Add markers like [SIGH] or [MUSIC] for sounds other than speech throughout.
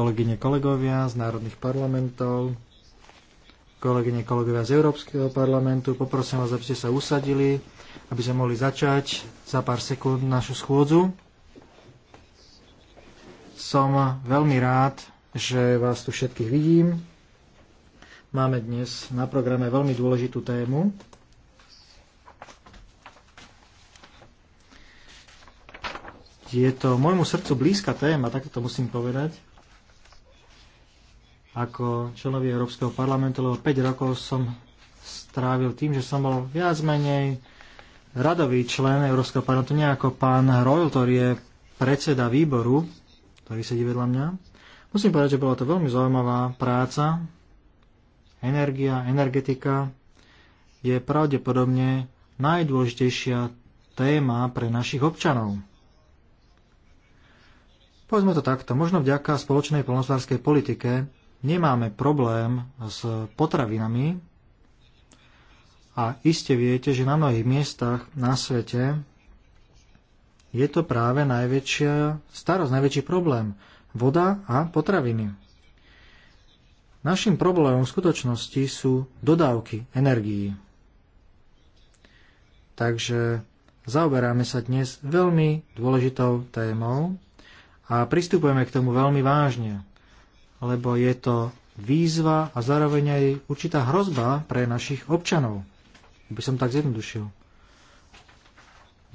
kolegyne, kolegovia z národných parlamentov, kolegyne, kolegovia z Európskeho parlamentu. Poprosím vás, aby ste sa usadili, aby sme mohli začať za pár sekúnd našu schôdzu. Som veľmi rád, že vás tu všetkých vidím. Máme dnes na programe veľmi dôležitú tému, Je to môjmu srdcu blízka téma, takto to musím povedať ako členovi Európskeho parlamentu, lebo 5 rokov som strávil tým, že som bol viac menej radový člen Európskeho parlamentu, nie ako pán Royal, ktorý je predseda výboru, ktorý sedí vedľa mňa. Musím povedať, že bola to veľmi zaujímavá práca. Energia, energetika je pravdepodobne najdôležitejšia téma pre našich občanov. Povedzme to takto, možno vďaka spoločnej polnospodárskej politike nemáme problém s potravinami a iste viete, že na mnohých miestach na svete je to práve najväčšia starosť, najväčší problém. Voda a potraviny. Našim problémom v skutočnosti sú dodávky energií. Takže zaoberáme sa dnes veľmi dôležitou témou a pristupujeme k tomu veľmi vážne lebo je to výzva a zároveň aj určitá hrozba pre našich občanov. By som tak zjednodušil.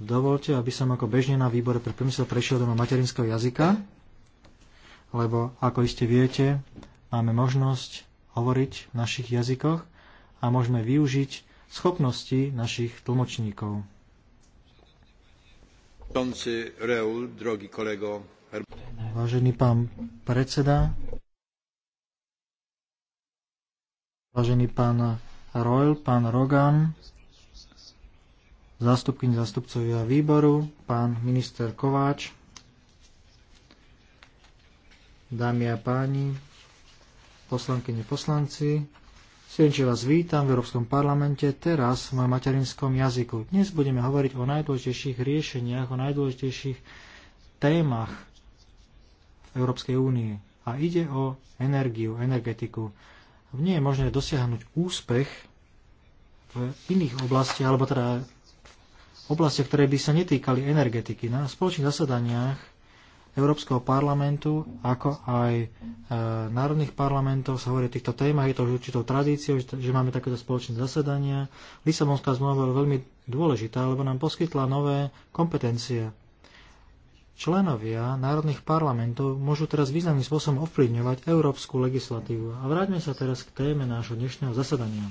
Dovolte, aby som ako bežne na výbore pre priemysel prešiel do materinského jazyka, lebo ako iste viete, máme možnosť hovoriť v našich jazykoch a môžeme využiť schopnosti našich tlmočníkov. Vážený pán predseda, Vážený pán Royal, pán Rogan, zástupkyň zastupcovia výboru, pán minister Kováč, dámy a páni, poslankyne poslanci, srdečne vás vítam v Európskom parlamente teraz v mojom materinskom jazyku. Dnes budeme hovoriť o najdôležitejších riešeniach, o najdôležitejších témach v Európskej únii. A ide o energiu, energetiku nie je možné dosiahnuť úspech v iných oblastiach, alebo teda v oblastiach, ktoré by sa netýkali energetiky. Na spoločných zasadaniach Európskeho parlamentu, ako aj e, národných parlamentov sa hovorí o týchto témach. Je to už určitou tradíciou, že, že máme takéto spoločné zasadania. Lisabonská zmluva je veľmi dôležitá, lebo nám poskytla nové kompetencie. Členovia národných parlamentov môžu teraz významným spôsobom ovplyvňovať európsku legislatívu. A vráťme sa teraz k téme nášho dnešného zasadania.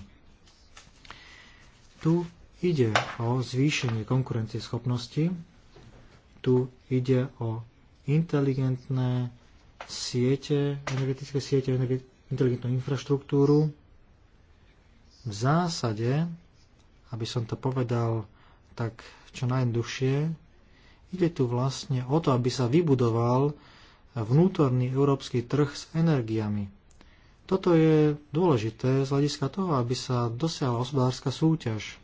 Tu ide o zvýšenie konkurencieschopnosti, tu ide o inteligentné siete, energetické siete, inteligentnú infraštruktúru. V zásade, aby som to povedal tak čo najjednoduchšie, Ide tu vlastne o to, aby sa vybudoval vnútorný európsky trh s energiami. Toto je dôležité z hľadiska toho, aby sa dosiahla hospodárska súťaž.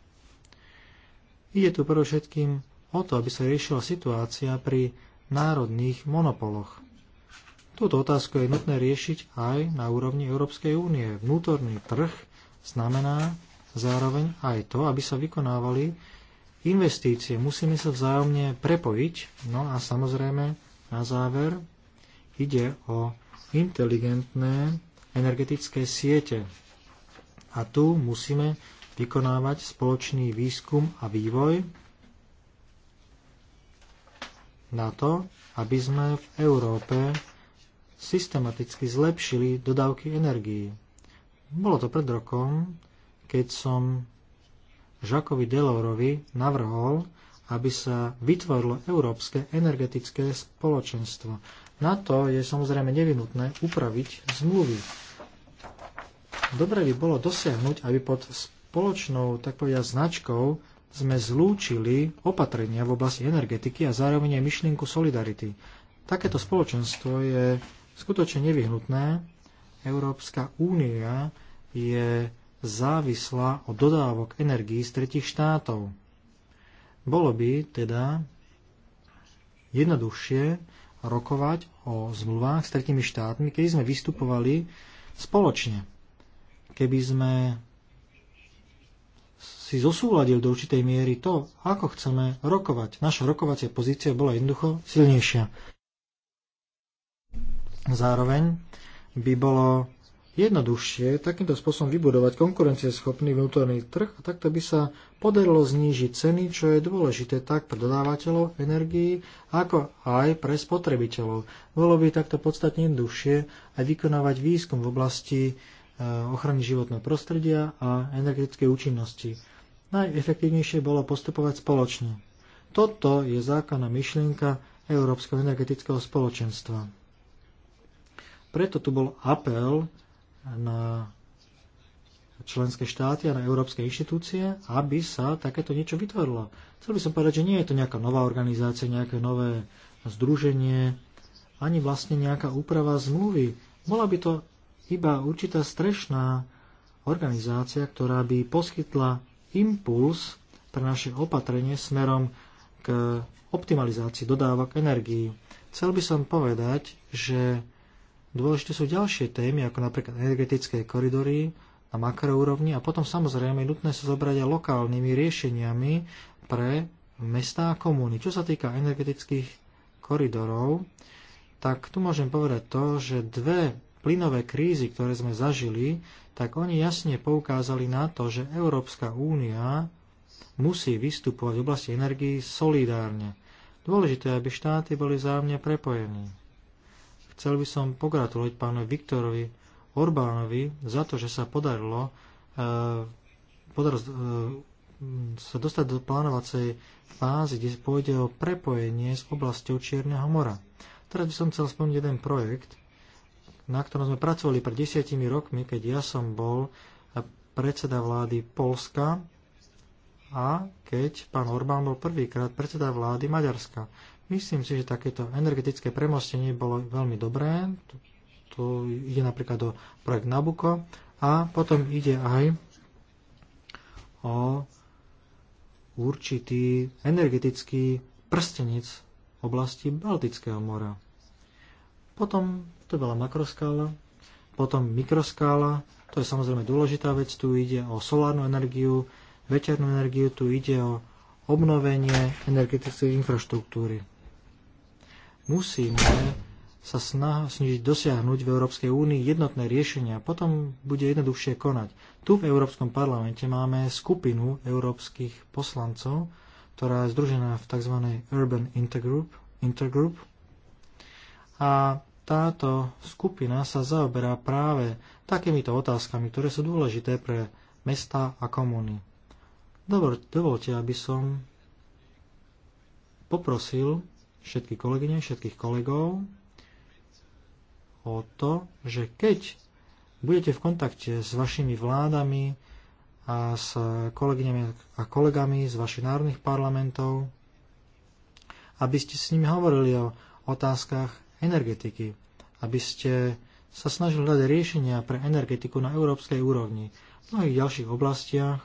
Ide tu predovšetkým o to, aby sa riešila situácia pri národných monopoloch. Túto otázku je nutné riešiť aj na úrovni Európskej únie. Vnútorný trh znamená zároveň aj to, aby sa vykonávali investície. Musíme sa vzájomne prepojiť. No a samozrejme, na záver, ide o inteligentné energetické siete. A tu musíme vykonávať spoločný výskum a vývoj na to, aby sme v Európe systematicky zlepšili dodávky energií. Bolo to pred rokom, keď som Žakovi Delorovi navrhol, aby sa vytvorilo Európske energetické spoločenstvo. Na to je samozrejme nevinutné upraviť zmluvy. Dobre by bolo dosiahnuť, aby pod spoločnou, tak povedať, značkou sme zlúčili opatrenia v oblasti energetiky a zároveň aj myšlienku solidarity. Takéto spoločenstvo je skutočne nevyhnutné. Európska únia je závislá od dodávok energií z tretich štátov. Bolo by teda jednoduchšie rokovať o zmluvách s tretimi štátmi, keby sme vystupovali spoločne. Keby sme si zosúladil do určitej miery to, ako chceme rokovať. Naša rokovacia pozícia bola jednoducho silnejšia. Zároveň by bolo jednoduchšie takýmto spôsobom vybudovať konkurencieschopný vnútorný trh a takto by sa podarilo znížiť ceny, čo je dôležité tak pre dodávateľov energii, ako aj pre spotrebiteľov. Bolo by takto podstatne jednoduchšie aj vykonávať výskum v oblasti e, ochrany životného prostredia a energetickej účinnosti. Najefektívnejšie bolo postupovať spoločne. Toto je základná myšlienka Európskeho energetického spoločenstva. Preto tu bol apel na členské štáty a na európske inštitúcie, aby sa takéto niečo vytvorilo. Chcel by som povedať, že nie je to nejaká nová organizácia, nejaké nové združenie, ani vlastne nejaká úprava zmluvy. Bola by to iba určitá strešná organizácia, ktorá by poskytla impuls pre naše opatrenie smerom k optimalizácii dodávok energií. Chcel by som povedať, že Dôležité sú ďalšie témy, ako napríklad energetické koridory na makroúrovni a potom samozrejme je nutné sa zobrať aj lokálnymi riešeniami pre mestá a komúny. Čo sa týka energetických koridorov, tak tu môžem povedať to, že dve plynové krízy, ktoré sme zažili, tak oni jasne poukázali na to, že Európska únia musí vystupovať v oblasti energii solidárne. Dôležité, aby štáty boli vzájomne prepojení. Chcel by som pogratulovať pánovi Viktorovi Orbánovi za to, že sa podarilo, e, podarilo e, sa dostať do plánovacej fázy, kde pôjde o prepojenie s oblasťou Čierneho mora. Teraz by som chcel spomenúť jeden projekt, na ktorom sme pracovali pred desiatimi rokmi, keď ja som bol predseda vlády Polska a keď pán Orbán bol prvýkrát predseda vlády Maďarska. Myslím si, že takéto energetické premostenie bolo veľmi dobré. Tu ide napríklad o projekt Nabuko a potom ide aj o určitý energetický prstenec oblasti Baltického mora. Potom to bola makroskála, potom mikroskála, to je samozrejme dôležitá vec, tu ide o solárnu energiu, veternú energiu, tu ide o obnovenie energetickej infraštruktúry. Musíme sa snažiť dosiahnuť v Európskej únii jednotné riešenia. Potom bude jednoduchšie konať. Tu v Európskom parlamente máme skupinu európskych poslancov, ktorá je združená v tzv. Urban Intergroup, Intergroup. A táto skupina sa zaoberá práve takýmito otázkami, ktoré sú dôležité pre mesta a komúny. Dovolte, aby som poprosil všetky kolegyne, všetkých kolegov o to, že keď budete v kontakte s vašimi vládami a s kolegyňami a kolegami z vašich národných parlamentov, aby ste s nimi hovorili o otázkach energetiky, aby ste sa snažili hľadať riešenia pre energetiku na európskej úrovni. V mnohých ďalších oblastiach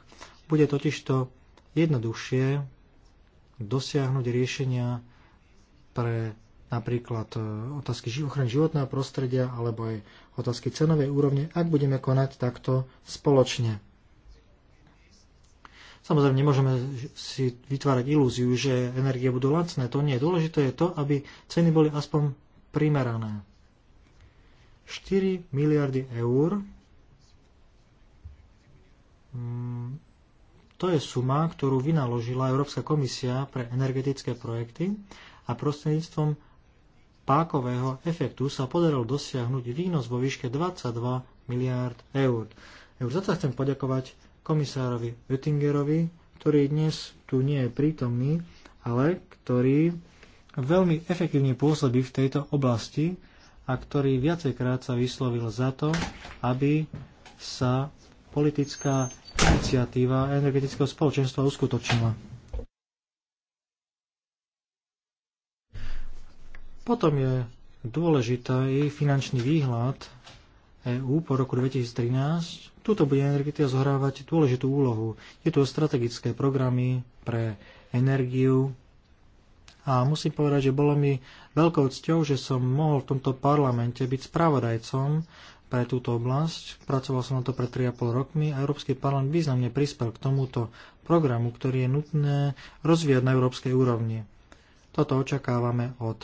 bude totižto jednoduchšie dosiahnuť riešenia pre napríklad e, otázky ochrany životného prostredia alebo aj otázky cenovej úrovne, ak budeme konať takto spoločne. Samozrejme, nemôžeme si vytvárať ilúziu, že energie budú lacné. To nie je dôležité, je to, aby ceny boli aspoň primerané. 4 miliardy eur mm, to je suma, ktorú vynaložila Európska komisia pre energetické projekty a prostredníctvom pákového efektu sa podarilo dosiahnuť výnos vo výške 22 miliárd eur. Eur za to chcem poďakovať komisárovi Oettingerovi, ktorý dnes tu nie je prítomný, ale ktorý veľmi efektívne pôsobí v tejto oblasti a ktorý viacejkrát sa vyslovil za to, aby sa politická iniciatíva energetického spoločenstva uskutočnila. Potom je dôležitý finančný výhľad EÚ po roku 2013. Tuto bude energetika zohrávať dôležitú úlohu. Je tu strategické programy pre energiu a musím povedať, že bolo mi veľkou cťou, že som mohol v tomto parlamente byť spravodajcom pre túto oblasť. Pracoval som na to pred 3,5 rokmi a Európsky parlament významne prispel k tomuto programu, ktorý je nutné rozvíjať na európskej úrovni. Toto očakávame od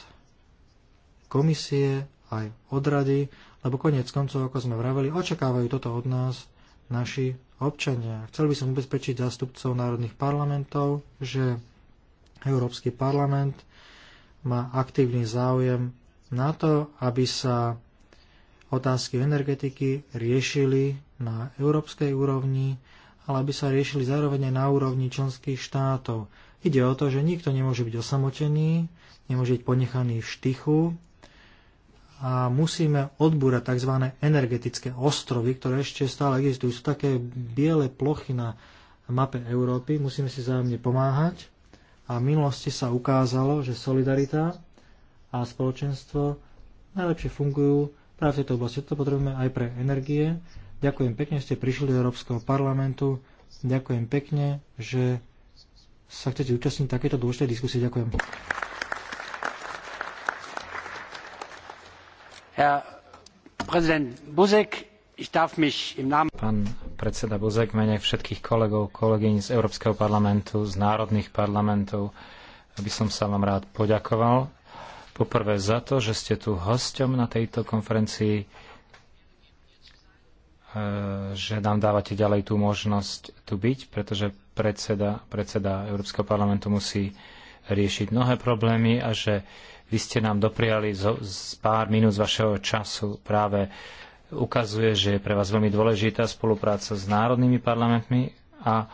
komisie, aj od rady, lebo koniec koncov, ako sme vraveli, očakávajú toto od nás naši občania. Chcel by som ubezpečiť zástupcov národných parlamentov, že Európsky parlament má aktívny záujem na to, aby sa otázky energetiky riešili na európskej úrovni, ale aby sa riešili zároveň aj na úrovni členských štátov. Ide o to, že nikto nemôže byť osamotený, nemôže byť ponechaný v štychu, a musíme odbúrať tzv. energetické ostrovy, ktoré ešte stále existujú. Sú také biele plochy na mape Európy, musíme si vzájomne pomáhať a v minulosti sa ukázalo, že solidarita a spoločenstvo najlepšie fungujú práve v tejto oblasti. To potrebujeme aj pre energie. Ďakujem pekne, že ste prišli do Európskeho parlamentu. Ďakujem pekne, že sa chcete účastniť takéto dôležitej diskusie. Ďakujem. Pán predseda Buzek, mene všetkých kolegov, kolegyň z Európskeho parlamentu, z národných parlamentov, by som sa vám rád poďakoval. Poprvé za to, že ste tu hosťom na tejto konferencii, e, že nám dávate ďalej tú možnosť tu byť, pretože predseda, predseda Európskeho parlamentu musí riešiť mnohé problémy a že vy ste nám dopriali z, z pár minút z vašeho času práve ukazuje, že je pre vás veľmi dôležitá spolupráca s národnými parlamentmi a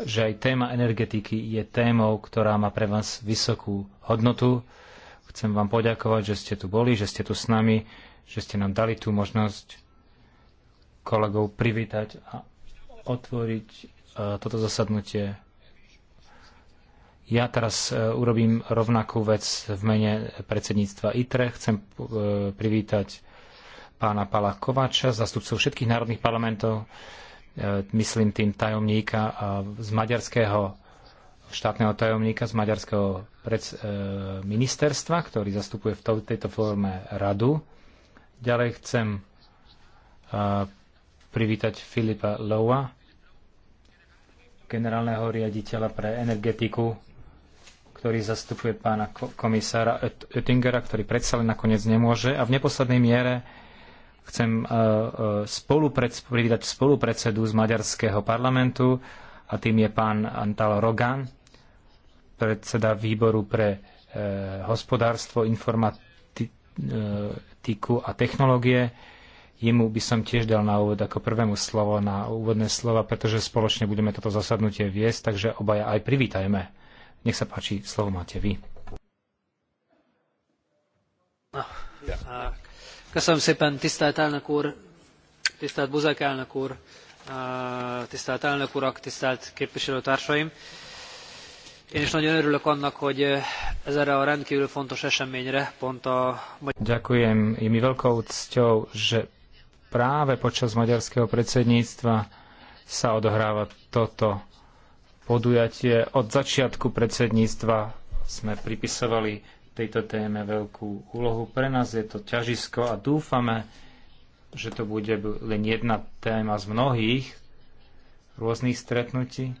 že aj téma energetiky je témou, ktorá má pre vás vysokú hodnotu. Chcem vám poďakovať, že ste tu boli, že ste tu s nami, že ste nám dali tú možnosť kolegov privítať a otvoriť e, toto zasadnutie ja teraz e, urobím rovnakú vec v mene predsedníctva ITRE. Chcem e, privítať pána Pala Kovača, zastupcov všetkých národných parlamentov, e, myslím tým tajomníka z maďarského štátneho tajomníka z maďarského ministerstva, ktorý zastupuje v tejto forme radu. Ďalej chcem privítať Filipa Lowa, generálneho riaditeľa pre energetiku ktorý zastupuje pána komisára Oettingera, ktorý predsa len nakoniec nemôže. A v neposlednej miere chcem e, e, privítať spolupredsedu z maďarského parlamentu a tým je pán Antal Rogan, predseda výboru pre e, hospodárstvo, informatiku a technológie. Jemu by som tiež dal na úvod ako prvému slovo na úvodné slova, pretože spoločne budeme toto zasadnutie viesť, takže obaja aj privítajme. Nech sa páči, slovo máte vy. No, köszönöm szépen, tisztelt elnök úr, tisztelt Buzek elnök úr, tisztelt elnök urak, tisztelt képviselőtársaim! Én is nagyon örülök annak, hogy ez erre a rendkívül fontos eseményre pont a... Ďakujem. Je mi veľkou cťou, že práve počas maďarského predsedníctva sa odohráva toto podujatie. Od začiatku predsedníctva sme pripisovali tejto téme veľkú úlohu. Pre nás je to ťažisko a dúfame, že to bude len jedna téma z mnohých rôznych stretnutí.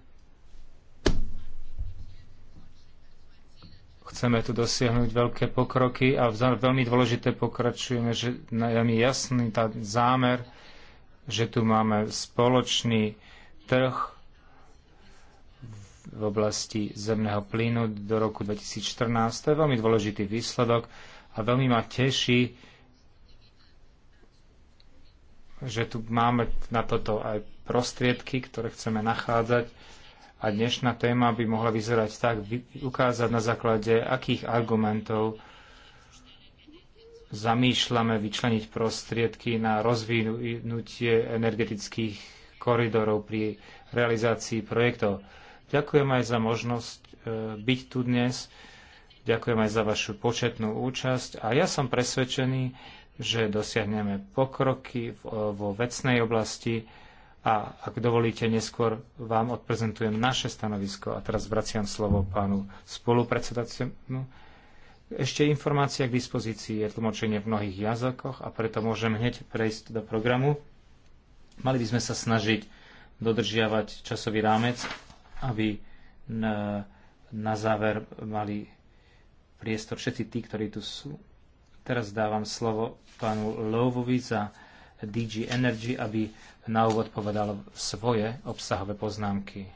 Chceme tu dosiahnuť veľké pokroky a veľmi dôležité pokračujeme, že je mi jasný tá zámer, že tu máme spoločný trh v oblasti zemného plynu do roku 2014. To je veľmi dôležitý výsledok a veľmi ma teší, že tu máme na toto aj prostriedky, ktoré chceme nachádzať a dnešná téma by mohla vyzerať tak, ukázať na základe akých argumentov zamýšľame vyčleniť prostriedky na rozvinutie energetických koridorov pri realizácii projektov. Ďakujem aj za možnosť e, byť tu dnes. Ďakujem aj za vašu početnú účasť a ja som presvedčený, že dosiahneme pokroky e, vo vecnej oblasti a ak dovolíte, neskôr vám odprezentujem naše stanovisko a teraz vraciam slovo pánu spolupredsedateľu. Ešte informácia k dispozícii je tlmočenie v mnohých jazykoch a preto môžem hneď prejsť do programu. Mali by sme sa snažiť dodržiavať časový rámec aby na, na záver mali priestor všetci tí, ktorí tu sú. Teraz dávam slovo pánu Lovovi za DG Energy, aby na úvod povedal svoje obsahové poznámky.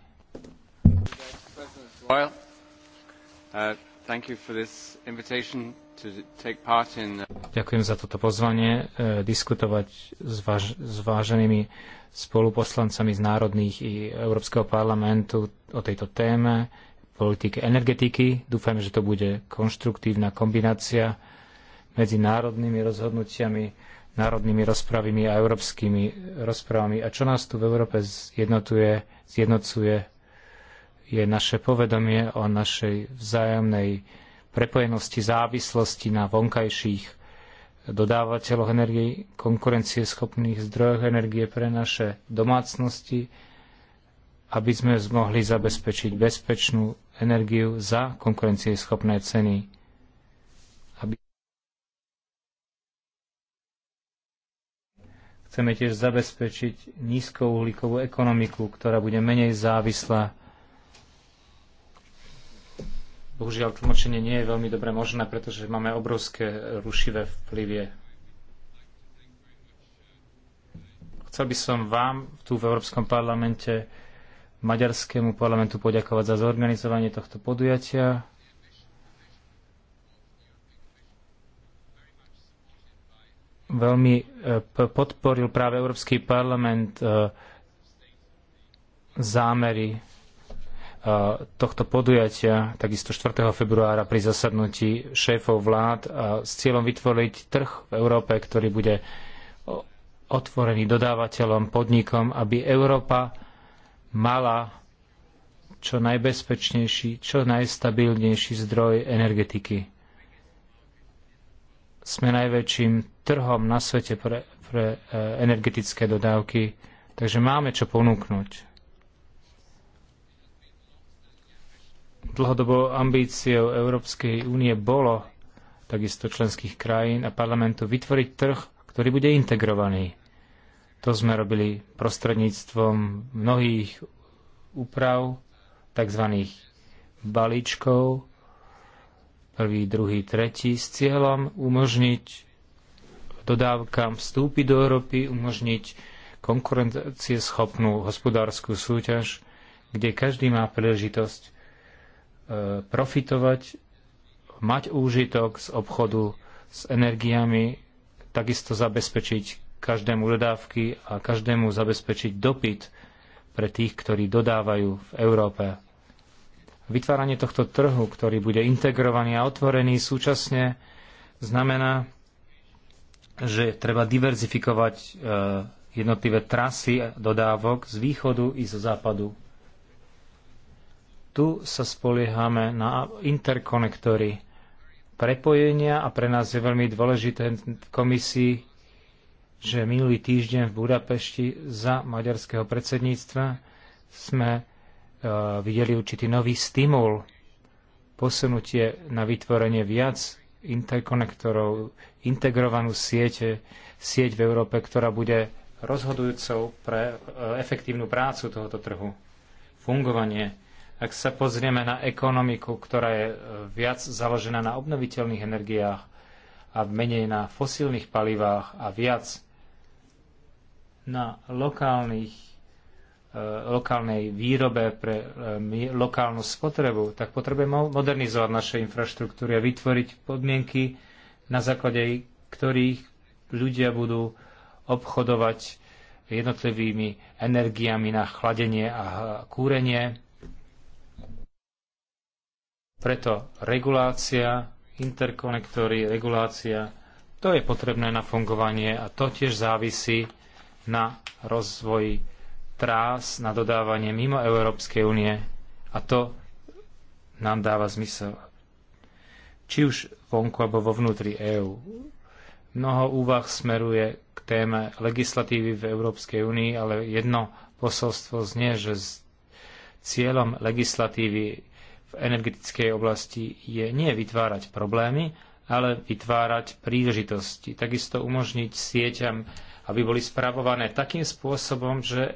Well, uh, thank you for this invitation Ďakujem za toto pozvanie e, diskutovať s, váž, s váženými spoluposlancami z národných i Európskeho parlamentu o tejto téme politike energetiky. Dúfame, že to bude konštruktívna kombinácia medzi národnými rozhodnutiami, národnými rozpravami a európskymi rozprávami. A čo nás tu v Európe zjednotuje, zjednocuje, je naše povedomie o našej vzájomnej prepojenosti závislosti na vonkajších dodávateľoch energii, konkurencieschopných zdrojoch energie pre naše domácnosti, aby sme mohli zabezpečiť bezpečnú energiu za konkurencieschopné ceny. Aby... Chceme tiež zabezpečiť nízkouhlíkovú ekonomiku, ktorá bude menej závislá Bohužiaľ, tlmočenie nie je veľmi dobre možné, pretože máme obrovské rušivé vplyvie. Chcel by som vám tu v Európskom parlamente, Maďarskému parlamentu poďakovať za zorganizovanie tohto podujatia. Veľmi e, podporil práve Európsky parlament e, zámery tohto podujatia, takisto 4. februára pri zasadnutí šéfov vlád s cieľom vytvoriť trh v Európe, ktorý bude otvorený dodávateľom, podnikom, aby Európa mala čo najbezpečnejší, čo najstabilnejší zdroj energetiky. Sme najväčším trhom na svete pre, pre e, energetické dodávky, takže máme čo ponúknuť Dlhodobo ambíciou Európskej únie bolo takisto členských krajín a parlamentu vytvoriť trh, ktorý bude integrovaný. To sme robili prostredníctvom mnohých úprav, tzv. balíčkov, prvý, druhý, tretí, s cieľom umožniť dodávkam vstúpiť do Európy, umožniť konkurencieschopnú hospodárskú súťaž, kde každý má príležitosť E, profitovať, mať úžitok z obchodu s energiami, takisto zabezpečiť každému dodávky a každému zabezpečiť dopyt pre tých, ktorí dodávajú v Európe. Vytváranie tohto trhu, ktorý bude integrovaný a otvorený súčasne, znamená, že treba diverzifikovať e, jednotlivé trasy dodávok z východu i zo západu tu sa spoliehame na interkonektory prepojenia a pre nás je veľmi dôležité v komisii, že minulý týždeň v Budapešti za maďarského predsedníctva sme e, videli určitý nový stimul posunutie na vytvorenie viac interkonektorov, integrovanú siete, sieť v Európe, ktorá bude rozhodujúcou pre e, efektívnu prácu tohoto trhu, fungovanie ak sa pozrieme na ekonomiku, ktorá je e, viac založená na obnoviteľných energiách a menej na fosílnych palivách a viac na lokálnych, e, lokálnej výrobe pre e, lokálnu spotrebu, tak potrebujeme modernizovať naše infraštruktúry a vytvoriť podmienky, na základe ktorých ľudia budú obchodovať jednotlivými energiami na chladenie a kúrenie preto regulácia, interkonektory, regulácia, to je potrebné na fungovanie a to tiež závisí na rozvoji trás, na dodávanie mimo Európskej únie a to nám dáva zmysel. Či už vonku alebo vo vnútri EÚ. Mnoho úvah smeruje k téme legislatívy v Európskej únii, ale jedno posolstvo znie, že s cieľom legislatívy v energetickej oblasti je nie vytvárať problémy, ale vytvárať príležitosti. Takisto umožniť sieťam, aby boli spravované takým spôsobom, že e,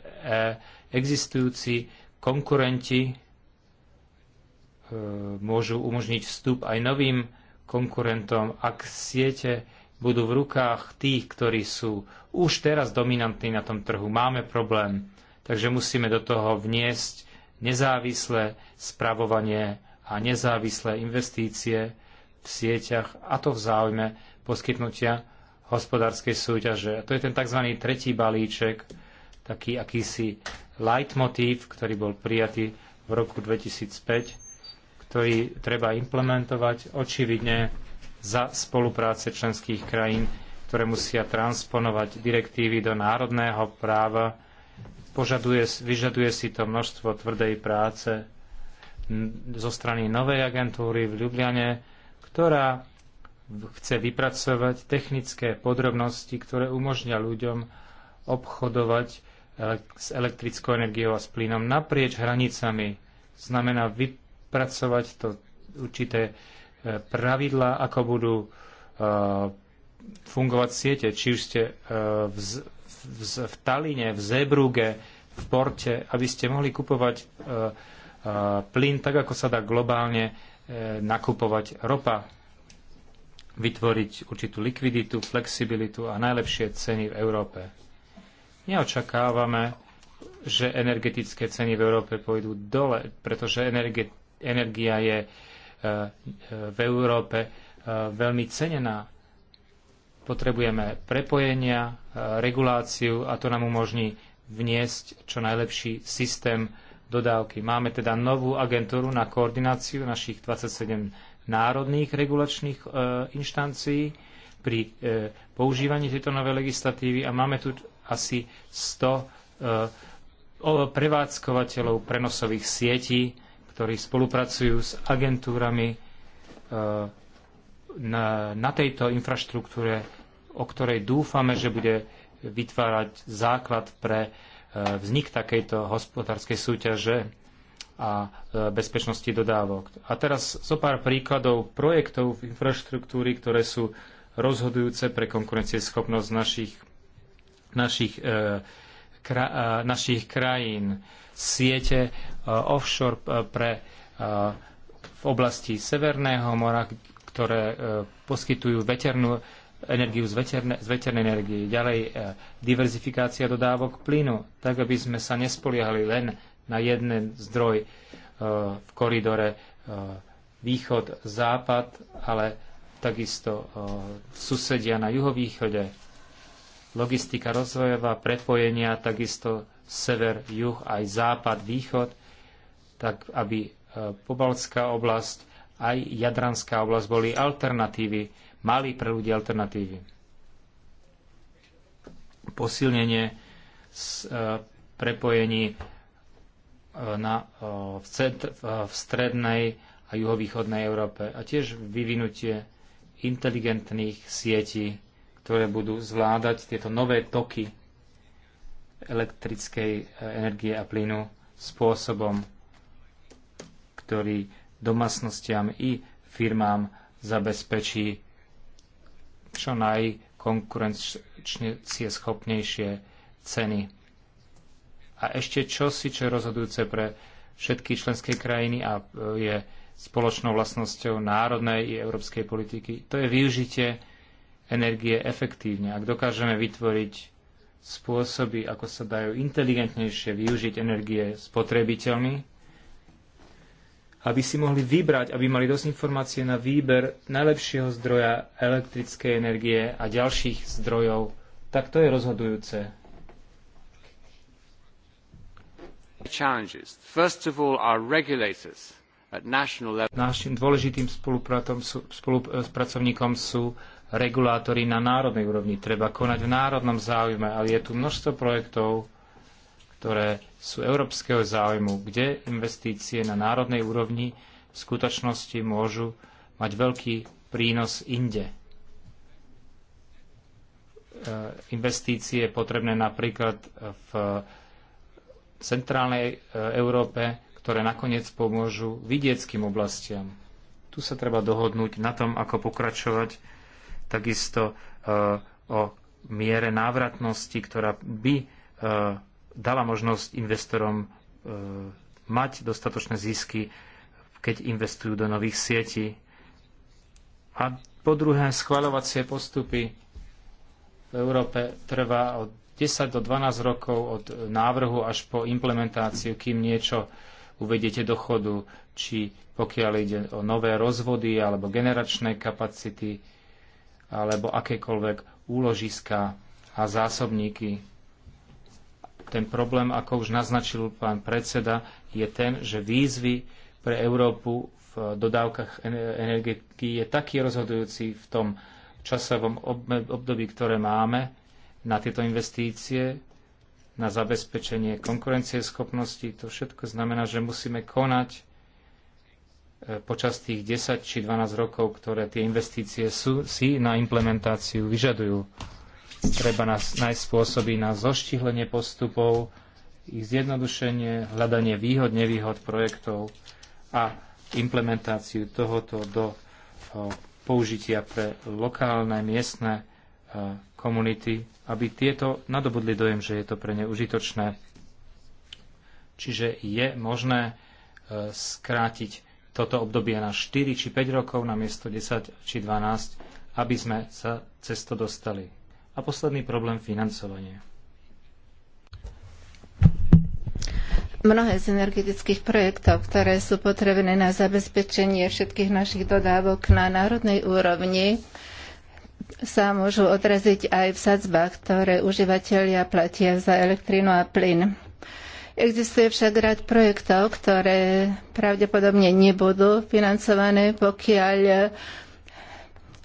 existujúci konkurenti e, môžu umožniť vstup aj novým konkurentom, ak siete budú v rukách tých, ktorí sú už teraz dominantní na tom trhu. Máme problém, takže musíme do toho vniesť nezávislé spravovanie a nezávislé investície v sieťach, a to v záujme poskytnutia hospodárskej súťaže. A to je ten tzv. tretí balíček, taký akýsi leitmotív, ktorý bol prijatý v roku 2005, ktorý treba implementovať očividne za spolupráce členských krajín, ktoré musia transponovať direktívy do národného práva Požaduje, vyžaduje si to množstvo tvrdej práce zo strany novej agentúry v Ljubljane, ktorá chce vypracovať technické podrobnosti, ktoré umožňa ľuďom obchodovať e, s elektrickou energiou a s plynom naprieč hranicami. Znamená vypracovať to určité e, pravidlá, ako budú e, fungovať siete, či už ste v, v Taline, v Zebruge, v Porte, aby ste mohli kupovať e, e, plyn tak, ako sa dá globálne e, nakupovať ropa, vytvoriť určitú likviditu, flexibilitu a najlepšie ceny v Európe. Neočakávame, že energetické ceny v Európe pôjdu dole, pretože energie, energia je e, e, v Európe e, veľmi cenená Potrebujeme prepojenia, e, reguláciu a to nám umožní vniesť čo najlepší systém dodávky. Máme teda novú agentúru na koordináciu našich 27 národných regulačných e, inštancií pri e, používaní tejto novej legislatívy a máme tu asi 100 prevádzkovateľov prenosových sietí, ktorí spolupracujú s agentúrami na, na tejto infraštruktúre o ktorej dúfame, že bude vytvárať základ pre e, vznik takejto hospodárskej súťaže a e, bezpečnosti dodávok. A teraz zo pár príkladov projektov v infraštruktúry, ktoré sú rozhodujúce pre konkurencieschopnosť našich, našich, e, kra, našich krajín. Siete offshore pre, v oblasti Severného mora, ktoré poskytujú veternú energiu z, veterne, z veternej energie, ďalej e, diverzifikácia dodávok plynu, tak aby sme sa nespoliehali len na jeden zdroj e, v koridore e, východ-západ, ale takisto e, susedia na juhovýchode, logistika rozvojová, prepojenia, takisto sever, juh, aj západ, východ, tak aby e, pobaltská oblasť aj jadranská oblasť boli alternatívy mali pre ľudí alternatívy. Posilnenie s, e, prepojení e, na, e, v, centr, v, e, v strednej a juhovýchodnej Európe a tiež vyvinutie inteligentných sietí, ktoré budú zvládať tieto nové toky elektrickej e, energie a plynu spôsobom, ktorý domácnostiam i firmám zabezpečí čo najkonkurenčne schopnejšie ceny. A ešte čosi, čo je rozhodujúce pre všetky členské krajiny a e, je spoločnou vlastnosťou národnej i európskej politiky, to je využitie energie efektívne. Ak dokážeme vytvoriť spôsoby, ako sa dajú inteligentnejšie využiť energie spotrebiteľmi, aby si mohli vybrať, aby mali dosť informácie na výber najlepšieho zdroja elektrickej energie a ďalších zdrojov, tak to je rozhodujúce. Našim dôležitým spolupracovníkom e, sú regulátori na národnej úrovni. Treba konať v národnom záujme, ale je tu množstvo projektov, ktoré sú európskeho záujmu, kde investície na národnej úrovni v skutočnosti môžu mať veľký prínos inde. E, investície potrebné napríklad v centrálnej e, Európe, ktoré nakoniec pomôžu vidieckým oblastiam. Tu sa treba dohodnúť na tom, ako pokračovať, takisto e, o miere návratnosti, ktorá by dala možnosť investorom e, mať dostatočné zisky, keď investujú do nových sietí. A po druhé, schvaľovacie postupy v Európe trvá od 10 do 12 rokov od návrhu až po implementáciu, kým niečo uvediete do chodu, či pokiaľ ide o nové rozvody alebo generačné kapacity alebo akékoľvek úložiska a zásobníky ten problém, ako už naznačil pán predseda, je ten, že výzvy pre Európu v dodávkach energetiky je taký rozhodujúci v tom časovom období, ktoré máme na tieto investície, na zabezpečenie konkurencieschopnosti. To všetko znamená, že musíme konať e, počas tých 10 či 12 rokov, ktoré tie investície sú, si na implementáciu vyžadujú. Treba nájsť spôsoby na zoštihlenie postupov, ich zjednodušenie, hľadanie výhod, nevýhod projektov a implementáciu tohoto do použitia pre lokálne, miestne komunity, aby tieto nadobudli dojem, že je to pre ne užitočné. Čiže je možné skrátiť toto obdobie na 4 či 5 rokov na miesto 10 či 12, aby sme sa cez to dostali. A posledný problém financovanie. Mnohé z energetických projektov, ktoré sú potrebné na zabezpečenie všetkých našich dodávok na národnej úrovni, sa môžu odraziť aj v sadzbách, ktoré užívateľia platia za elektrínu a plyn. Existuje však rád projektov, ktoré pravdepodobne nebudú financované, pokiaľ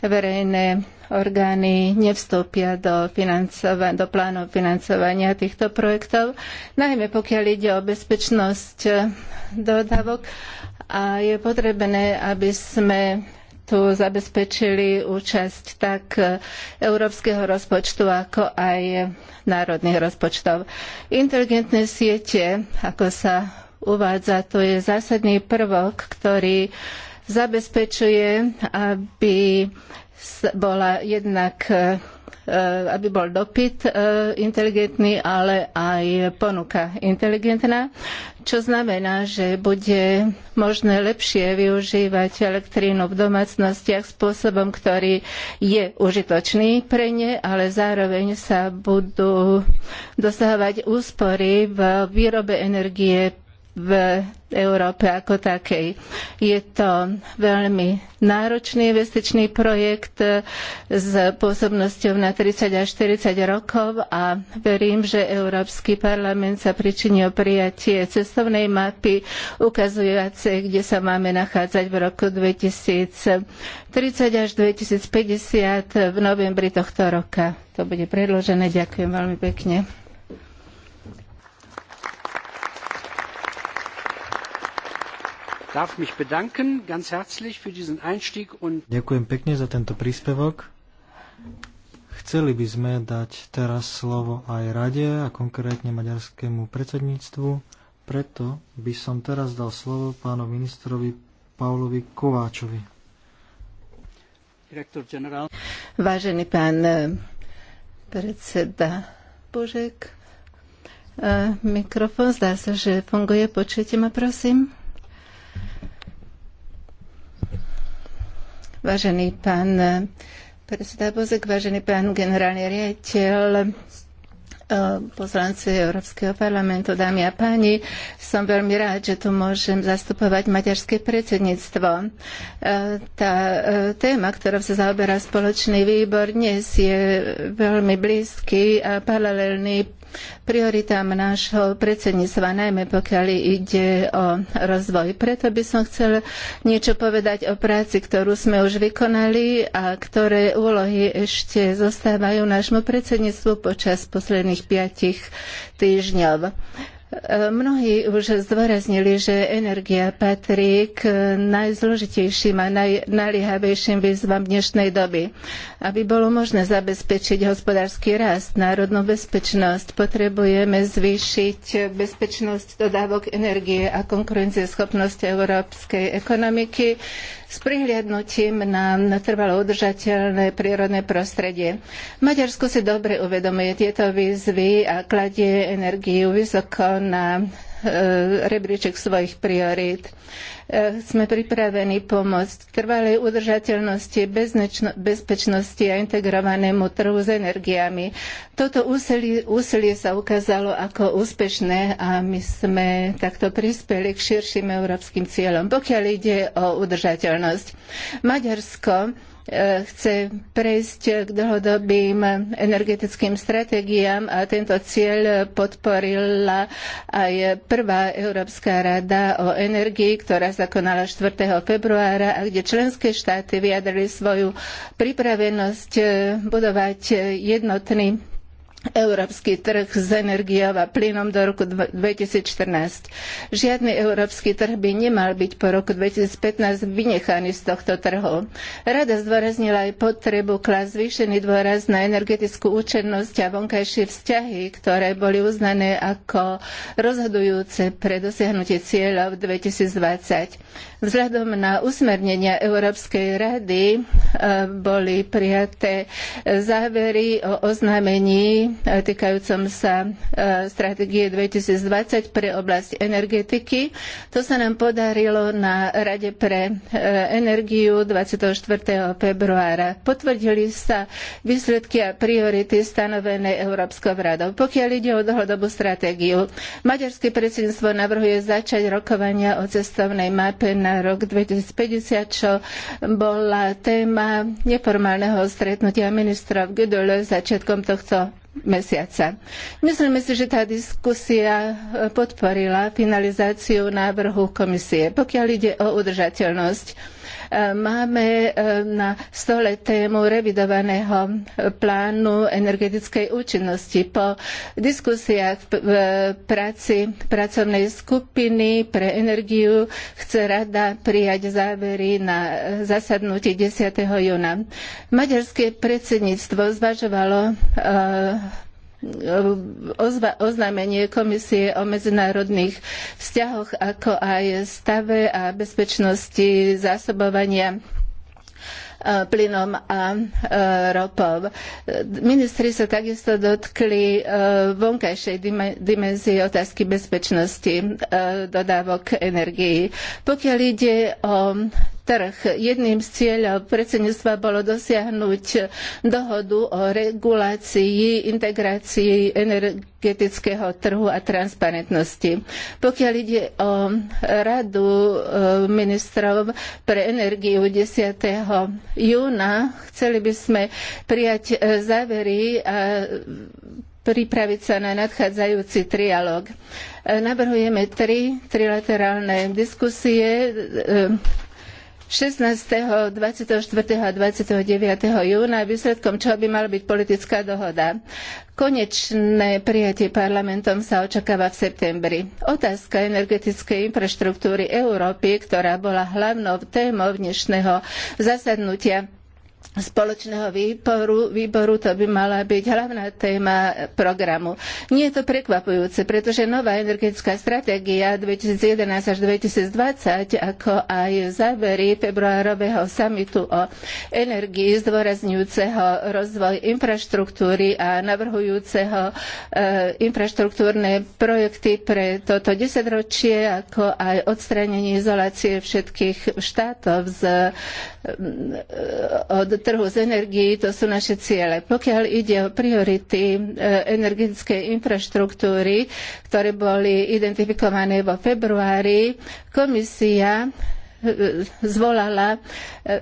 verejné orgány nevstúpia do, financova- do plánov financovania týchto projektov, najmä pokiaľ ide o bezpečnosť eh, dodávok a je potrebné, aby sme tu zabezpečili účasť tak eh, európskeho rozpočtu, ako aj národných rozpočtov. Inteligentné siete, ako sa uvádza, to je zásadný prvok, ktorý zabezpečuje, aby bola jednak e, e, aby bol dopyt e, inteligentný, ale aj ponuka inteligentná, čo znamená, že bude možné lepšie využívať elektrínu v domácnostiach spôsobom, ktorý je užitočný pre ne, ale zároveň sa budú dosahovať úspory v výrobe energie v Európe ako takej. Je to veľmi náročný investičný projekt s pôsobnosťou na 30 až 40 rokov a verím, že Európsky parlament sa pričiní o prijatie cestovnej mapy ukazujúcej, kde sa máme nachádzať v roku 2030 až 2050 v novembri tohto roka. To bude predložené. Ďakujem veľmi pekne. darf mich bedanken ganz herzlich für diesen Einstieg und Ďakujem pekne za tento príspevok. Chceli by sme dať teraz slovo aj rade a konkrétne maďarskému predsedníctvu, preto by som teraz dal slovo pánu ministrovi Paulovi Kováčovi. Vážený pán eh, predseda Božek, eh, mikrofón zdá sa, že funguje. Počujete ma, prosím? Vážený pán predseda Bozek, vážený pán generálny riaditeľ, eh, poslanci Európskeho parlamentu, dámy a páni. Som veľmi rád, že tu môžem zastupovať maďarské predsedníctvo. Eh, tá eh, téma, ktorá sa zaoberá spoločný výbor dnes, je veľmi blízky a paralelný prioritám nášho predsedníctva, najmä pokiaľ ide o rozvoj. Preto by som chcel niečo povedať o práci, ktorú sme už vykonali a ktoré úlohy ešte zostávajú nášmu predsedníctvu počas posledných piatich týždňov. Mnohí už zdôraznili, že energia patrí k najzložitejším a najnaliehavejším výzvam dnešnej doby. Aby bolo možné zabezpečiť hospodársky rast, národnú bezpečnosť, potrebujeme zvýšiť bezpečnosť dodávok energie a konkurencieschopnosť európskej ekonomiky, s prihliadnutím na trvalo udržateľné prírodné prostredie. Maďarsko si dobre uvedomuje tieto výzvy a kladie energiu vysoko na E, rebríček svojich priorít. E, sme pripravení pomôcť trvalej udržateľnosti, bezpečnosti a integrovanému trhu s energiami. Toto úsilie, úsilie sa ukázalo ako úspešné a my sme takto prispeli k širším európskym cieľom, pokiaľ ide o udržateľnosť. Maďarsko E, chce prejsť k dlhodobým energetickým stratégiám a tento cieľ podporila aj prvá Európska rada o energii, ktorá sa konala 4. februára a kde členské štáty vyjadrili svoju pripravenosť e, budovať jednotný európsky trh s energiou a plynom do roku 2014. Žiadny európsky trh by nemal byť po roku 2015 vynechaný z tohto trhu. Rada zdôraznila aj potrebu klas zvýšený dôraz na energetickú účinnosť a vonkajšie vzťahy, ktoré boli uznané ako rozhodujúce pre dosiahnutie cieľov 2020. Vzhľadom na usmernenia Európskej rady e, boli prijaté závery o oznámení e, týkajúcom sa e, stratégie 2020 pre oblasť energetiky. To sa nám podarilo na Rade pre energiu 24. februára. Potvrdili sa výsledky a priority stanovené Európskou radou. Pokiaľ ide o dlhodobú stratégiu, maďarské predsedníctvo navrhuje začať rokovania o cestovnej mape na na rok 2050, čo bola téma neformálneho stretnutia ministra v začiatkom tohto mesiaca. Myslíme si, že tá diskusia podporila finalizáciu návrhu komisie. Pokiaľ ide o udržateľnosť, Máme e, na stole tému revidovaného e, plánu energetickej účinnosti. Po diskusiách v práci pracovnej skupiny pre energiu chce rada prijať závery na zasadnutí 10. júna. Maďarské predsedníctvo zvažovalo e, oznámenie Komisie o medzinárodných vzťahoch, ako aj stave a bezpečnosti zásobovania e, plynom a e, ropou. Ministri sa takisto dotkli e, vonkajšej dimenzie otázky bezpečnosti dodávok energií. Pokiaľ ide o trh. Jedným z cieľov predsedníctva bolo dosiahnuť dohodu o regulácii, integrácii energetického trhu a transparentnosti. Pokiaľ ide o radu e, ministrov pre energiu 10. júna, chceli by sme prijať e, závery a pripraviť sa na nadchádzajúci trialog. E, navrhujeme tri trilaterálne diskusie 16., 24. a 29. júna, výsledkom čo by mala byť politická dohoda. Konečné prijatie parlamentom sa očakáva v septembri. Otázka energetickej infraštruktúry Európy, ktorá bola hlavnou témou dnešného zasadnutia spoločného výboru, výboru, to by mala byť hlavná téma programu. Nie je to prekvapujúce, pretože nová energetická stratégia 2011 až 2020, ako aj závery februárového samitu o energii zdôrazňujúceho rozvoj infraštruktúry a navrhujúceho e, infraštruktúrne projekty pre toto desaťročie, ako aj odstránenie izolácie všetkých štátov z, e, od trhu z energií, to sú naše ciele. Pokiaľ ide o priority e, energetickej infraštruktúry, ktoré boli identifikované vo februári, komisia e, zvolala e,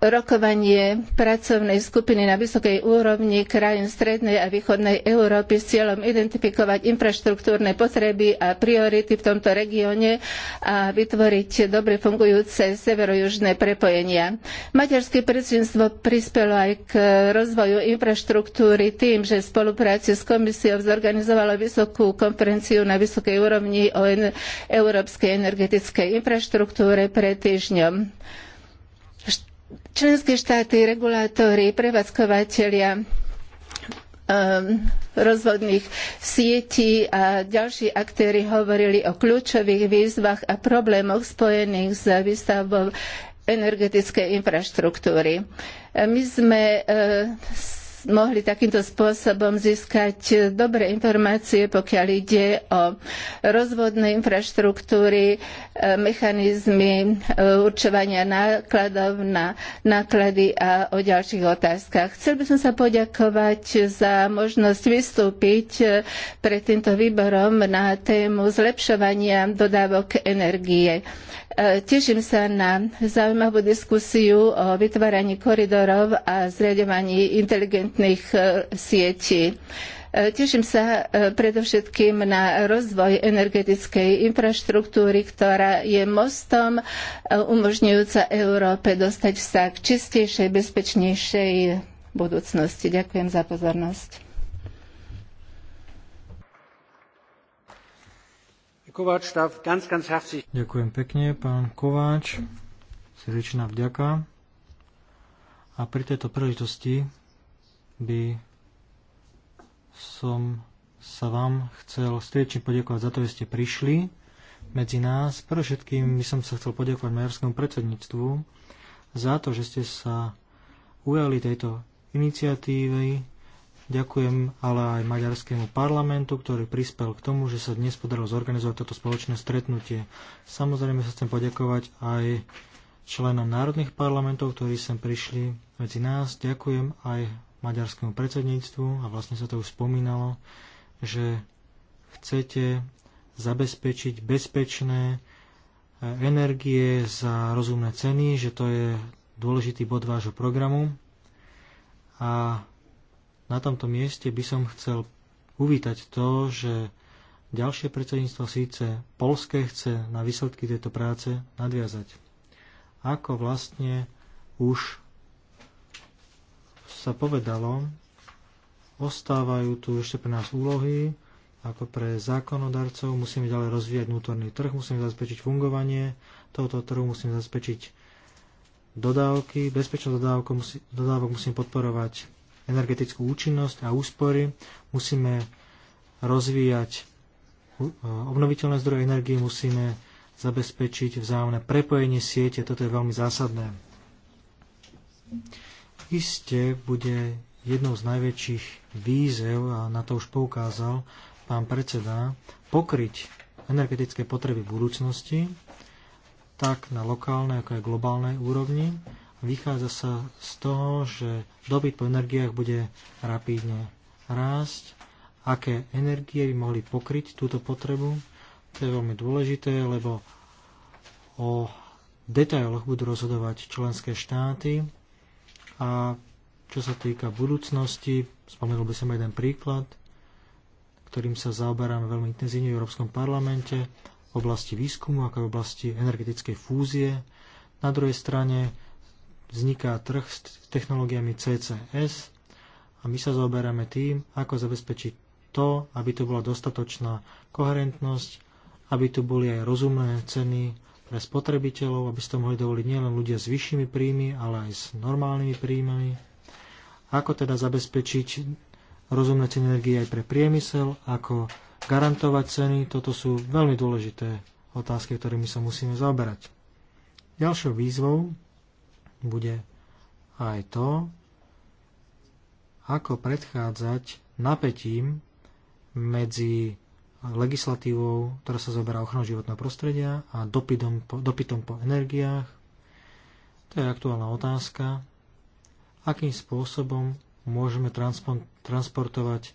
rokovanie pracovnej skupiny na vysokej úrovni krajín strednej a východnej Európy s cieľom identifikovať infraštruktúrne potreby a priority v tomto regióne a vytvoriť dobre fungujúce severo-južné prepojenia. Maďarské predsedníctvo prispelo aj k rozvoju infraštruktúry tým, že v spolupráci s komisiou zorganizovalo vysokú konferenciu na vysokej úrovni o európskej energetickej infraštruktúre pred týždňom. Členské štáty, regulátori, prevádzkovateľia um, rozvodných sietí a ďalší aktéry hovorili o kľúčových výzvach a problémoch spojených s výstavbou energetickej infraštruktúry. My sme uh, mohli takýmto spôsobom získať dobré informácie, pokiaľ ide o rozvodné infraštruktúry, e, mechanizmy e, určovania nákladov na náklady a o ďalších otázkach. Chcel by som sa poďakovať za možnosť vystúpiť e, pred týmto výborom na tému zlepšovania dodávok energie. Teším sa na zaujímavú diskusiu o vytváraní koridorov a zriadovaní inteligentných inteligentných e, sietí. E, teším sa e, predovšetkým na rozvoj energetickej infraštruktúry, ktorá je mostom umožňujúca Európe dostať sa k čistejšej, bezpečnejšej budúcnosti. Ďakujem za pozornosť. Ďakujem pekne, pán Kováč. Srdečná vďaka. A pri tejto príležitosti by som sa vám chcel striečne poďakovať za to, že ste prišli medzi nás. Pre všetkým by som sa chcel poďakovať maďarskému predsedníctvu za to, že ste sa ujali tejto iniciatívy. Ďakujem ale aj maďarskému parlamentu, ktorý prispel k tomu, že sa dnes podarilo zorganizovať toto spoločné stretnutie. Samozrejme sa chcem poďakovať aj členom národných parlamentov, ktorí sem prišli medzi nás. Ďakujem aj maďarskému predsedníctvu a vlastne sa to už spomínalo, že chcete zabezpečiť bezpečné e, energie za rozumné ceny, že to je dôležitý bod vášho programu. A na tomto mieste by som chcel uvítať to, že ďalšie predsedníctvo síce polské chce na výsledky tejto práce nadviazať. Ako vlastne už sa povedalo, ostávajú tu ešte pre nás úlohy, ako pre zákonodarcov, musíme ďalej rozvíjať vnútorný trh, musíme zabezpečiť fungovanie tohoto trhu, musíme zabezpečiť dodávky, bezpečnosť dodávok, musí, dodávok musíme podporovať energetickú účinnosť a úspory, musíme rozvíjať uh, obnoviteľné zdroje energie, musíme zabezpečiť vzájomné prepojenie siete, toto je veľmi zásadné iste bude jednou z najväčších výzev a na to už poukázal pán predseda, pokryť energetické potreby budúcnosti, tak na lokálnej, ako aj globálnej úrovni. Vychádza sa z toho, že dobyt po energiách bude rapídne rásť, aké energie by mohli pokryť túto potrebu. To je veľmi dôležité, lebo o detailoch budú rozhodovať členské štáty, a čo sa týka budúcnosti, spomenul by som jeden príklad, ktorým sa zaoberáme veľmi intenzívne v Európskom parlamente, v oblasti výskumu, ako aj v oblasti energetickej fúzie. Na druhej strane vzniká trh s technológiami CCS a my sa zaoberáme tým, ako zabezpečiť to, aby tu bola dostatočná koherentnosť, aby tu boli aj rozumné ceny pre spotrebiteľov, aby ste mohli dovoliť nielen ľudia s vyššími príjmy, ale aj s normálnymi príjmami. Ako teda zabezpečiť rozumné ceny energie aj pre priemysel, ako garantovať ceny, toto sú veľmi dôležité otázky, ktorými sa musíme zaoberať. Ďalšou výzvou bude aj to, ako predchádzať napätím medzi legislatívou, ktorá sa zoberá ochranou životného prostredia a dopytom po, dopytom po energiách. To je aktuálna otázka. Akým spôsobom môžeme transportovať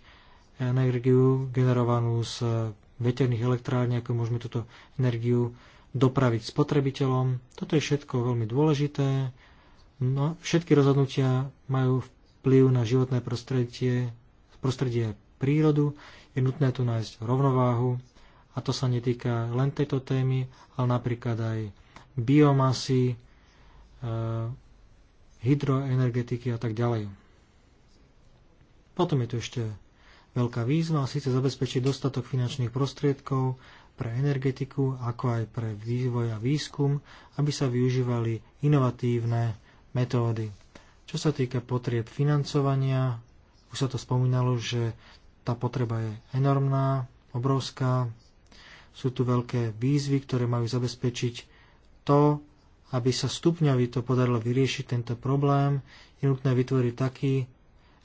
energiu generovanú z veterných elektrární, ako môžeme túto energiu dopraviť spotrebiteľom. Toto je všetko veľmi dôležité. No, všetky rozhodnutia majú vplyv na životné prostredie, prostredie prírodu. Je nutné tu nájsť rovnováhu a to sa netýka len tejto témy, ale napríklad aj biomasy, e, hydroenergetiky a tak ďalej. Potom je tu ešte veľká výzva, síce zabezpečiť dostatok finančných prostriedkov pre energetiku, ako aj pre vývoj a výskum, aby sa využívali inovatívne metódy. Čo sa týka potrieb financovania, už sa to spomínalo, že tá potreba je enormná, obrovská. Sú tu veľké výzvy, ktoré majú zabezpečiť to, aby sa stupňovi to podarilo vyriešiť tento problém. Je nutné vytvoriť taký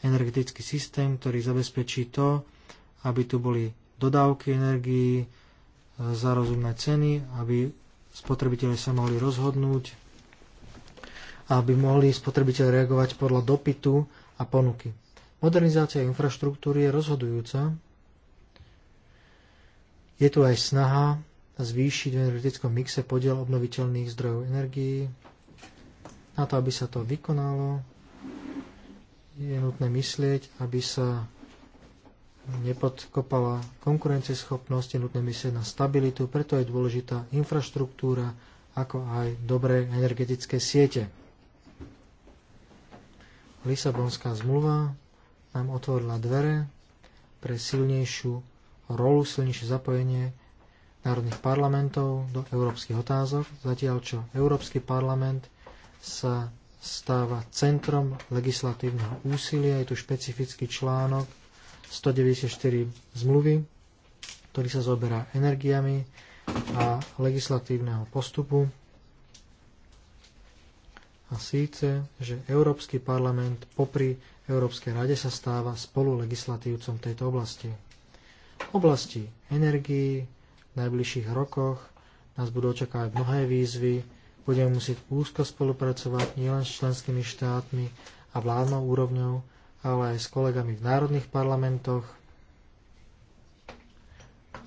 energetický systém, ktorý zabezpečí to, aby tu boli dodávky energií e, za rozumné ceny, aby spotrebitelia sa mohli rozhodnúť, aby mohli spotrebiteľ reagovať podľa dopytu a ponuky. Modernizácia infraštruktúry je rozhodujúca. Je tu aj snaha zvýšiť v energetickom mixe podiel obnoviteľných zdrojov energií. Na to, aby sa to vykonalo, je nutné myslieť, aby sa nepodkopala konkurencieschopnosť, je nutné myslieť na stabilitu, preto je dôležitá infraštruktúra, ako aj dobré energetické siete. Lisabonská zmluva nám otvorila dvere pre silnejšiu rolu, silnejšie zapojenie národných parlamentov do európskych otázok, zatiaľ čo Európsky parlament sa stáva centrom legislatívneho úsilia. Je tu špecifický článok 194 zmluvy, ktorý sa zoberá energiami a legislatívneho postupu a síce, že Európsky parlament popri Európskej rade sa stáva spolulegislatívcom tejto oblasti. V oblasti energií v najbližších rokoch nás budú očakávať mnohé výzvy, budeme musieť úzko spolupracovať nielen s členskými štátmi a vládnou úrovňou, ale aj s kolegami v národných parlamentoch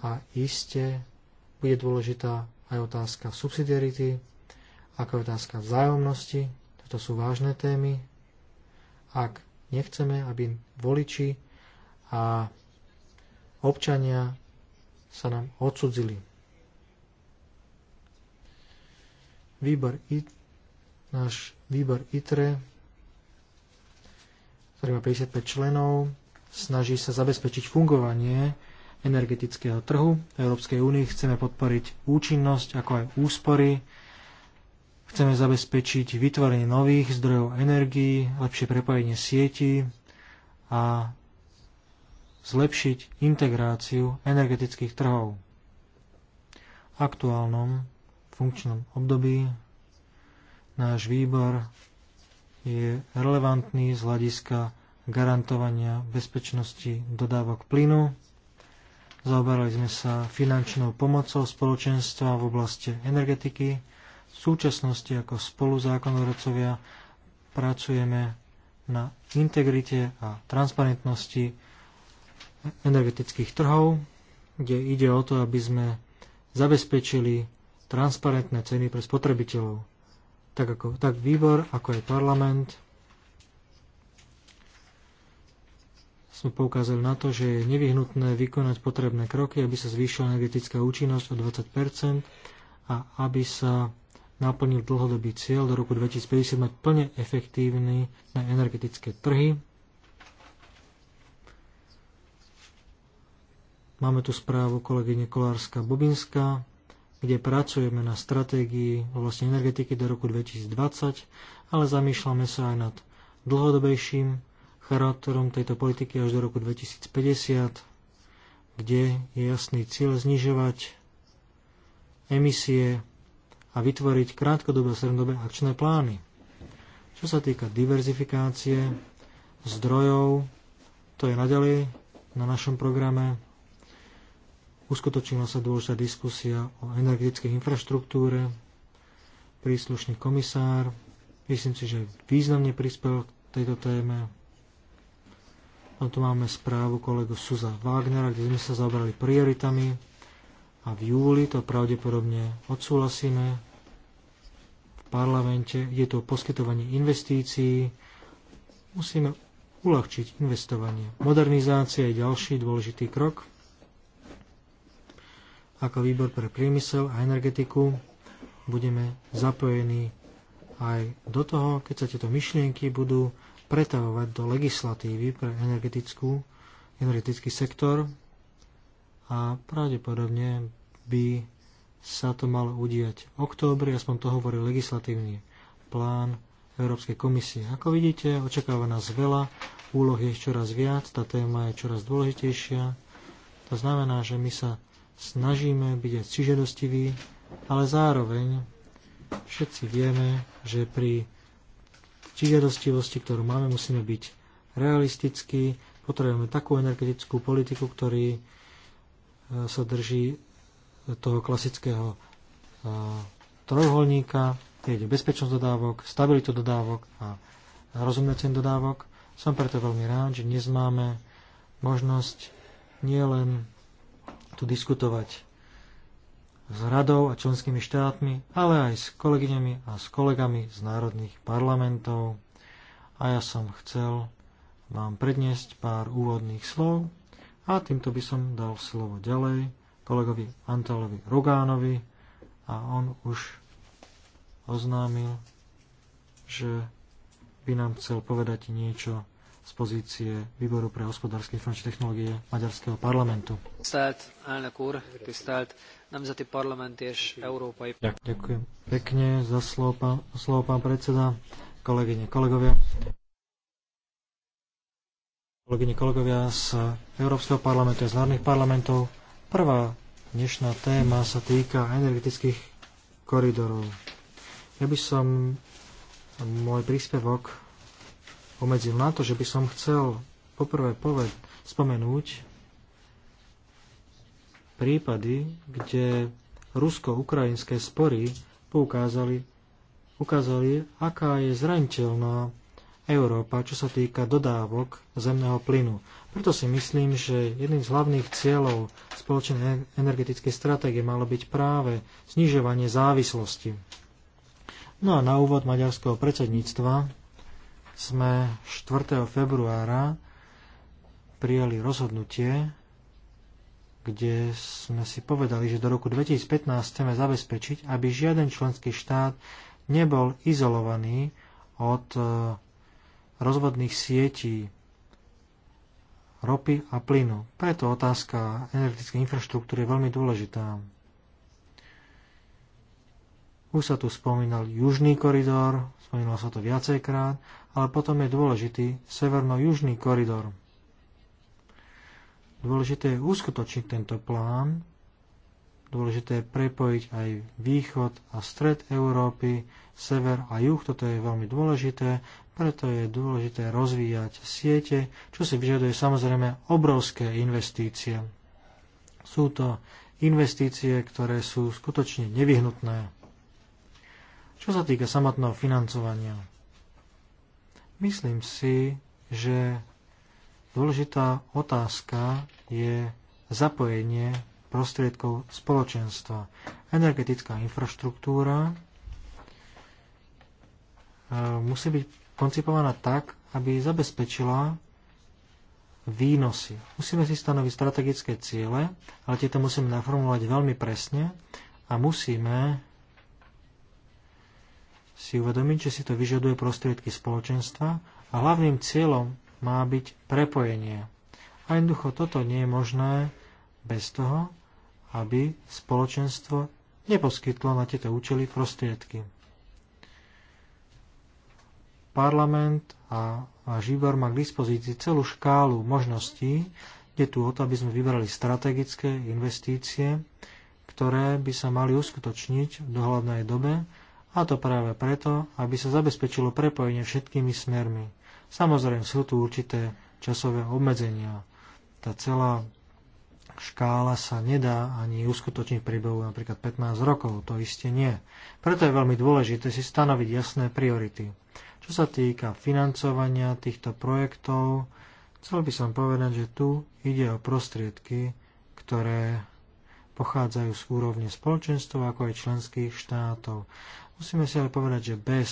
a iste bude dôležitá aj otázka subsidiarity, ako je otázka vzájomnosti, toto sú vážne témy. Ak nechceme, aby voliči a občania sa nám odsudzili. Výbor IT, náš výbor ITRE, ktorý má 55 členov, snaží sa zabezpečiť fungovanie energetického trhu. V Európskej únii chceme podporiť účinnosť, ako aj úspory, Chceme zabezpečiť vytvorenie nových zdrojov energií, lepšie prepojenie sieti a zlepšiť integráciu energetických trhov. V aktuálnom funkčnom období náš výbor je relevantný z hľadiska garantovania bezpečnosti dodávok plynu. Zaoberali sme sa finančnou pomocou spoločenstva v oblasti energetiky v súčasnosti ako spoluzákonodarcovia pracujeme na integrite a transparentnosti energetických trhov, kde ide o to, aby sme zabezpečili transparentné ceny pre spotrebiteľov. Tak, ako, tak výbor, ako aj parlament sme poukázali na to, že je nevyhnutné vykonať potrebné kroky, aby sa zvýšila energetická účinnosť o 20 a aby sa naplnil dlhodobý cieľ do roku 2050 mať plne efektívny na energetické trhy. Máme tu správu kolegyne Kolárska-Bobinská, kde pracujeme na stratégii vlastne energetiky do roku 2020, ale zamýšľame sa aj nad dlhodobejším charakterom tejto politiky až do roku 2050, kde je jasný cieľ znižovať emisie a vytvoriť krátkodobé a srednodobé akčné plány. Čo sa týka diverzifikácie zdrojov, to je naďalej na našom programe. Uskutočnila sa dôležitá diskusia o energetickej infraštruktúre. Príslušný komisár, myslím si, že významne prispel k tejto téme. Potom tu máme správu kolegu Suza Wagnera, kde sme sa zaobrali prioritami a v júli to pravdepodobne odsúhlasíme v parlamente. Je to poskytovanie investícií. Musíme uľahčiť investovanie. Modernizácia je ďalší dôležitý krok. Ako výbor pre priemysel a energetiku budeme zapojení aj do toho, keď sa tieto myšlienky budú pretavovať do legislatívy pre energetickú, energetický sektor a pravdepodobne by sa to malo udiať v októbri, aspoň to hovorí legislatívny plán Európskej komisie. Ako vidíte, očakáva nás veľa, úloh je čoraz viac, tá téma je čoraz dôležitejšia. To znamená, že my sa snažíme byť aj cižedostiví, ale zároveň všetci vieme, že pri cižedostivosti, ktorú máme, musíme byť realistickí, potrebujeme takú energetickú politiku, ktorý, E, sa drží toho klasického e, trojuholníka, keď je bezpečnosť dodávok, stabilitu dodávok a rozumné cen dodávok. Som preto veľmi rád, že dnes máme možnosť nielen tu diskutovať s radou a členskými štátmi, ale aj s kolegyňami a s kolegami z národných parlamentov. A ja som chcel vám predniesť pár úvodných slov a týmto by som dal slovo ďalej kolegovi Antalovi Rogánovi a on už oznámil, že by nám chcel povedať niečo z pozície Výboru pre hospodárske informačné technológie Maďarského parlamentu. Ďakujem pekne za slovo, pán, slovo, pán predseda, kolegyne, kolegovia. Kolegyne, kolegovia z Európskeho parlamentu a z národných parlamentov, prvá dnešná téma sa týka energetických koridorov. Ja by som môj príspevok obmedzil na to, že by som chcel poprvé poved, spomenúť prípady, kde rusko-ukrajinské spory poukázali, ukázali, aká je zraniteľná Európa, čo sa týka dodávok zemného plynu. Preto si myslím, že jedným z hlavných cieľov spoločnej e- energetickej stratégie malo byť práve znižovanie závislosti. No a na úvod maďarského predsedníctva sme 4. februára prijali rozhodnutie, kde sme si povedali, že do roku 2015 chceme zabezpečiť, aby žiaden členský štát nebol izolovaný od e, rozvodných sietí ropy a plynu. Preto otázka energetickej infraštruktúry je veľmi dôležitá. Už sa tu spomínal južný koridor, spomínalo sa to viacejkrát, ale potom je dôležitý severno-južný koridor. Dôležité je uskutočniť tento plán, dôležité je prepojiť aj východ a stred Európy, sever a juh, toto je veľmi dôležité, preto je dôležité rozvíjať siete, čo si vyžaduje samozrejme obrovské investície. Sú to investície, ktoré sú skutočne nevyhnutné. Čo sa týka samotného financovania, myslím si, že dôležitá otázka je zapojenie prostriedkov spoločenstva. Energetická infraštruktúra e, musí byť koncipovaná tak, aby zabezpečila výnosy. Musíme si stanoviť strategické ciele, ale tieto musíme naformulovať veľmi presne a musíme si uvedomiť, že si to vyžaduje prostriedky spoločenstva a hlavným cieľom má byť prepojenie. A jednoducho toto nie je možné bez toho, aby spoločenstvo neposkytlo na tieto účely prostriedky parlament a váš výbor má k dispozícii celú škálu možností. Je tu o to, aby sme vybrali strategické investície, ktoré by sa mali uskutočniť v dohľadnej dobe, a to práve preto, aby sa zabezpečilo prepojenie všetkými smermi. Samozrejme sú tu určité časové obmedzenia. Tá celá škála sa nedá ani uskutočniť v priebehu napríklad 15 rokov, to iste nie. Preto je veľmi dôležité si stanoviť jasné priority. Čo sa týka financovania týchto projektov, chcel by som povedať, že tu ide o prostriedky, ktoré pochádzajú z úrovne spoločenstva ako aj členských štátov. Musíme si ale povedať, že bez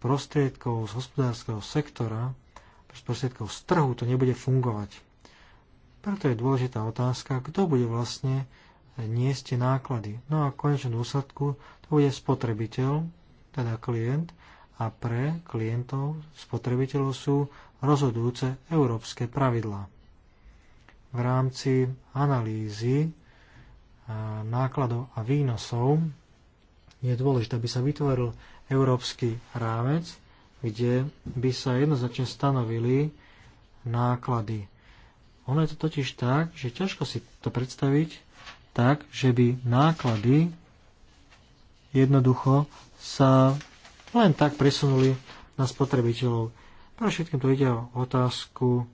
prostriedkov z hospodárskeho sektora, bez prostriedkov z trhu to nebude fungovať. Preto je dôležitá otázka, kto bude vlastne niesť náklady. No a v konečnom dôsledku to bude spotrebiteľ, teda klient, a pre klientov, spotrebiteľov sú rozhodujúce európske pravidlá. V rámci analýzy e, nákladov a výnosov je dôležité, aby sa vytvoril európsky rámec, kde by sa jednoznačne stanovili náklady ono je to totiž tak, že ťažko si to predstaviť tak, že by náklady jednoducho sa len tak presunuli na spotrebiteľov. Pre všetkým to ide o otázku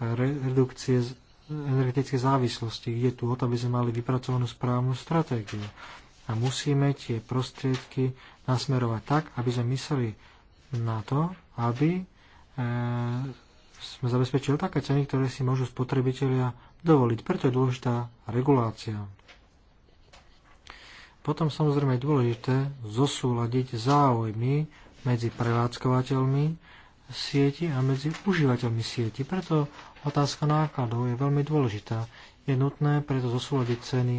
redukcie energetickej závislosti. Ide tu o to, aby sme mali vypracovanú správnu stratégiu. A musíme tie prostriedky nasmerovať tak, aby sme mysleli na to, aby e, sme zabezpečili také ceny, ktoré si môžu spotrebitelia dovoliť. Preto je dôležitá regulácia. Potom samozrejme je dôležité zosúľadiť záujmy medzi prevádzkovateľmi sieti a medzi užívateľmi sieti. Preto otázka nákladov je veľmi dôležitá. Je nutné preto zosúľadiť ceny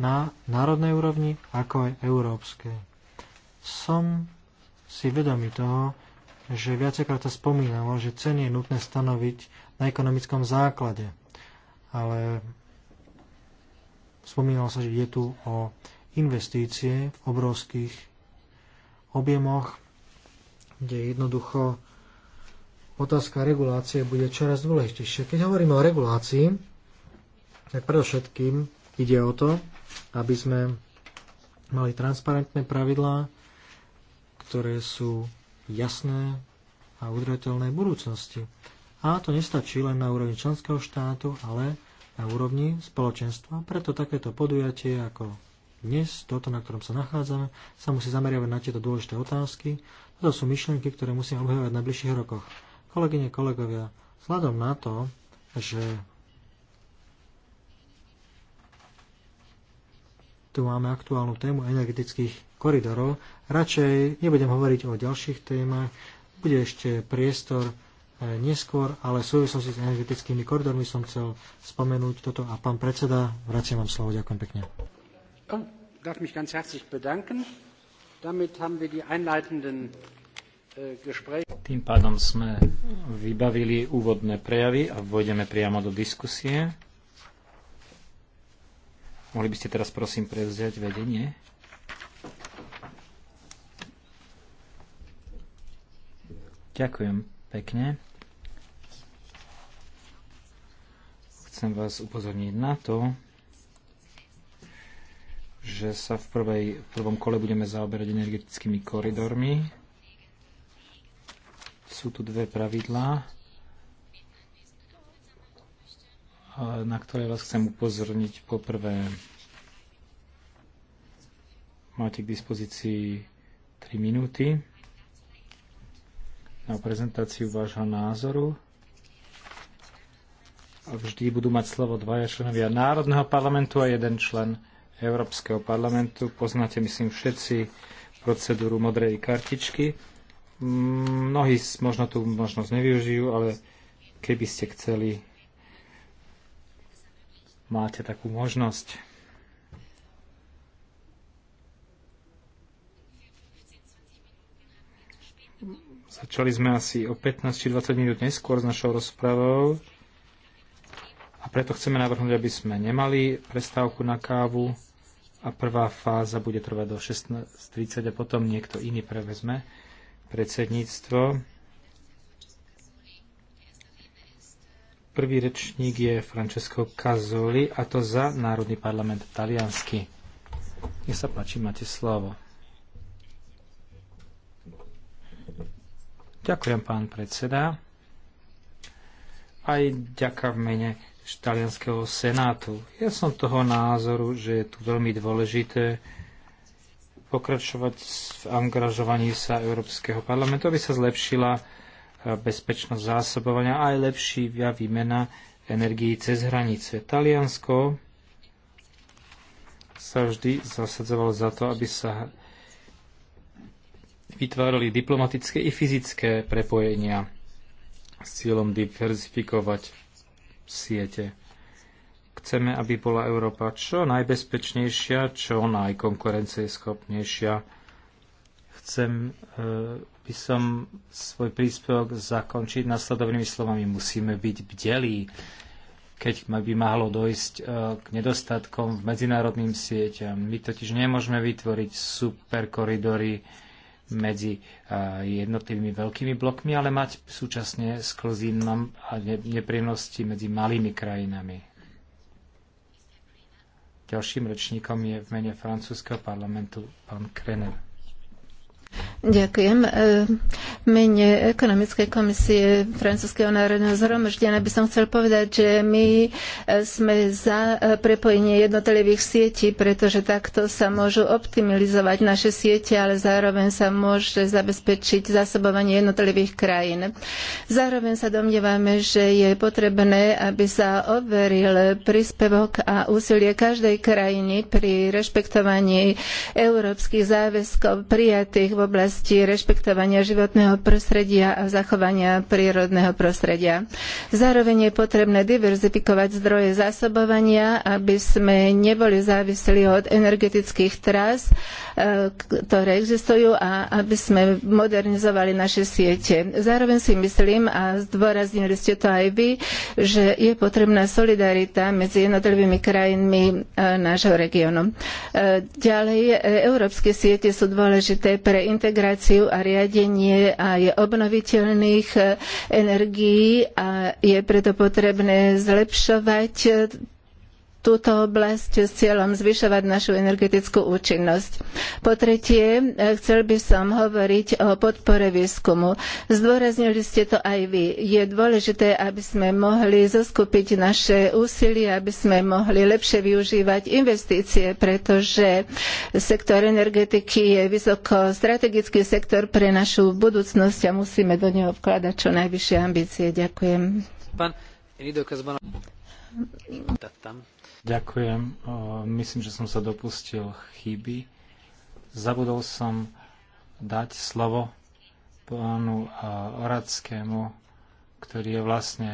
na národnej úrovni ako aj európskej. Som si vedomý toho, že viacekrát sa spomínalo, že ceny je nutné stanoviť na ekonomickom základe. Ale spomínalo sa, že je tu o investície v obrovských objemoch, kde jednoducho otázka regulácie bude čoraz dôležitejšia. Keď hovoríme o regulácii, tak predovšetkým ide o to, aby sme mali transparentné pravidlá, ktoré sú jasné a udržateľnej budúcnosti. A to nestačí len na úrovni členského štátu, ale na úrovni spoločenstva. Preto takéto podujatie ako dnes, toto, na ktorom sa nachádzame, sa musí zameriavať na tieto dôležité otázky. Toto sú myšlienky, ktoré musíme obhajovať na bližších rokoch. Kolegyne, kolegovia, vzhľadom na to, že tu máme aktuálnu tému energetických koridorov. Radšej nebudem hovoriť o ďalších témach, bude ešte priestor e, neskôr, ale v súvislosti s energetickými koridormi som chcel spomenúť toto a pán predseda, vraciam vám slovo, ďakujem pekne. Oh, darf mich ganz herzlich bedanken. Damit haben wir die einleitenden äh, tým pádom sme vybavili úvodné prejavy a vôjdeme priamo do diskusie. Mohli by ste teraz prosím prevziať vedenie? Ďakujem pekne. Chcem vás upozorniť na to, že sa v, prvej, v prvom kole budeme zaoberať energetickými koridormi. Sú tu dve pravidlá, na ktoré vás chcem upozorniť. Poprvé, máte k dispozícii 3 minúty na prezentáciu vášho názoru. A vždy budú mať slovo dvaja členovia Národného parlamentu a jeden člen Európskeho parlamentu. Poznáte, myslím, všetci procedúru modrej kartičky. Mnohí možno tú možnosť nevyužijú, ale keby ste chceli, máte takú možnosť. Začali sme asi o 15 či 20 minút neskôr s našou rozpravou a preto chceme navrhnúť, aby sme nemali prestávku na kávu a prvá fáza bude trvať do 16.30 a potom niekto iný prevezme predsedníctvo. Prvý rečník je Francesco Cazoli a to za Národný parlament taliansky. Nech sa páči, máte slovo. Ďakujem, pán predseda. Aj ďaká v mene talianského senátu. Ja som toho názoru, že je tu veľmi dôležité pokračovať v angažovaní sa Európskeho parlamentu, aby sa zlepšila eh, bezpečnosť zásobovania a aj lepší výmena energii cez hranice. Taliansko sa vždy zasadzovalo za to, aby sa vytvárali diplomatické i fyzické prepojenia s cieľom diverzifikovať siete. Chceme, aby bola Európa čo najbezpečnejšia, čo najkonkurencieschopnejšia. Chcem, eh, by som svoj príspevok zakončiť nasledovnými slovami. Musíme byť bdelí, keď by mohlo dojsť eh, k nedostatkom v medzinárodným sieťam. My totiž nemôžeme vytvoriť superkoridory, koridory medzi eh, jednotlivými veľkými blokmi, ale mať súčasne sklzí a nepríjemnosti medzi malými krajinami. Ďalším rečníkom je v mene francúzského parlamentu pán Krenner. Ďakujem. V e, mene Ekonomickej komisie Francúzského národného zhromaždenia by som chcel povedať, že my e, sme za e, prepojenie jednotlivých sietí, pretože takto sa môžu optimalizovať naše siete, ale zároveň sa môže zabezpečiť zásobovanie jednotlivých krajín. Zároveň sa domnievame, že je potrebné, aby sa overil príspevok a úsilie každej krajiny pri rešpektovaní európskych záväzkov prijatých v oblasti rešpektovania životného prostredia a zachovania prírodného prostredia. Zároveň je potrebné diverzifikovať zdroje zásobovania, aby sme neboli závislí od energetických trás, e, ktoré existujú a aby sme modernizovali naše siete. Zároveň si myslím, a zdôraznili ste to aj vy, že je potrebná solidarita medzi jednotlivými krajinami e, nášho regiónu. E, ďalej, európske siete sú dôležité pre integráciu a riadenie aj obnoviteľných eh, energií a je preto potrebné zlepšovať túto oblasť s cieľom zvyšovať našu energetickú účinnosť. Po tretie, e, chcel by som hovoriť o podpore výskumu. Zdôraznili ste to aj vy. Je dôležité, aby sme mohli zoskupiť naše úsilie, aby sme mohli lepšie využívať investície, pretože sektor energetiky je vysoko strategický sektor pre našu budúcnosť a musíme do neho vkladať čo najvyššie ambície. Ďakujem. Pán, Ďakujem. Myslím, že som sa dopustil chyby. Zabudol som dať slovo pánu e, Orackému, ktorý je vlastne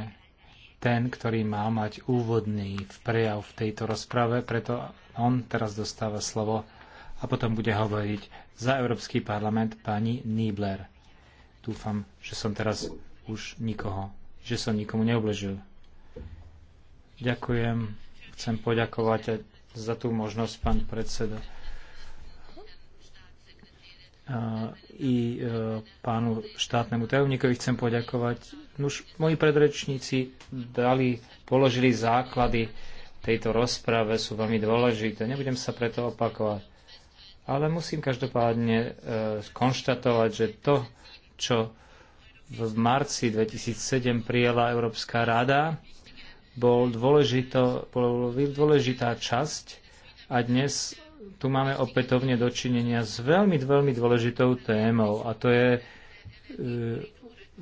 ten, ktorý má mať úvodný prejav v tejto rozprave, preto on teraz dostáva slovo a potom bude hovoriť za Európsky parlament pani Niebler. Dúfam, že som teraz už nikoho, že som nikomu neobležil. Ďakujem. Chcem poďakovať aj za tú možnosť, pán predseda, i e, pánu štátnemu tajomníkovi chcem poďakovať. Už moji predrečníci dali, položili základy tejto rozprave, sú veľmi dôležité. Nebudem sa preto opakovať. Ale musím každopádne e, konštatovať, že to, čo v marci 2007 prijala Európska rada, bol bol dôležitá časť a dnes tu máme opätovne dočinenia s veľmi, veľmi dôležitou témou a to je e,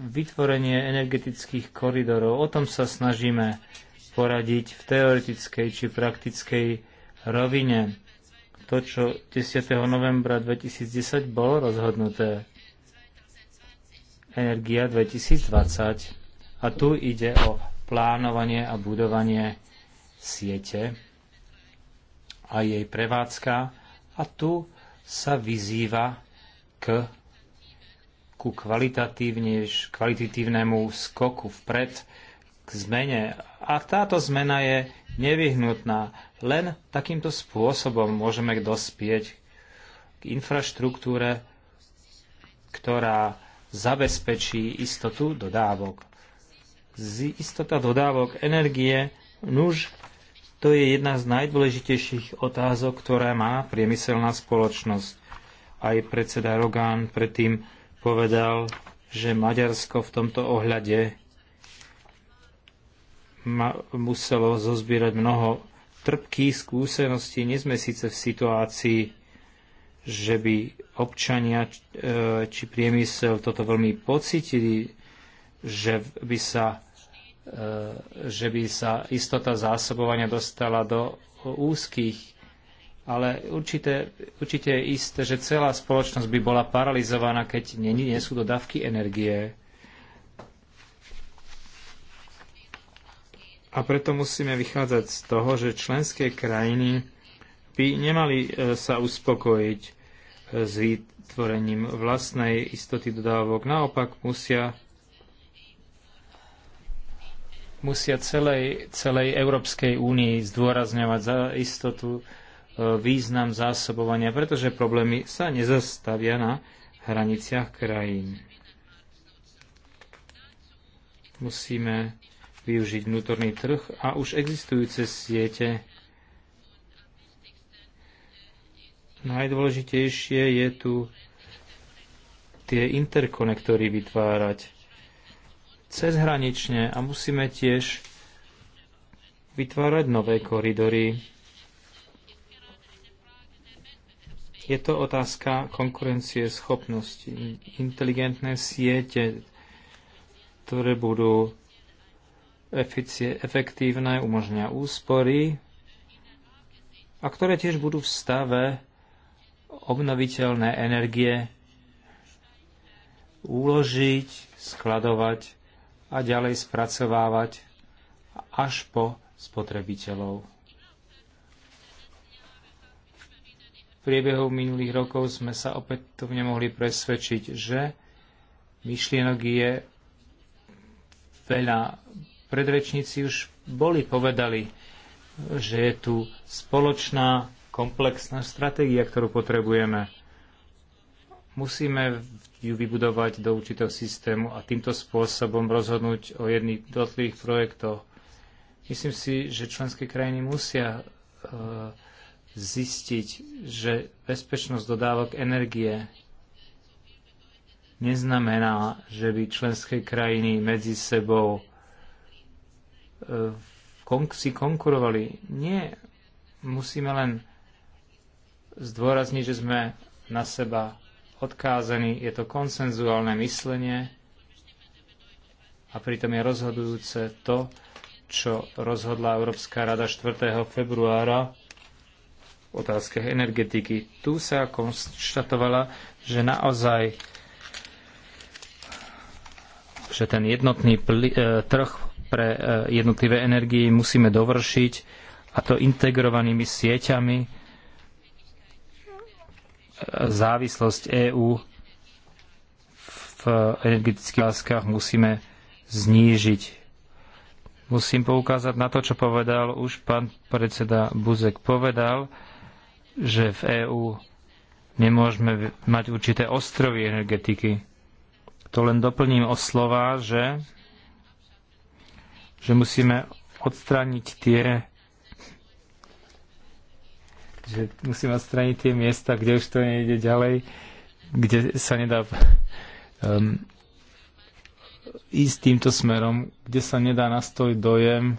vytvorenie energetických koridorov. O tom sa snažíme poradiť v teoretickej či praktickej rovine. To, čo 10. novembra 2010 bolo rozhodnuté. Energia 2020. A tu ide o plánovanie a budovanie siete a jej prevádzka a tu sa vyzýva k, ku kvalitatívnemu skoku vpred, k zmene. A táto zmena je nevyhnutná. Len takýmto spôsobom môžeme dospieť k infraštruktúre, ktorá zabezpečí istotu dodávok z istota dodávok energie, nuž, to je jedna z najdôležitejších otázok, ktoré má priemyselná spoločnosť. Aj predseda Rogán predtým povedal, že Maďarsko v tomto ohľade muselo zozbierať mnoho trpkých skúseností. Nie sme síce v situácii, že by občania e, či priemysel toto veľmi pocitili, že by sa E, že by sa istota zásobovania dostala do úzkých, ale určite, určite je isté, že celá spoločnosť by bola paralizovaná, keď nie, nie sú dodávky energie. A preto musíme vychádzať z toho, že členské krajiny by nemali e, sa uspokojiť e, s vytvorením vlastnej istoty dodávok. Naopak musia musia celej, celej Európskej únii zdôrazňovať za istotu e, význam zásobovania, pretože problémy sa nezastavia na hraniciach krajín. Musíme využiť vnútorný trh a už existujúce siete. Najdôležitejšie je tu tie interkonektory vytvárať cezhranične a musíme tiež vytvárať nové koridory. Je to otázka konkurencie schopnosti. Inteligentné siete, ktoré budú efektívne, umožňa úspory a ktoré tiež budú v stave obnoviteľné energie uložiť, skladovať a ďalej spracovávať až po spotrebiteľov. V priebehu minulých rokov sme sa opätovne mohli presvedčiť, že myšlienok je veľa. Predrečníci už boli povedali, že je tu spoločná komplexná stratégia, ktorú potrebujeme. Musíme ju vybudovať do určitého systému a týmto spôsobom rozhodnúť o jedných dotlých projektoch. Myslím si, že členské krajiny musia e, zistiť, že bezpečnosť dodávok energie neznamená, že by členské krajiny medzi sebou e, kon- si konkurovali. Nie, musíme len zdôrazniť, že sme na seba Odkázaný. Je to konsenzuálne myslenie a pritom je rozhodujúce to, čo rozhodla Európska rada 4. februára v otázkach energetiky. Tu sa konštatovala, že naozaj že ten jednotný e, trh pre e, jednotlivé energie musíme dovršiť a to integrovanými sieťami závislosť EÚ v energetických láskach musíme znížiť. Musím poukázať na to, čo povedal už pán predseda Buzek. Povedal, že v EÚ nemôžeme mať určité ostrovy energetiky. To len doplním o slova, že, že musíme odstrániť tie že musím odstraniť tie miesta, kde už to nejde ďalej, kde sa nedá um, ísť týmto smerom, kde sa nedá nastoliť dojem,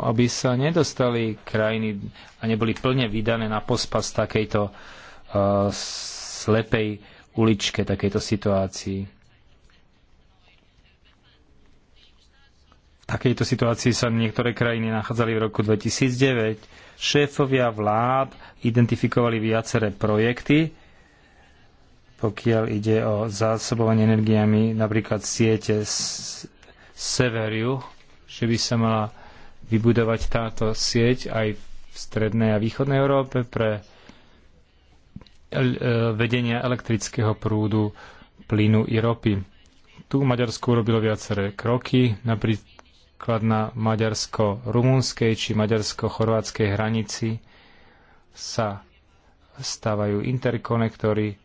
aby sa nedostali krajiny a neboli plne vydané na pospas takejto uh, slepej uličke, takejto situácii. takejto situácii sa niektoré krajiny nachádzali v roku 2009. Šéfovia vlád identifikovali viaceré projekty, pokiaľ ide o zásobovanie energiami, napríklad siete z severiu, že by sa mala vybudovať táto sieť aj v strednej a východnej Európe pre e, vedenia elektrického prúdu, plynu i ropy. Tu Maďarsko urobilo viaceré kroky, napríklad napríklad na maďarsko rumunskej či maďarsko-chorvátskej hranici sa stávajú interkonektory.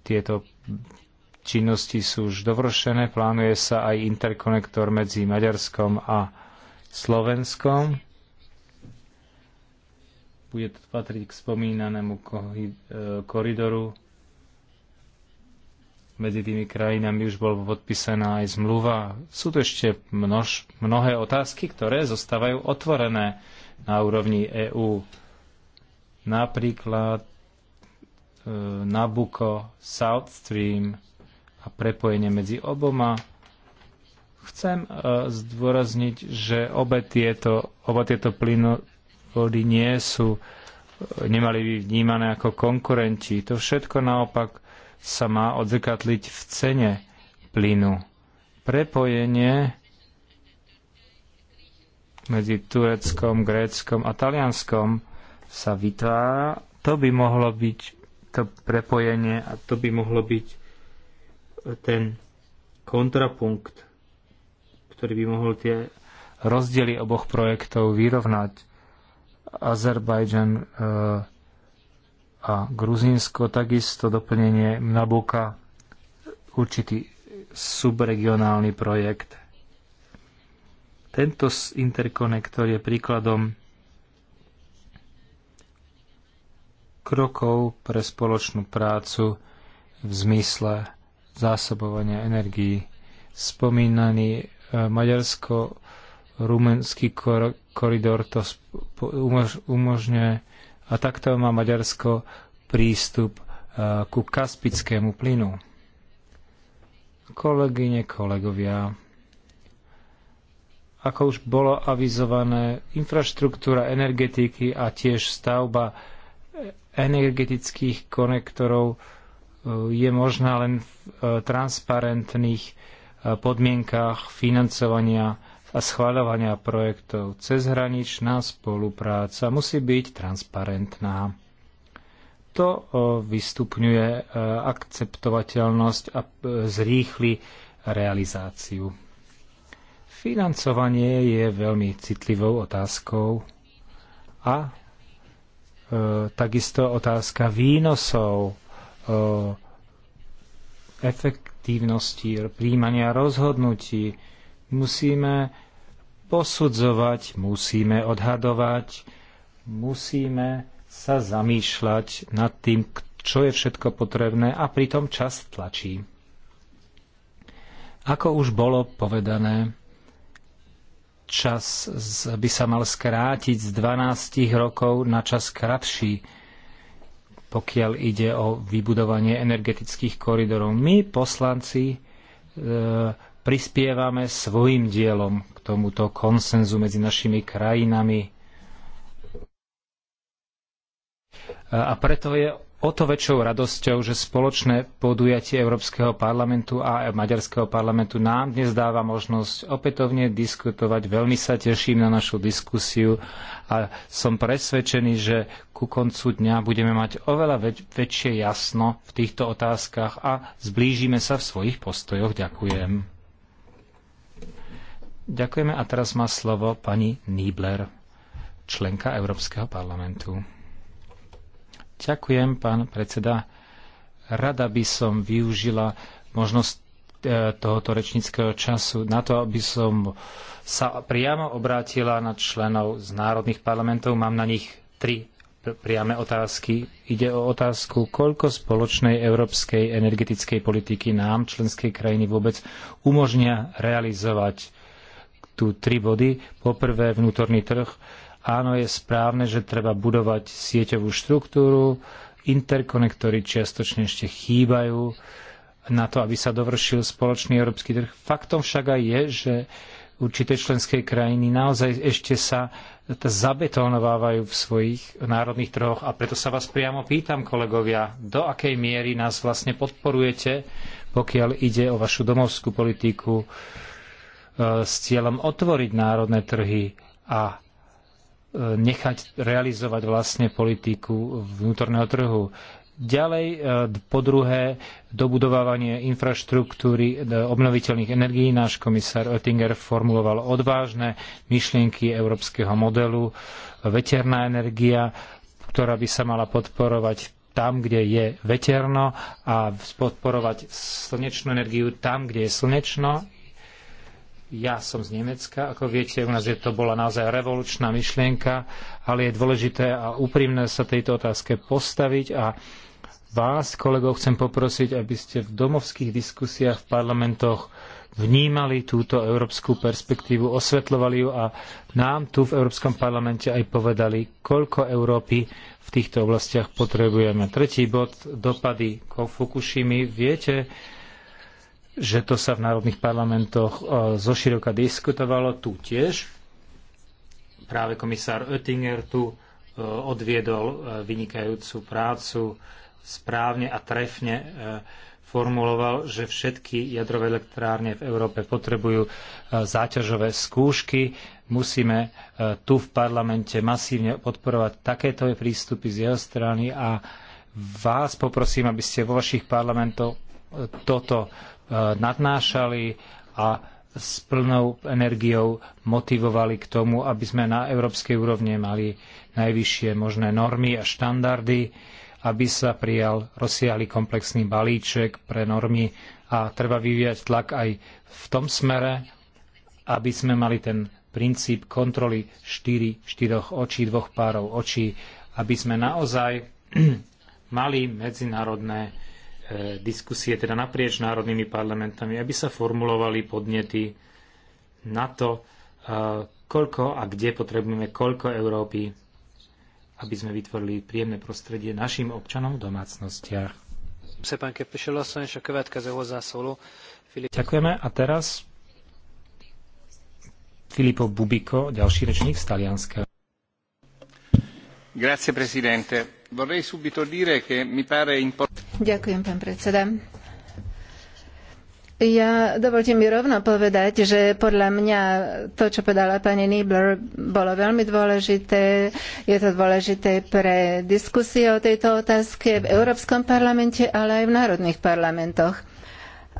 Tieto činnosti sú už dovršené. Plánuje sa aj interkonektor medzi Maďarskom a Slovenskom. Bude to patriť k spomínanému e, koridoru medzi tými krajinami už bola podpísaná aj zmluva. Sú tu ešte množ, mnohé otázky, ktoré zostávajú otvorené na úrovni EÚ. Napríklad e, Nabucco, South Stream a prepojenie medzi oboma. Chcem e, zdôrazniť, že obe tieto, oba tieto plynovody nie sú, e, nemali by vnímané ako konkurenti. To všetko naopak sa má odzrkadliť v cene plynu. Prepojenie medzi Tureckom, Gréckom a Talianskom sa vytvára. To by mohlo byť to prepojenie a to by mohlo byť e, ten kontrapunkt, ktorý by mohol tie rozdiely oboch projektov vyrovnať. Azerbajdžan e, a Gruzínsko takisto doplnenie Mnabuka, určitý subregionálny projekt. Tento interkonektor je príkladom krokov pre spoločnú prácu v zmysle zásobovania energií. Spomínaný e, maďarsko-rumenský koridor to umožňuje a takto má Maďarsko prístup e, ku kaspickému plynu. Kolegyne, kolegovia, ako už bolo avizované, infraštruktúra energetiky a tiež stavba e, energetických konektorov e, je možná len v transparentných podmienkách financovania a schváľovania projektov. Cezhraničná spolupráca musí byť transparentná. To e, vystupňuje e, akceptovateľnosť a e, zrýchli realizáciu. Financovanie je veľmi citlivou otázkou a e, takisto otázka výnosov, e, efektívnosti príjmania rozhodnutí, Musíme posudzovať, musíme odhadovať, musíme sa zamýšľať nad tým, čo je všetko potrebné a pritom čas tlačí. Ako už bolo povedané, čas by sa mal skrátiť z 12 rokov na čas kratší, pokiaľ ide o vybudovanie energetických koridorov. My, poslanci, e, prispievame svojim dielom k tomuto konsenzu medzi našimi krajinami. A preto je o to väčšou radosťou, že spoločné podujatie Európskeho parlamentu a Maďarského parlamentu nám dnes dáva možnosť opätovne diskutovať. Veľmi sa teším na našu diskusiu a som presvedčený, že ku koncu dňa budeme mať oveľa väč- väčšie jasno v týchto otázkach a zblížime sa v svojich postojoch. Ďakujem. Ďakujeme a teraz má slovo pani Niebler, členka Európskeho parlamentu. Ďakujem, pán predseda. Rada by som využila možnosť e, tohoto rečníckého času na to, aby som sa priamo obrátila na členov z národných parlamentov. Mám na nich tri priame otázky. Ide o otázku, koľko spoločnej európskej energetickej politiky nám členskej krajiny vôbec umožnia realizovať tu tri body. Poprvé vnútorný trh. Áno, je správne, že treba budovať sieťovú štruktúru, interkonektory čiastočne ešte chýbajú na to, aby sa dovršil spoločný európsky trh. Faktom však aj je, že určité členské krajiny naozaj ešte sa zabetonovávajú v svojich národných trhoch a preto sa vás priamo pýtam, kolegovia, do akej miery nás vlastne podporujete, pokiaľ ide o vašu domovskú politiku, E, s cieľom otvoriť národné trhy a e, nechať realizovať vlastne politiku vnútorného trhu. Ďalej, e, po druhé, dobudovávanie infraštruktúry obnoviteľných energií. Náš komisár Oettinger formuloval odvážne myšlienky európskeho modelu. Veterná energia, ktorá by sa mala podporovať tam, kde je veterno a podporovať slnečnú energiu tam, kde je slnečno. Ja som z Nemecka, ako viete, u nás je to bola naozaj revolučná myšlienka, ale je dôležité a úprimné sa tejto otázke postaviť a vás, kolegov, chcem poprosiť, aby ste v domovských diskusiách v parlamentoch vnímali túto európsku perspektívu, osvetľovali ju a nám tu v Európskom parlamente aj povedali, koľko Európy v týchto oblastiach potrebujeme. Tretí bod, dopady ko Fukushimi. Viete, že to sa v národných parlamentoch e, zoširoka diskutovalo tu tiež. Práve komisár Oettinger tu e, odviedol e, vynikajúcu prácu, správne a trefne formuloval, že všetky jadrové elektrárne v Európe potrebujú záťažové skúšky. Musíme tu v parlamente masívne podporovať takéto prístupy z jeho strany a vás poprosím, aby ste vo vašich parlamentoch toto Eh, nadnášali a s plnou energiou motivovali k tomu, aby sme na európskej úrovne mali najvyššie možné normy a štandardy, aby sa prijal rozsiahly komplexný balíček pre normy a treba vyvíjať tlak aj v tom smere, aby sme mali ten princíp kontroly štyri, štyroch očí, dvoch párov očí, aby sme naozaj [CLEARS THROAT] mali medzinárodné E, diskusie teda naprieč národnými parlamentami, aby sa formulovali podnety na to, e, koľko a kde potrebujeme koľko Európy, aby sme vytvorili príjemné prostredie našim občanom v domácnostiach. Ďakujeme a teraz Filippo Bubiko, ďalší rečník z Talianska. Grazie, presidente. Ja dovolte mi rovno povedať, že podľa mňa to, čo povedala pani Niebler, bolo veľmi dôležité. Je to dôležité pre diskusie o tejto otázke v Európskom parlamente, ale aj v národných parlamentoch.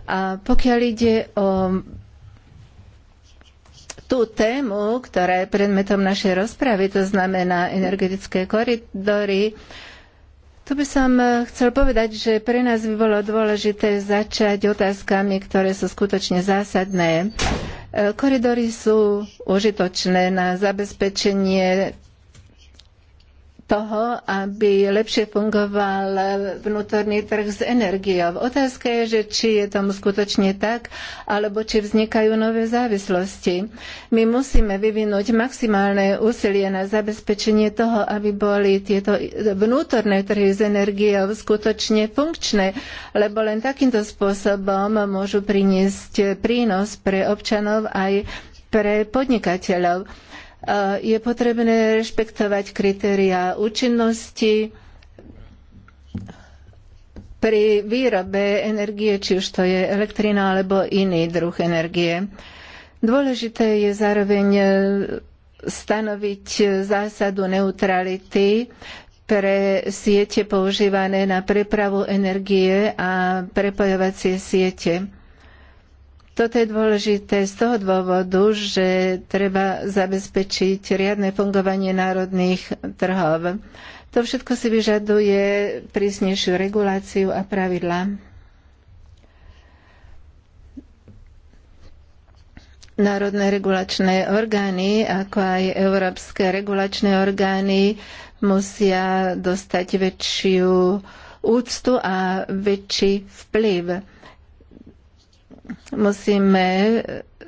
A pokiaľ ide o tú tému, ktorá je predmetom našej rozpravy, to znamená energetické koridory, tu by som eh, chcel povedať, že pre nás by bolo dôležité začať otázkami, ktoré sú skutočne zásadné. Eh, koridory sú užitočné na zabezpečenie toho, aby lepšie fungoval vnútorný trh s energiou. Otázka je, že či je tomu skutočne tak, alebo či vznikajú nové závislosti. My musíme vyvinúť maximálne úsilie na zabezpečenie toho, aby boli tieto vnútorné trhy s energiou skutočne funkčné, lebo len takýmto spôsobom môžu priniesť prínos pre občanov aj pre podnikateľov je potrebné rešpektovať kritéria účinnosti pri výrobe energie, či už to je elektrina alebo iný druh energie. Dôležité je zároveň e, stanoviť zásadu neutrality pre siete používané na prepravu energie a prepojovacie siete. Toto je dôležité z toho dôvodu, že treba zabezpečiť riadne fungovanie národných trhov. To všetko si vyžaduje prísnejšiu reguláciu a pravidla. Národné regulačné orgány, ako aj európske regulačné orgány, musia dostať väčšiu úctu a väčší vplyv musíme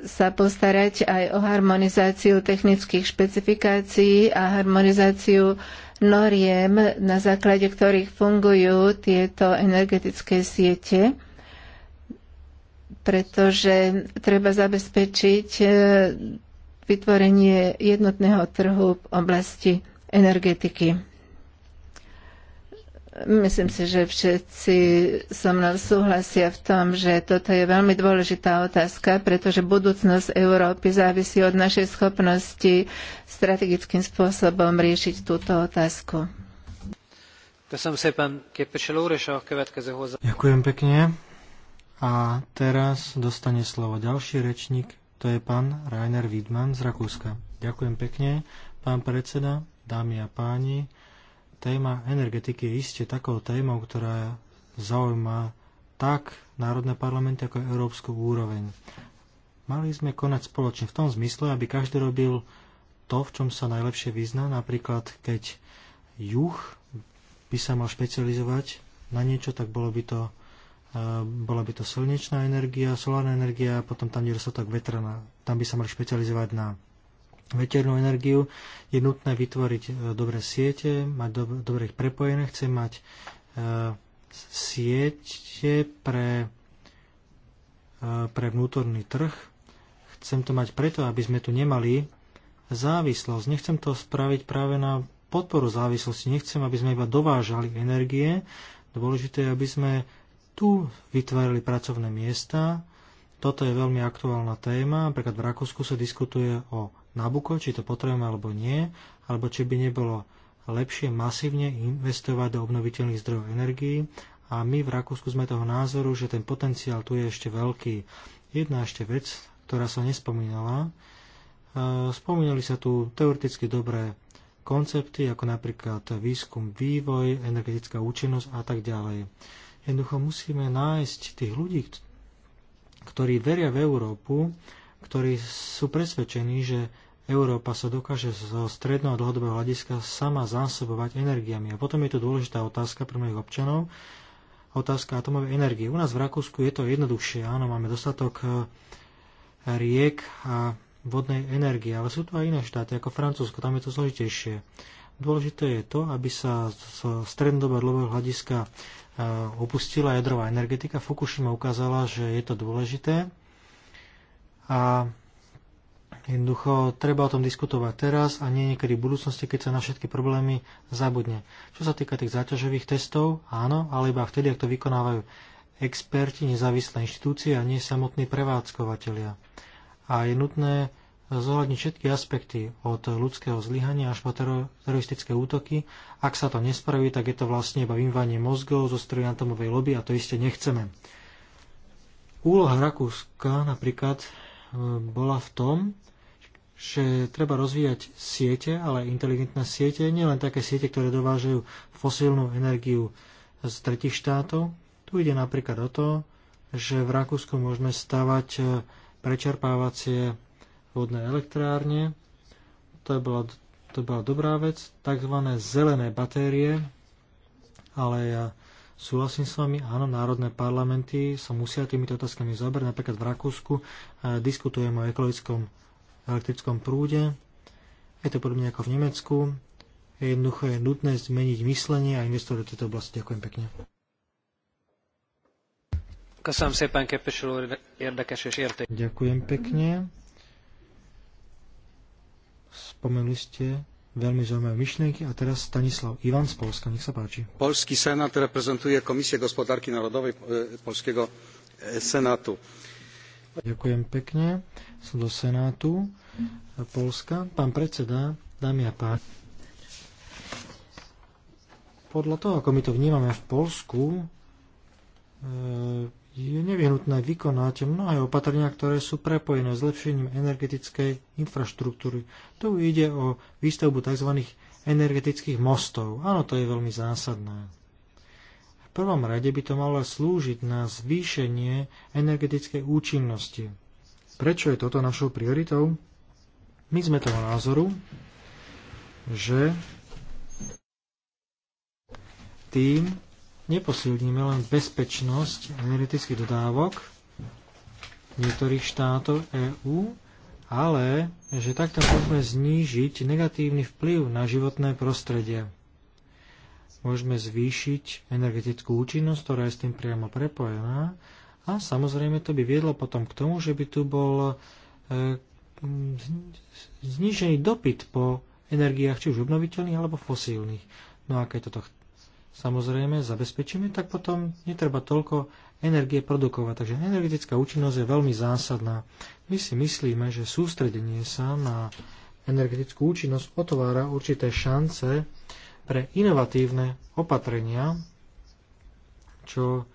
sa postarať aj o harmonizáciu technických špecifikácií a harmonizáciu noriem, na základe ktorých fungujú tieto energetické siete, pretože treba zabezpečiť e, vytvorenie jednotného trhu v oblasti energetiky. Myslím si, že všetci so mnou súhlasia v tom, že toto je veľmi dôležitá otázka, pretože budúcnosť Európy závisí od našej schopnosti strategickým spôsobom riešiť túto otázku. Ďakujem pekne. A teraz dostane slovo ďalší rečník, to je pán Rainer Wiedmann z Rakúska. Ďakujem pekne, pán predseda, dámy a páni. Téma energetiky je iste takou témou, ktorá zaujíma tak národné parlamenty, ako aj európsku úroveň. Mali sme konať spoločne v tom zmysle, aby každý robil to, v čom sa najlepšie vyzná. Napríklad, keď juh by sa mal špecializovať na niečo, tak bolo by to, e, bola by to slnečná energia, solárna energia, potom tam, kde sa tak vetrná, tam by sa mali špecializovať na veternú energiu, je nutné vytvoriť e, dobré siete, mať dob- dobre ich prepojené, chce mať e, siete pre, e, pre vnútorný trh. Chcem to mať preto, aby sme tu nemali závislosť. Nechcem to spraviť práve na podporu závislosti. Nechcem, aby sme iba dovážali energie. Dôležité je, aby sme tu vytvárali pracovné miesta. Toto je veľmi aktuálna téma. Napríklad v Rakúsku sa diskutuje o Nabuko, či to potrebujeme alebo nie, alebo či by nebolo lepšie masívne investovať do obnoviteľných zdrojov energií. A my v Rakúsku sme toho názoru, že ten potenciál tu je ešte veľký. Jedna ešte vec, ktorá sa nespomínala. E, spomínali sa tu teoreticky dobré koncepty, ako napríklad výskum, vývoj, energetická účinnosť a tak ďalej. Jednoducho musíme nájsť tých ľudí, ktorí veria v Európu, ktorí sú presvedčení, že Európa sa dokáže zo stredného a dlhodobého hľadiska sama zásobovať energiami. A potom je tu dôležitá otázka pre mnohých občanov, otázka atomovej energie. U nás v Rakúsku je to jednoduchšie, áno, máme dostatok e, riek a vodnej energie, ale sú tu aj iné štáty, ako Francúzsko, tam je to zložitejšie. Dôležité je to, aby sa z strednodobého hľadiska e, opustila jadrová energetika. Fukushima ukázala, že je to dôležité a jednoducho treba o tom diskutovať teraz a nie niekedy v budúcnosti, keď sa na všetky problémy zabudne. Čo sa týka tých záťažových testov, áno, ale iba vtedy, ak to vykonávajú experti, nezávislé inštitúcie a nie samotní prevádzkovateľia. A je nutné zohľadniť všetky aspekty od ľudského zlyhania až po teroristické útoky. Ak sa to nespraví, tak je to vlastne iba vymývanie mozgov zo stroju atomovej lobby a to iste nechceme. Úloha Rakúska napríklad bola v tom, že treba rozvíjať siete, ale inteligentné siete, nielen také siete, ktoré dovážajú fosílnu energiu z tretich štátov. Tu ide napríklad o to, že v Rakúsku môžeme stavať e, prečerpávacie vodné elektrárne. To bola, to bola dobrá vec. Takzvané zelené batérie, ale ja Súhlasím s vami, áno, národné parlamenty sa musia týmito otázkami zaoberať. Napríklad v Rakúsku eh, diskutujeme o ekologickom elektrickom prúde. Je to podobne ako v Nemecku. Jednoducho je nutné zmeniť myslenie a investovať do tejto oblasti. Ďakujem pekne. Ďakujem pekne. Spomenuli ste veľmi zaujímavé myšlienky. A teraz Stanislav Ivan z Polska, nech sa páči. Polský senát reprezentuje Komisie gospodárky Narodowej e, Polského e, Senátu. Ďakujem pekne. Som do Senátu e, Polska. Pán predseda, dámy a páni. Podľa toho, ako my to vnímame v Polsku, e je nevyhnutné vykonať mnohé opatrenia, ktoré sú prepojené s lepšením energetickej infraštruktúry. Tu ide o výstavbu tzv. energetických mostov. Áno, to je veľmi zásadné. V prvom rade by to malo slúžiť na zvýšenie energetickej účinnosti. Prečo je toto našou prioritou? My sme toho názoru, že tým neposilníme len bezpečnosť energetických dodávok niektorých štátov EÚ, ale že takto môžeme znížiť negatívny vplyv na životné prostredie. Môžeme zvýšiť energetickú účinnosť, ktorá je s tým priamo prepojená a samozrejme to by viedlo potom k tomu, že by tu bol e, znížený dopyt po energiách či už obnoviteľných alebo fosílnych. No a keď toto samozrejme zabezpečíme, tak potom netreba toľko energie produkovať. Takže energetická účinnosť je veľmi zásadná. My si myslíme, že sústredenie sa na energetickú účinnosť otvára určité šance pre inovatívne opatrenia, čo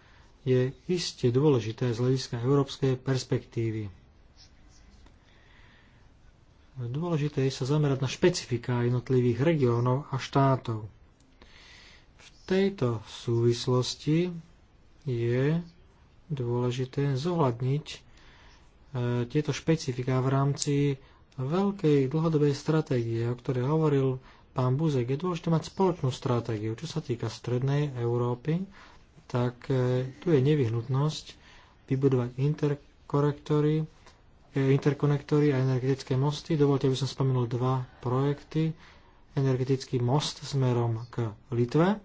je iste dôležité z hľadiska európskej perspektívy. Dôležité je sa zamerať na špecifiká jednotlivých regiónov a štátov. V tejto súvislosti je dôležité zohľadniť e, tieto špecifika v rámci veľkej dlhodobej stratégie, o ktorej hovoril pán Buzek. Je dôležité mať spoločnú stratégiu. Čo sa týka strednej Európy, tak e, tu je nevyhnutnosť vybudovať interkorektory, e, interkonektory a energetické mosty. Dovolte, aby som spomenul dva projekty. Energetický most smerom k Litve,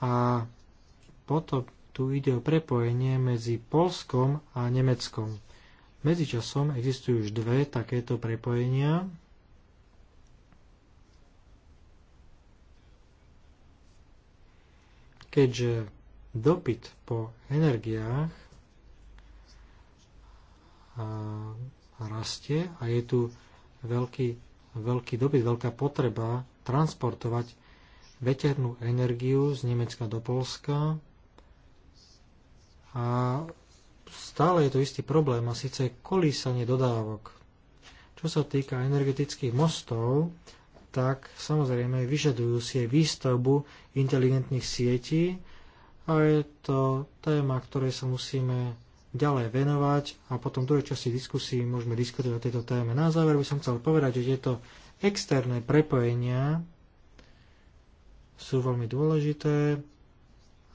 a potom tu ide o prepojenie medzi Polskom a Nemeckom. Medzičasom existujú už dve takéto prepojenia. Keďže dopyt po energiách rastie a je tu veľký, veľký dopyt, veľká potreba transportovať veternú energiu z Nemecka do Polska a stále je to istý problém a síce kolísanie dodávok. Čo sa týka energetických mostov, tak samozrejme vyžadujú si aj výstavbu inteligentných sietí a je to téma, ktorej sa musíme ďalej venovať a potom v druhej časti diskusí môžeme diskutovať o tejto téme. Na záver by som chcel povedať, že tieto externé prepojenia sú veľmi dôležité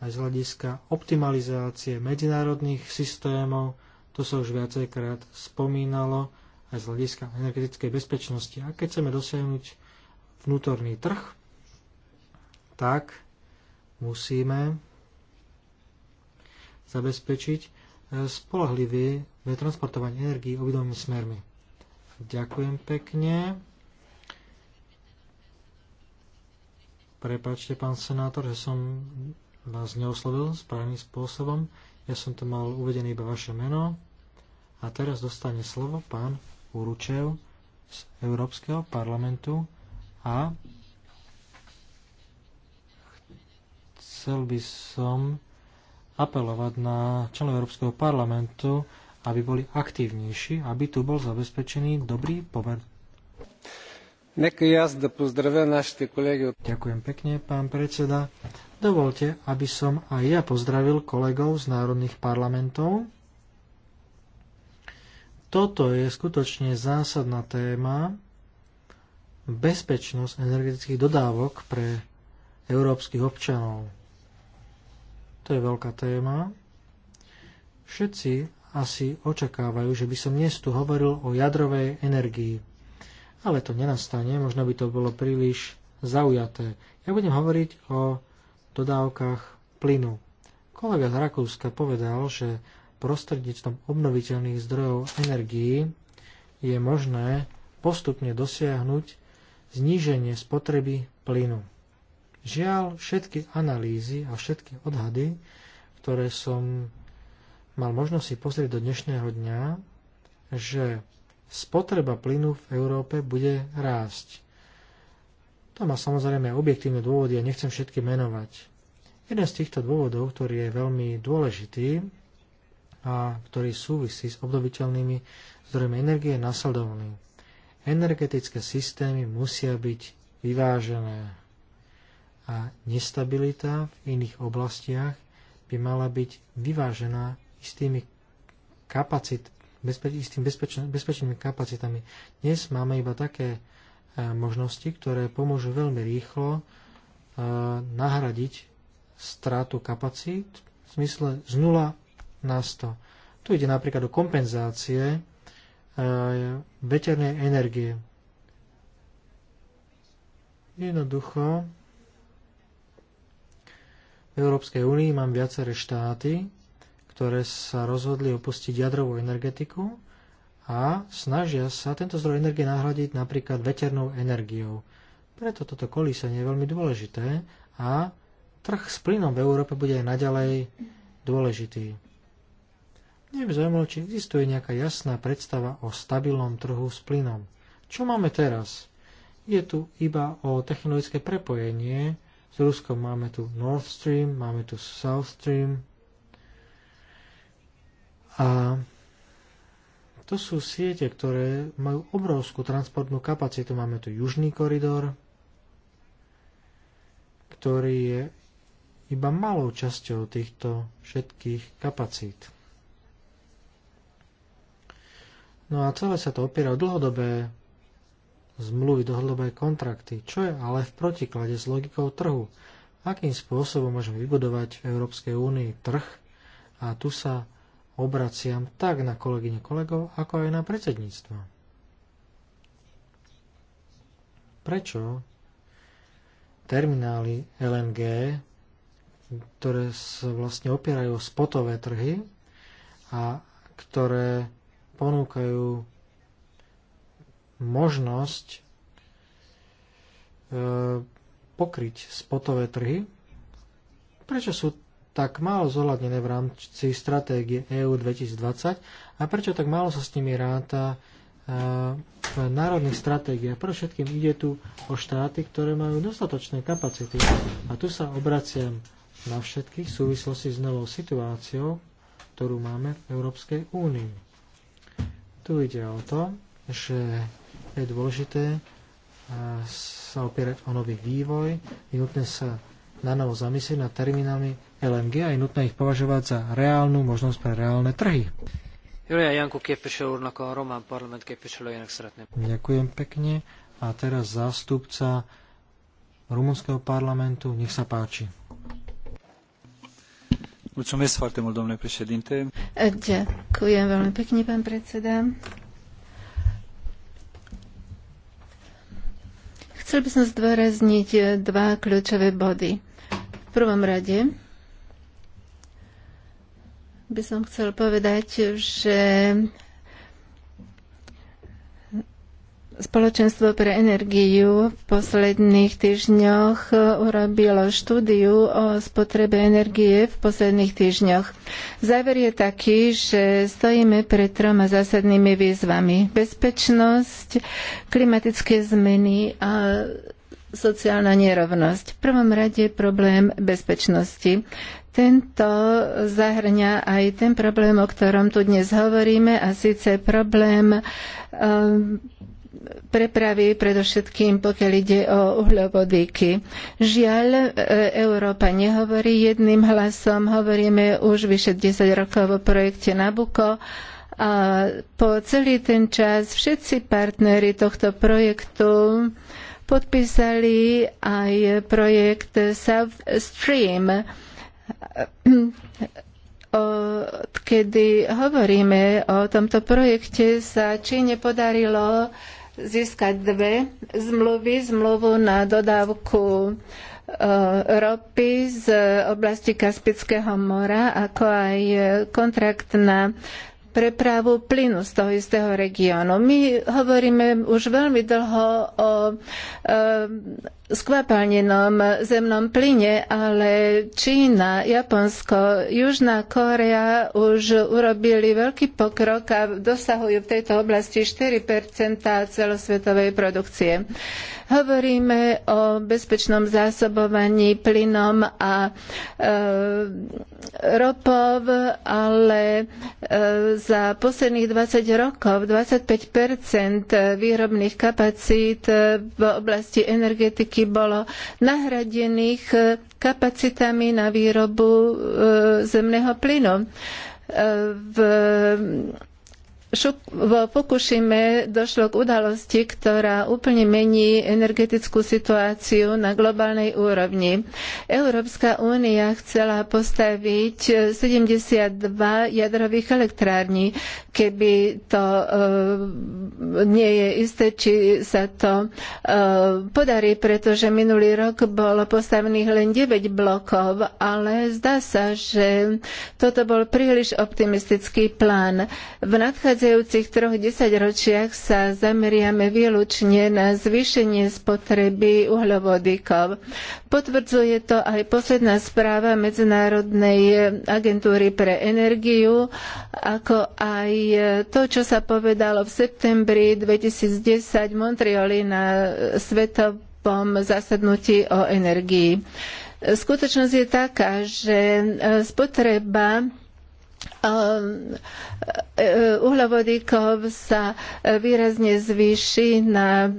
aj z hľadiska optimalizácie medzinárodných systémov, to sa už viacejkrát spomínalo, aj z hľadiska energetickej bezpečnosti. A keď chceme dosiahnuť vnútorný trh, tak musíme zabezpečiť e, spolahlivé transportovanie energii obidvomi smermi. Ďakujem pekne. Prepačte, pán senátor, že som vás neoslovil správnym spôsobom. Ja som tu mal uvedené iba vaše meno. A teraz dostane slovo pán Uručev z Európskeho parlamentu a chcel by som apelovať na členov Európskeho parlamentu, aby boli aktívnejší, aby tu bol zabezpečený dobrý pomer Ďakujem pekne, pán predseda. Dovolte, aby som aj ja pozdravil kolegov z národných parlamentov. Toto je skutočne zásadná téma. Bezpečnosť energetických dodávok pre európskych občanov. To je veľká téma. Všetci asi očakávajú, že by som dnes tu hovoril o jadrovej energii ale to nenastane, možno by to bolo príliš zaujaté. Ja budem hovoriť o dodávkach plynu. Kolega z Rakúska povedal, že prostredníctvom obnoviteľných zdrojov energií je možné postupne dosiahnuť zníženie spotreby plynu. Žiaľ, všetky analýzy a všetky odhady, ktoré som mal možnosť si pozrieť do dnešného dňa, že spotreba plynu v Európe bude rásť. To má samozrejme objektívne dôvody a nechcem všetky menovať. Jeden z týchto dôvodov, ktorý je veľmi dôležitý a ktorý súvisí s obnoviteľnými zdrojmi energie, je nasledovný. Energetické systémy musia byť vyvážené a nestabilita v iných oblastiach by mala byť vyvážená istými kapacit, s tým bezpečnými kapacitami. Dnes máme iba také e, možnosti, ktoré pomôžu veľmi rýchlo e, nahradiť strátu kapacít v zmysle z 0 na 100. Tu ide napríklad o kompenzácie e, veternej energie. Jednoducho v Európskej únii mám viaceré štáty, ktoré sa rozhodli opustiť jadrovú energetiku a snažia sa tento zdroj energie nahradiť napríklad veternou energiou. Preto toto kolísanie je veľmi dôležité a trh s plynom v Európe bude aj naďalej dôležitý. Mne by zaujímalo, či existuje nejaká jasná predstava o stabilnom trhu s plynom. Čo máme teraz? Je tu iba o technologické prepojenie. S Ruskom máme tu Nord Stream, máme tu South Stream, a to sú siete, ktoré majú obrovskú transportnú kapacitu. Máme tu južný koridor, ktorý je iba malou časťou týchto všetkých kapacít. No a celé sa to opiera o dlhodobé zmluvy, dlhodobé kontrakty, čo je ale v protiklade s logikou trhu. Akým spôsobom môžeme vybudovať v Európskej únii trh a tu sa obraciam tak na kolegyne kolegov, ako aj na predsedníctvo. Prečo terminály LNG, ktoré sa vlastne opierajú o spotové trhy a ktoré ponúkajú možnosť e, pokryť spotové trhy, prečo sú tak málo zohľadnené v rámci stratégie EU 2020 a prečo tak málo sa s nimi ráta e, v národných stratégiách. Pre všetkým ide tu o štáty, ktoré majú dostatočné kapacity. A tu sa obraciam na všetkých v súvislosti s novou situáciou, ktorú máme v Európskej únii. Tu ide o to, že je dôležité e, sa opierať o nový vývoj, je nutné sa na novo zamyslieť nad terminálmi LNG a je nutné ich považovať za reálnu možnosť pre reálne trhy. Ďakujem pekne. A teraz zástupca rumunského parlamentu, nech sa páči. E, ďakujem veľmi pekne, pán predseda. Chcel by som zdôrazniť e, dva kľúčové body prvom rade by som chcel povedať, že Spoločenstvo pre energiu v posledných týždňoch urobilo štúdiu o spotrebe energie v posledných týždňoch. Záver je taký, že stojíme pred troma zásadnými výzvami. Bezpečnosť, klimatické zmeny a sociálna nerovnosť. V prvom rade problém bezpečnosti. Tento zahrňa aj ten problém, o ktorom tu dnes hovoríme, a síce problém um, prepravy, predovšetkým pokiaľ ide o uhľovodíky. Žiaľ, e, Európa nehovorí jedným hlasom, hovoríme už vyše 10 rokov o projekte Nabuko a po celý ten čas všetci partnery tohto projektu podpísali aj projekt South Stream odkedy hovoríme o tomto projekte, sa Číne podarilo získať dve zmluvy. Zmluvu na dodávku e, ropy z oblasti Kaspického mora, ako aj kontrakt na prepravu plynu z toho istého regiónu. My hovoríme už veľmi dlho o e, skvapalnenom zemnom plyne, ale Čína, Japonsko, Južná Korea už urobili veľký pokrok a dosahujú v tejto oblasti 4 celosvetovej produkcie. Hovoríme o bezpečnom zásobovaní plynom a e, ropov, ale e, za posledných 20 rokov 25 výrobných kapacít v oblasti energetiky bolo nahradených kapacitami na výrobu e, zemného plynu. E, v v Fukushime došlo k udalosti, ktorá úplne mení energetickú situáciu na globálnej úrovni. Európska únia chcela postaviť 72 jadrových elektrární. Keby to e, nie je isté, či sa to e, podarí, pretože minulý rok bolo postavených len 9 blokov, ale zdá sa, že toto bol príliš optimistický plán. V nadchádzajúcich nadchádzajúcich troch desaťročiach sa zameriame výlučne na zvýšenie spotreby uhľovodíkov. Potvrdzuje to aj posledná správa Medzinárodnej agentúry pre energiu, ako aj to, čo sa povedalo v septembri 2010 v Montreali na svetovom zasadnutí o energii. Skutočnosť je taká, že spotreba Um, uh, uhlovodíkov sa uh, výrazne zvýši na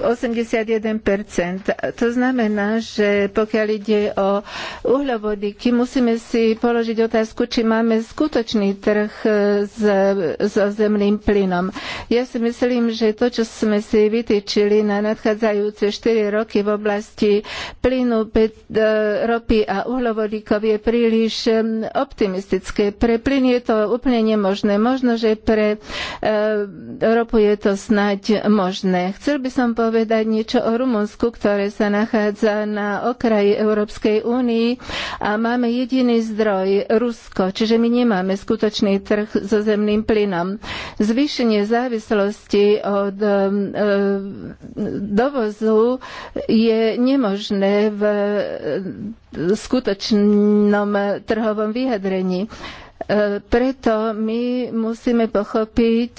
81%. Uh, to znamená, že pokiaľ ide o uhľovodíky, musíme si položiť otázku, či máme skutočný trh s, so zemným plynom. Ja si myslím, že to, čo sme si vytýčili na nadchádzajúce 4 roky v oblasti plynu, ropy a uhľovodíkov je príliš um, optimistické. Pre plyn je to úplne nemožné. Možno, že pre e, ropu je to snať možné. Chcel by som povedať niečo o Rumunsku, ktoré sa nachádza na okraji Európskej únii a máme jediný zdroj Rusko, čiže my nemáme skutočný trh so zemným plynom. Zvýšenie závislosti od e, e, dovozu je nemožné v skutočnom trhovom výsledku vyjadrení. Preto my musíme pochopiť,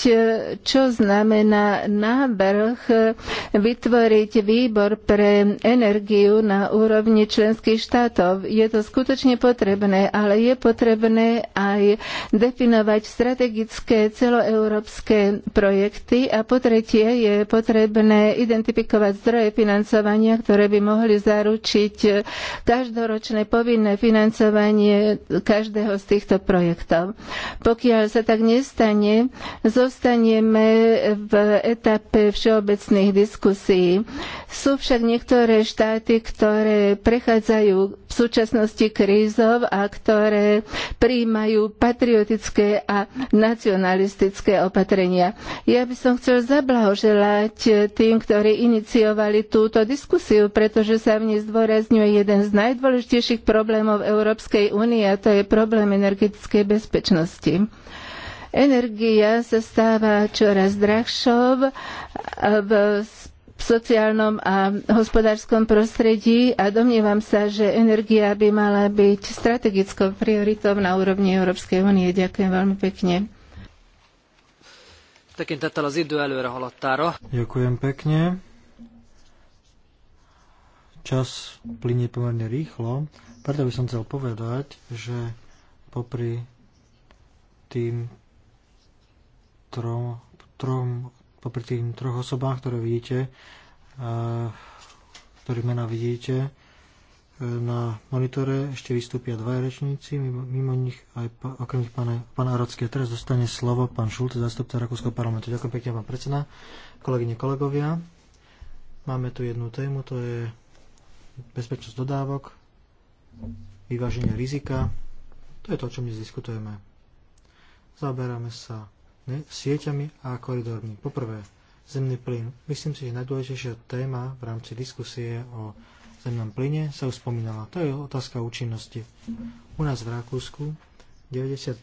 čo znamená návrh vytvoriť výbor pre energiu na úrovni členských štátov. Je to skutočne potrebné, ale je potrebné aj definovať strategické celoeurópske projekty a po tretie je potrebné identifikovať zdroje financovania, ktoré by mohli zaručiť každoročné povinné financovanie každého z týchto projektov projekta. Pokiaľ sa tak nestane, zostaneme v etape všeobecných diskusí. Sú však niektoré štáty, ktoré prechádzajú v súčasnosti krízov a ktoré prijímajú patriotické a nacionalistické opatrenia. Ja by som chcel zablahoželať tým, ktorí iniciovali túto diskusiu, pretože sa v nej zdôrazňuje jeden z najdôležitejších problémov Európskej únie a to je problém energetickej potravinovej bezpečnosti. Energia sa stáva čoraz drahšou v sociálnom a hospodárskom prostredí a domnievam sa, že energia by mala byť strategickou prioritou na úrovni Európskej únie. Ďakujem veľmi pekne. Tekintettel az idő előre haladtára. Ďakujem pekne. Čas plinie pomerne rýchlo, preto by som chcel povedať, že popri tým trom, trom popri tým troch osobách, ktoré vidíte, e, ktorý mena vidíte, e, na monitore ešte vystúpia dva rečníci, mimo, mimo nich aj pa, okrem nich pán, pán Arocký. Teraz dostane slovo pán Šulc, zástupca Rakúskoho parlamentu. Ďakujem pekne, pán predseda. Kolegyne, kolegovia, máme tu jednu tému, to je bezpečnosť dodávok, vyváženie rizika. To je to, o čom dnes diskutujeme. Zaberáme sa ne, sieťami a koridormi. Poprvé, zemný plyn. Myslím si, že najdôležitejšia téma v rámci diskusie o zemnom plyne sa už spomínala. To je otázka účinnosti. U nás v Rakúsku 90%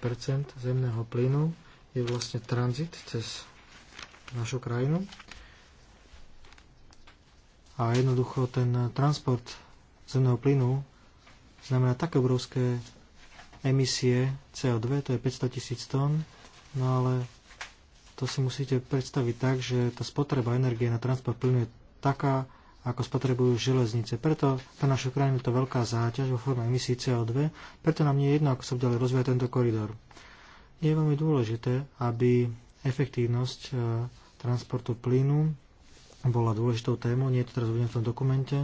zemného plynu je vlastne tranzit cez našu krajinu. A jednoducho ten transport zemného plynu znamená také obrovské emisie CO2, to je 500 tisíc tón, no ale to si musíte predstaviť tak, že tá spotreba energie na transport plynu je taká, ako spotrebujú železnice. Preto pre našu krajinu je to veľká záťaž vo forme emisí CO2, preto nám nie je jedno, ako sa ďalej rozvíja tento koridor. Je veľmi dôležité, aby efektívnosť e, transportu plynu bola dôležitou témou, nie je to teraz v tom dokumente.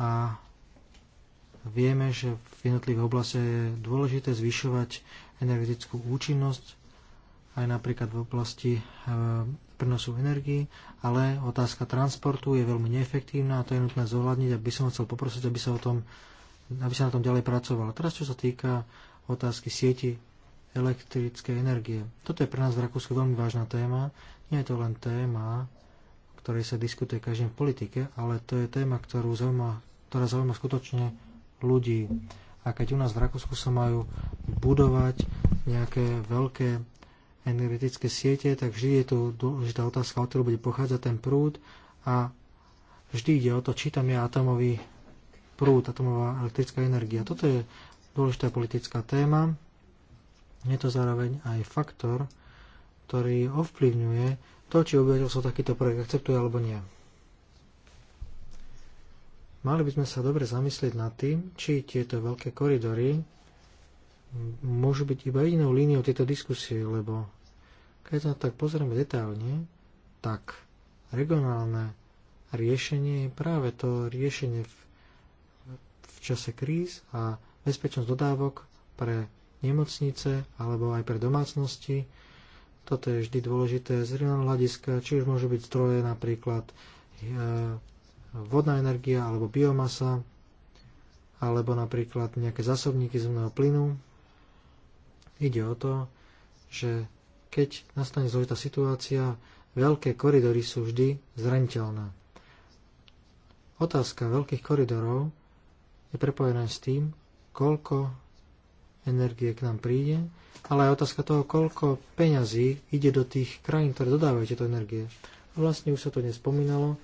A Vieme, že v jednotlivých oblastiach je dôležité zvyšovať energetickú účinnosť, aj napríklad v oblasti e, prenosu energii, ale otázka transportu je veľmi neefektívna a to je nutné zohľadniť, aby som chcel poprosiť, aby sa, o tom, aby sa na tom ďalej pracovalo. Teraz, čo sa týka otázky sieti elektrickej energie. Toto je pre nás v Rakúsku veľmi vážna téma. Nie je to len téma, ktorej sa diskutuje každým v politike, ale to je téma, ktorú zaujíma, ktorá zaujíma skutočne ľudí. A keď u nás v Rakúsku sa majú budovať nejaké veľké energetické siete, tak vždy je tu dôležitá otázka, od ktorú bude pochádzať ten prúd a vždy ide o to, či tam je atomový prúd, atomová elektrická energia. Toto je dôležitá politická téma. Je to zároveň aj faktor, ktorý ovplyvňuje to, či obyvateľstvo takýto projekt akceptuje alebo nie. Mali by sme sa dobre zamyslieť nad tým, či tieto veľké koridory môžu byť iba jedinou líniou tejto diskusie, lebo keď sa tak pozrieme detailne, tak regionálne riešenie je práve to riešenie v, v čase kríz a bezpečnosť dodávok pre nemocnice alebo aj pre domácnosti. Toto je vždy dôležité z regionálneho hľadiska, či už môžu byť zdroje napríklad e, vodná energia alebo biomasa, alebo napríklad nejaké zásobníky zemného plynu. Ide o to, že keď nastane zložitá situácia, veľké koridory sú vždy zraniteľné. Otázka veľkých koridorov je prepojená s tým, koľko energie k nám príde, ale aj otázka toho, koľko peňazí ide do tých krajín, ktoré dodávajú tieto energie. A vlastne už sa to dnes spomínalo,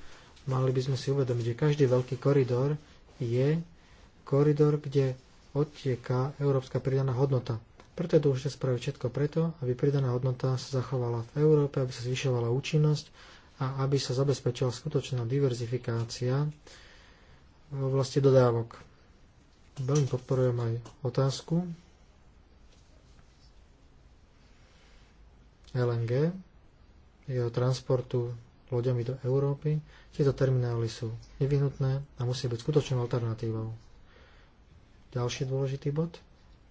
Mali by sme si uvedomiť, že každý veľký koridor je koridor, kde odtieka európska pridaná hodnota. Preto je dôležité spraviť všetko preto, aby pridaná hodnota sa zachovala v Európe, aby sa zvyšovala účinnosť a aby sa zabezpečila skutočná diverzifikácia v oblasti dodávok. Veľmi podporujem aj otázku LNG, jeho transportu loďami do Európy, tieto terminály sú nevyhnutné a musí byť skutočnou alternatívou. Ďalší dôležitý bod.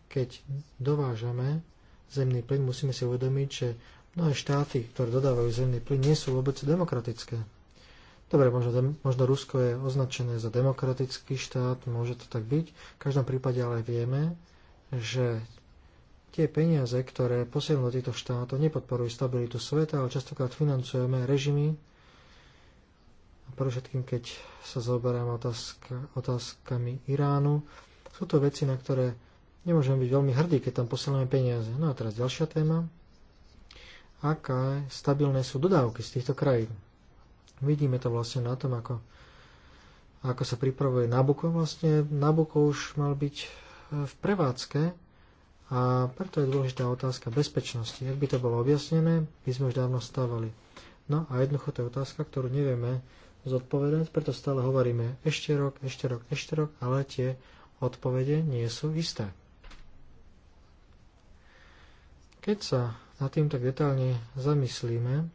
Keď dovážame zemný plyn, musíme si uvedomiť, že mnohé štáty, ktoré dodávajú zemný plyn, nie sú vôbec demokratické. Dobre, možno, možno Rusko je označené za demokratický štát, môže to tak byť. V každom prípade ale vieme, že Tie peniaze, ktoré posielame do týchto štátov, nepodporujú stabilitu sveta, ale častokrát financujeme režimy, pre všetkým, keď sa zoberám otázka, otázkami Iránu. Sú to veci, na ktoré nemôžeme byť veľmi hrdí, keď tam posielame peniaze. No a teraz ďalšia téma. Aké stabilné sú dodávky z týchto krajín? Vidíme to vlastne na tom, ako, ako sa pripravuje Nabuko. Vlastne Nabuko už mal byť e, v prevádzke a preto je dôležitá otázka bezpečnosti. Ak by to bolo objasnené, by sme už dávno stávali. No a jednoducho to je otázka, ktorú nevieme zodpovedať, preto stále hovoríme ešte rok, ešte rok, ešte rok, ale tie odpovede nie sú isté. Keď sa nad tým tak detálne zamyslíme,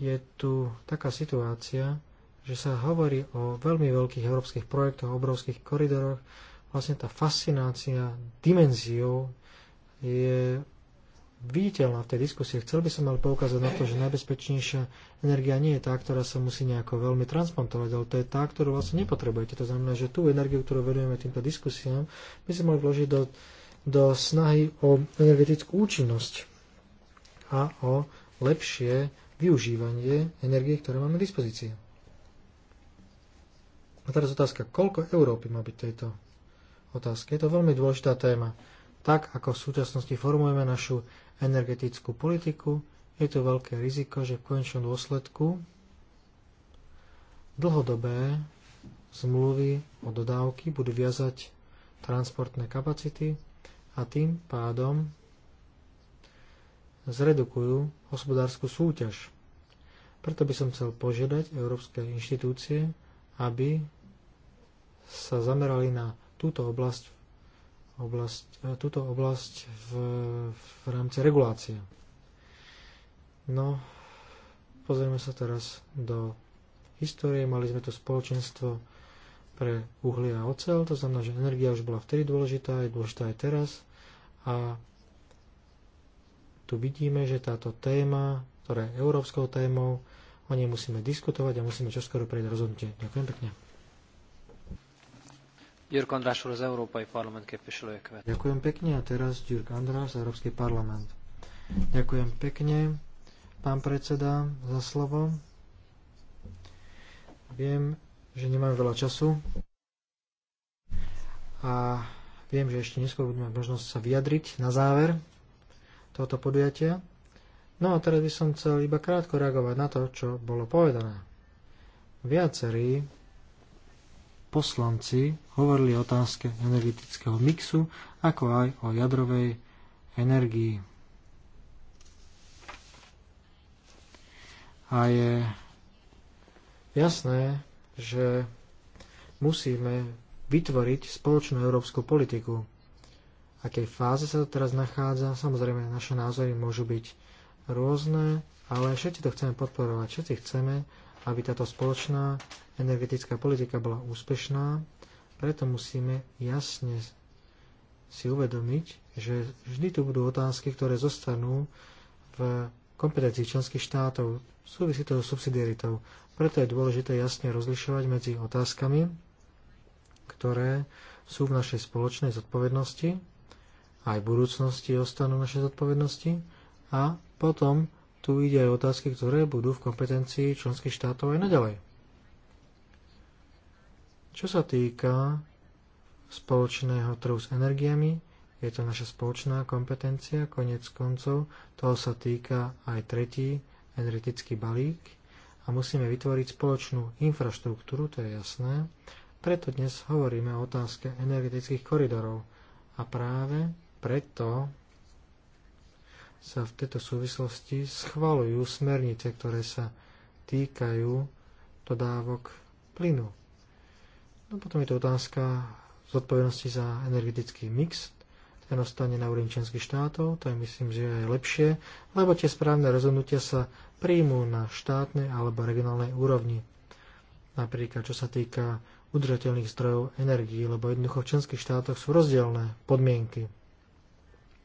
je tu taká situácia, že sa hovorí o veľmi veľkých európskych projektoch, obrovských koridoroch, vlastne tá fascinácia dimenziou je viditeľná v tej diskusii. Chcel by som ale poukázať na to, že najbezpečnejšia energia nie je tá, ktorá sa musí nejako veľmi transplantovať, ale to je tá, ktorú vlastne nepotrebujete. To znamená, že tú energiu, ktorú venujeme týmto diskusiám, by sme mohli vložiť do, do snahy o energetickú účinnosť a o lepšie využívanie energie, ktoré máme v dispozícii. A teraz otázka, koľko Európy má byť tejto otázky. Je to veľmi dôležitá téma. Tak, ako v súčasnosti formujeme našu energetickú politiku, je tu veľké riziko, že v konečnom dôsledku dlhodobé zmluvy o dodávky budú viazať transportné kapacity a tým pádom zredukujú hospodárskú súťaž. Preto by som chcel požiadať európske inštitúcie, aby sa zamerali na túto oblasť, oblasť, e, túto oblasť v, v rámci regulácie. No, pozrieme sa teraz do histórie. Mali sme to spoločenstvo pre uhlie a ocel, to znamená, že energia už bola vtedy dôležitá, je dôležitá aj teraz. A tu vidíme, že táto téma, ktorá je európskou témou, o nej musíme diskutovať a musíme čoskoro prejsť rozhodnutie. Ďakujem pekne. Jurk András úr az Európai Parlament képviselője követ. Ďakujem pekne a teraz Jurk András, Európsky parlament. Ďakujem pekne, pán predseda, za slovo. Viem, že nemám veľa času a viem, že ešte neskôr budeme mať možnosť sa vyjadriť na záver tohoto podujatia. No a teraz by som chcel iba krátko reagovať na to, čo bolo povedané. Viacerí poslanci hovorili o otázke energetického mixu, ako aj o jadrovej energii. A je jasné, že musíme vytvoriť spoločnú európsku politiku. V akej fáze sa to teraz nachádza? Samozrejme, naše názory môžu byť rôzne, ale všetci to chceme podporovať. Všetci chceme, aby táto spoločná energetická politika bola úspešná, preto musíme jasne si uvedomiť, že vždy tu budú otázky, ktoré zostanú v kompetencii členských štátov. Súvisí to s subsidiaritou. Preto je dôležité jasne rozlišovať medzi otázkami, ktoré sú v našej spoločnej zodpovednosti, aj v budúcnosti ostanú v našej zodpovednosti a potom tu ide aj otázky, ktoré budú v kompetencii členských štátov aj naďalej. Čo sa týka spoločného trhu s energiami, je to naša spoločná kompetencia, konec koncov toho sa týka aj tretí energetický balík a musíme vytvoriť spoločnú infraštruktúru, to je jasné. Preto dnes hovoríme o otázke energetických koridorov a práve preto sa v tejto súvislosti schvalujú smernice, ktoré sa týkajú dodávok plynu. No potom je to otázka zodpovednosti za energetický mix. Ten ostane na úrovni členských štátov, to je myslím, že je lepšie, lebo tie správne rozhodnutia sa príjmú na štátnej alebo regionálnej úrovni. Napríklad čo sa týka udržateľných zdrojov energií, lebo jednoducho v členských štátoch sú rozdielne podmienky.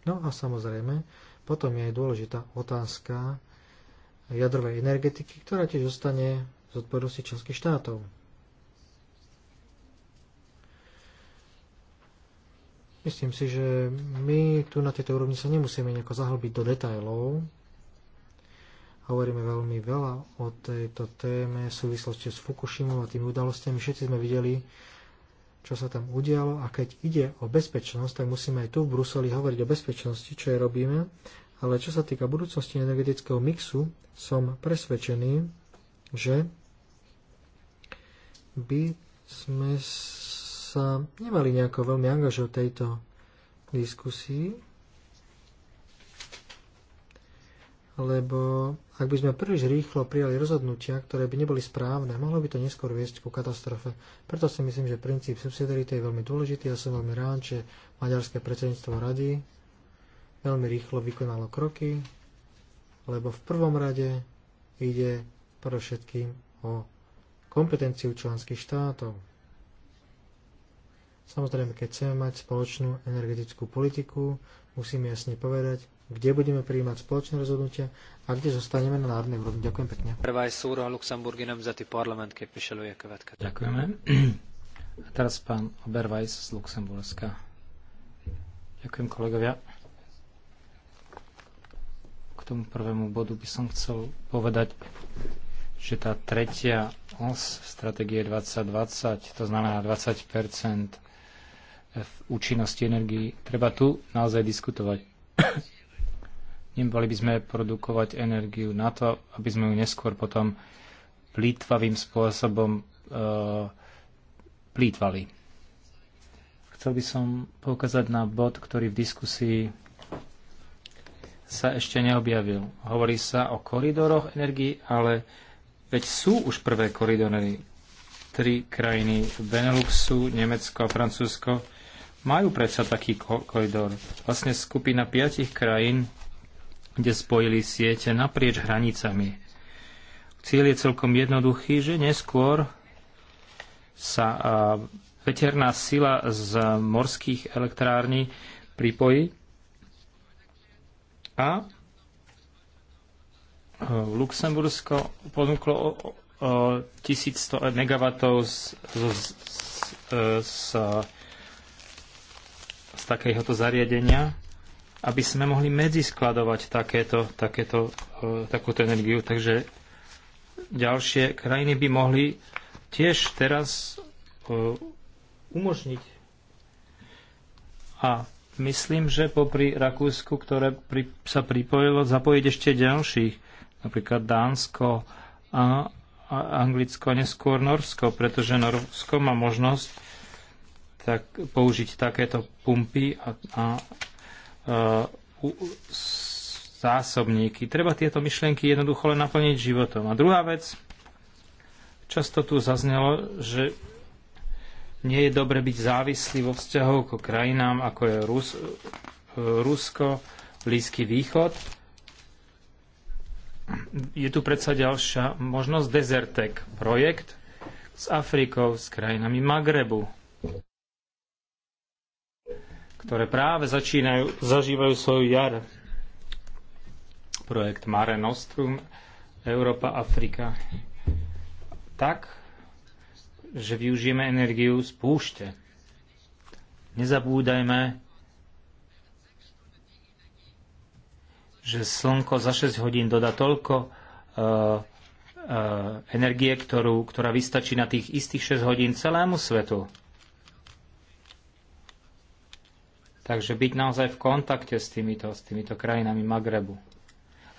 No a samozrejme, potom je aj dôležitá otázka jadrovej energetiky, ktorá tiež zostane z odpovednosti členských štátov. Myslím si, že my tu na tejto úrovni sa nemusíme nejako zahlbiť do detajlov. Hovoríme veľmi veľa o tejto téme v súvislosti s Fukushimou a tými udalostiami. Všetci sme videli, čo sa tam udialo a keď ide o bezpečnosť, tak musíme aj tu v Bruseli hovoriť o bezpečnosti, čo je robíme. Ale čo sa týka budúcnosti energetického mixu, som presvedčený, že by sme sa nemali nejako veľmi angažovať v tejto diskusii, lebo ak by sme príliš rýchlo prijali rozhodnutia, ktoré by neboli správne, mohlo by to neskôr viesť ku katastrofe. Preto si myslím, že princíp subsidiarity je veľmi dôležitý. Ja som veľmi rád, že maďarské predsedníctvo rady veľmi rýchlo vykonalo kroky, lebo v prvom rade ide všetkým o kompetenciu členských štátov. Samozrejme, keď chceme mať spoločnú energetickú politiku, musíme jasne povedať, kde budeme prijímať spoločné rozhodnutia a kde zostaneme na národnej úrovni. Ďakujem pekne. Prvá je Súra za tý parlament, keď vyšeluje kvetka. Ďakujeme. A teraz pán Obervajs z Luxemburska. Ďakujem kolegovia. K tomu prvému bodu by som chcel povedať, že tá tretia os stratégie 2020, to znamená 20 v účinnosti energii. Treba tu naozaj diskutovať. [COUGHS] Nemali by sme produkovať energiu na to, aby sme ju neskôr potom plýtvavým spôsobom uh, plýtvali. Chcel by som poukázať na bod, ktorý v diskusii sa ešte neobjavil. Hovorí sa o koridoroch energii, ale veď sú už prvé koridory. Tri krajiny Beneluxu, Nemecko a Francúzsko majú predsa taký koridor. Vlastne skupina piatich krajín, kde spojili siete naprieč hranicami. Cieľ je celkom jednoduchý, že neskôr sa veterná sila z morských elektrární pripojí a e, Luxembursko ponúklo 1100 MW z, z, z, e, z, z takéhoto zariadenia, aby sme mohli medziskladovať takéto, takéto, e, takúto energiu. Takže ďalšie krajiny by mohli tiež teraz e, umožniť. A myslím, že popri Rakúsku, ktoré pri, sa pripojilo, zapojiť ešte ďalších, napríklad Dánsko a, a Anglicko a neskôr Norsko, pretože Norsko má možnosť tak, použiť takéto pumpy a, a, a e, u, zásobníky. Treba tieto myšlienky jednoducho len naplniť životom. A druhá vec, často tu zaznelo, že nie je dobre byť závislý vo vzťahu k krajinám, ako je Rus, e, Rusko, Blízky východ. Je tu predsa ďalšia možnosť Desertec, projekt s Afrikou, s krajinami Magrebu, ktoré práve začínajú, zažívajú svoju jar. Projekt Mare Nostrum, Európa, Afrika. Tak, že využijeme energiu z púšte. Nezabúdajme, že slnko za 6 hodín dodá toľko uh, energie, ktorú, ktorá vystačí na tých istých 6 hodín celému svetu. Takže byť naozaj v kontakte s týmito, s týmito krajinami Magrebu.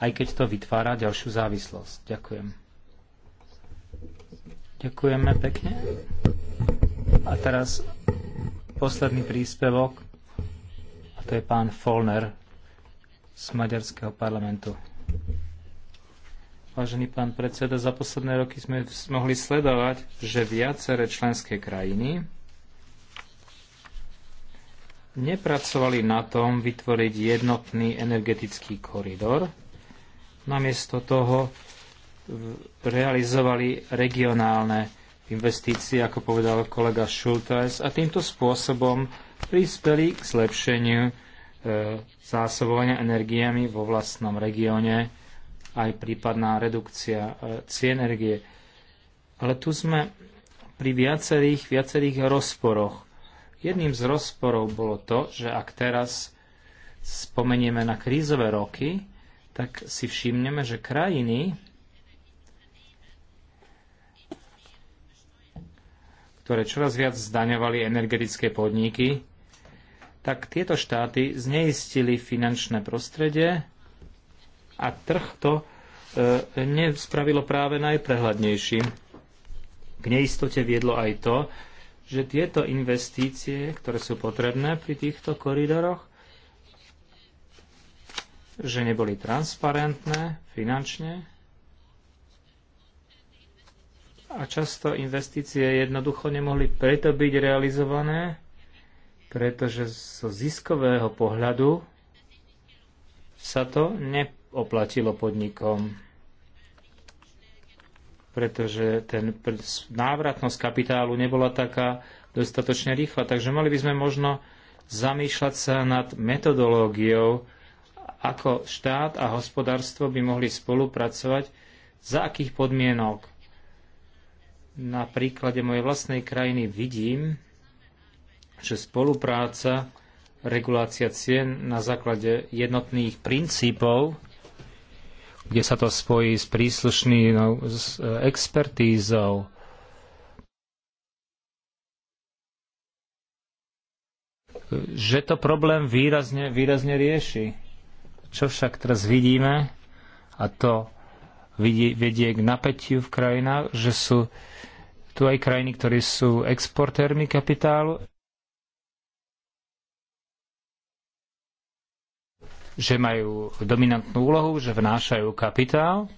Aj keď to vytvára ďalšiu závislosť. Ďakujem. Ďakujeme pekne. A teraz posledný príspevok. A to je pán Folner z Maďarského parlamentu. Vážený pán predseda, za posledné roky sme mohli sledovať, že viaceré členské krajiny nepracovali na tom vytvoriť jednotný energetický koridor. Namiesto toho realizovali regionálne investície, ako povedal kolega Schultes, a týmto spôsobom prispeli k zlepšeniu e, zásobovania energiami vo vlastnom regióne, aj prípadná redukcia e, cien energie. Ale tu sme pri viacerých, viacerých rozporoch. Jedným z rozporov bolo to, že ak teraz spomenieme na krízové roky, tak si všimneme, že krajiny, ktoré čoraz viac zdaňovali energetické podniky, tak tieto štáty zneistili finančné prostredie a trh to e, nespravilo práve najprehľadnejším. K neistote viedlo aj to, že tieto investície, ktoré sú potrebné pri týchto koridoroch, že neboli transparentné finančne a často investície jednoducho nemohli preto byť realizované, pretože zo ziskového pohľadu sa to neoplatilo podnikom pretože ten návratnosť kapitálu nebola taká dostatočne rýchla. Takže mali by sme možno zamýšľať sa nad metodológiou, ako štát a hospodárstvo by mohli spolupracovať, za akých podmienok. Na príklade mojej vlastnej krajiny vidím, že spolupráca, regulácia cien na základe jednotných princípov kde sa to spojí s príslušnou s e, expertízou. že to problém výrazne, výrazne rieši. Čo však teraz vidíme, a to vidie, vedie k napätiu v krajinách, že sú tu aj krajiny, ktoré sú exportérmi kapitálu že majú dominantnú úlohu, že vnášajú kapitál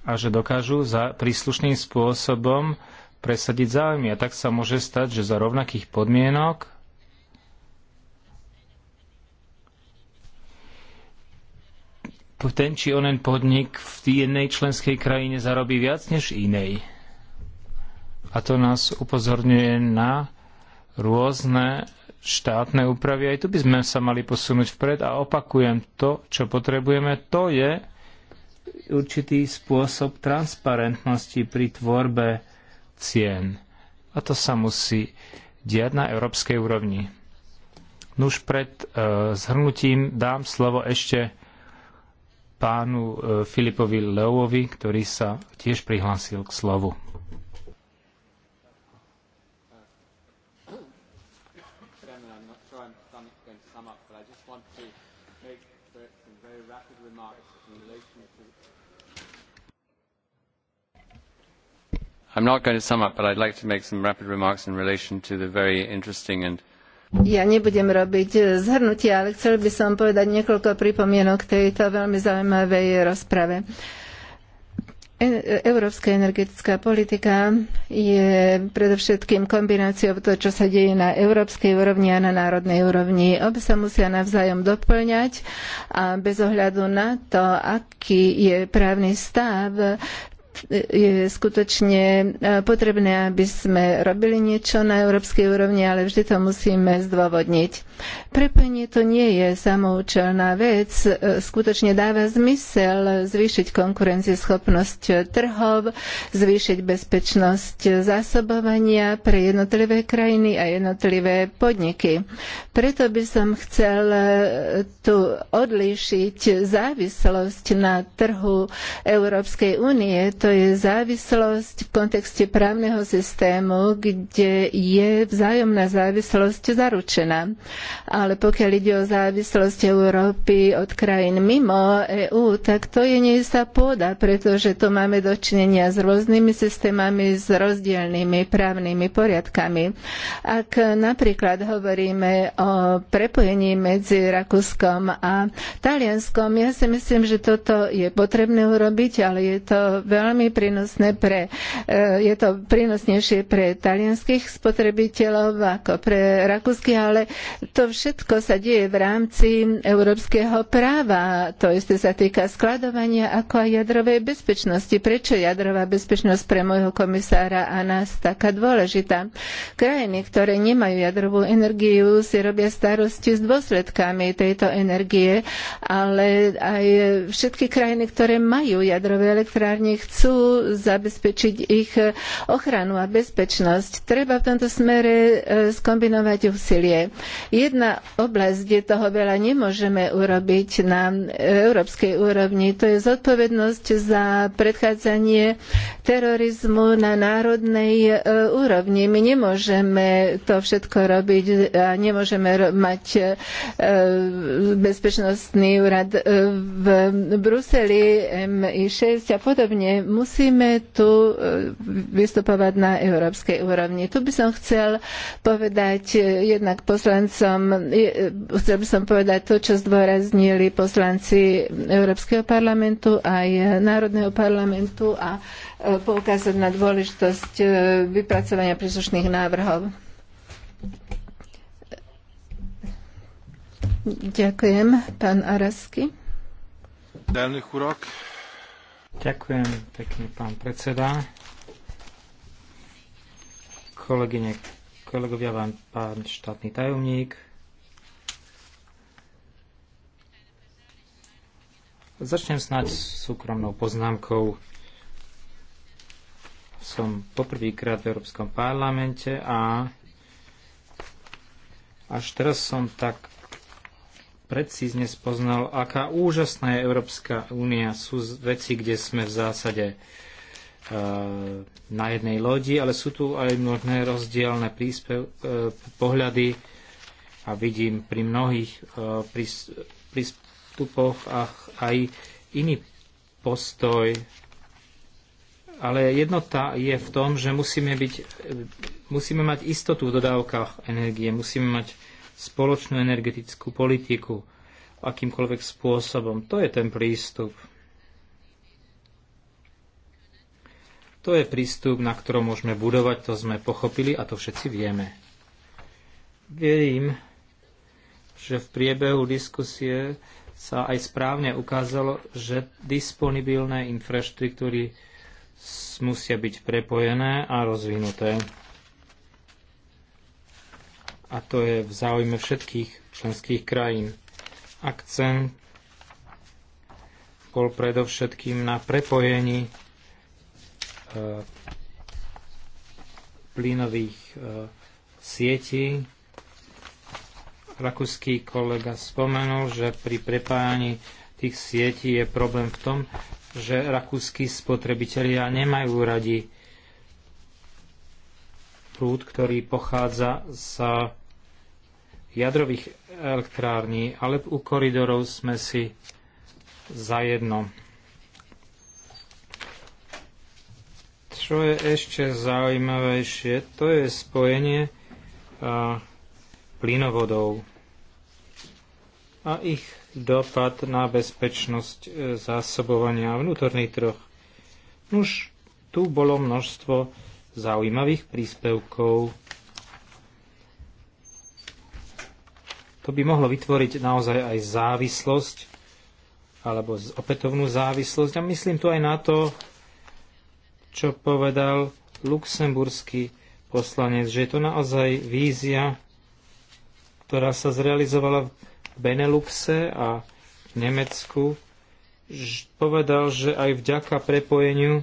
a že dokážu za príslušným spôsobom presadiť záujmy. A tak sa môže stať, že za rovnakých podmienok ten či onen podnik v jednej členskej krajine zarobí viac než inej. A to nás upozorňuje na rôzne štátne úpravy. Aj tu by sme sa mali posunúť vpred a opakujem to, čo potrebujeme, to je určitý spôsob transparentnosti pri tvorbe cien. A to sa musí diať na európskej úrovni. Nuž pred e, zhrnutím dám slovo ešte pánu e, Filipovi Leovovi, ktorý sa tiež prihlásil k slovu. I'm not going to sum up, but I'd like to make some rapid remarks in relation to the very interesting and ja nebudem robiť eh, zhrnutie, ale chcel by som povedať niekoľko pripomienok k tejto veľmi zaujímavej rozprave. E, európska energetická politika je predovšetkým kombináciou toho, čo sa deje na európskej úrovni a na národnej úrovni. Obe sa musia navzájom doplňať a bez ohľadu na to, aký je právny stav je skutočne e, potrebné, aby sme robili niečo na európskej úrovni, ale vždy to musíme zdôvodniť. Prepojenie to nie je samoučelná vec. E, skutočne dáva zmysel zvýšiť konkurencieschopnosť trhov, zvýšiť bezpečnosť zásobovania pre jednotlivé krajiny a jednotlivé podniky. Preto by som chcel e, tu odlíšiť závislosť na trhu Európskej únie to je závislosť v kontexte právneho systému, kde je vzájomná závislosť zaručená. Ale pokiaľ ide o závislosť Európy od krajín mimo EÚ, tak to je neistá pôda, pretože to máme dočinenia s rôznymi systémami, s rozdielnými právnymi poriadkami. Ak napríklad hovoríme o prepojení medzi Rakúskom a Talianskom, ja si myslím, že toto je potrebné urobiť, ale je to veľmi veľmi prínosné pre, eh, je to prínosnejšie pre talianských spotrebiteľov ako pre rakúskych, ale to všetko sa deje v rámci európskeho práva. To isté sa týka skladovania ako aj jadrovej bezpečnosti. Prečo jadrová bezpečnosť pre môjho komisára a nás taká dôležitá? Krajiny, ktoré nemajú jadrovú energiu, si robia starosti s dôsledkami tejto energie, ale aj všetky krajiny, ktoré majú jadrové elektrárne, chcú chcú zabezpečiť ich ochranu a bezpečnosť. Treba v tomto smere e, skombinovať úsilie. Jedna oblasť, kde toho veľa nemôžeme urobiť na európskej úrovni, to je zodpovednosť za predchádzanie terorizmu na národnej e, úrovni. My nemôžeme to všetko robiť a nemôžeme mať e, bezpečnostný úrad v Bruseli, MI6 a podobne musíme tu eh, vystupovať na európskej úrovni. Tu by som chcel povedať eh, jednak poslancom, eh, chcel by som povedať to, čo zdôraznili poslanci Európskeho parlamentu aj Národného parlamentu a poukázať na dôležitosť vypracovania príslušných návrhov. Ďakujem, pán Arasky. Elnök urak, Ďakujem pekne, pán predseda. Kolegyne, kolegovia, vám pán štátny tajomník. Začnem snáď súkromnou poznámkou. Som poprvýkrát v Európskom parlamente a až teraz som tak precízne spoznal, aká úžasná je Európska únia. Sú veci, kde sme v zásade e, na jednej lodi, ale sú tu aj mnohé rozdielne príspev, e, pohľady a vidím pri mnohých e, prístupoch aj iný postoj. Ale jednota je v tom, že musíme, byť, musíme mať istotu v dodávkach energie, musíme mať spoločnú energetickú politiku akýmkoľvek spôsobom. To je ten prístup. To je prístup, na ktorom môžeme budovať, to sme pochopili a to všetci vieme. Verím, že v priebehu diskusie sa aj správne ukázalo, že disponibilné infraštruktúry musia byť prepojené a rozvinuté a to je v záujme všetkých členských krajín. Akcent bol predovšetkým na prepojení e, plynových e, sietí. Rakúsky kolega spomenul, že pri prepájaní tých sietí je problém v tom, že rakúsky spotrebitelia nemajú radi prúd, ktorý pochádza z jadrových elektrární, ale u koridorov sme si zajedno. Čo je ešte zaujímavejšie, to je spojenie a, plynovodov a ich dopad na bezpečnosť e, zásobovania vnútorných troch. Už tu bolo množstvo zaujímavých príspevkov To by mohlo vytvoriť naozaj aj závislosť alebo opätovnú závislosť. A myslím tu aj na to, čo povedal luxemburský poslanec, že je to naozaj vízia, ktorá sa zrealizovala v Beneluxe a v Nemecku. Povedal, že aj vďaka prepojeniu e,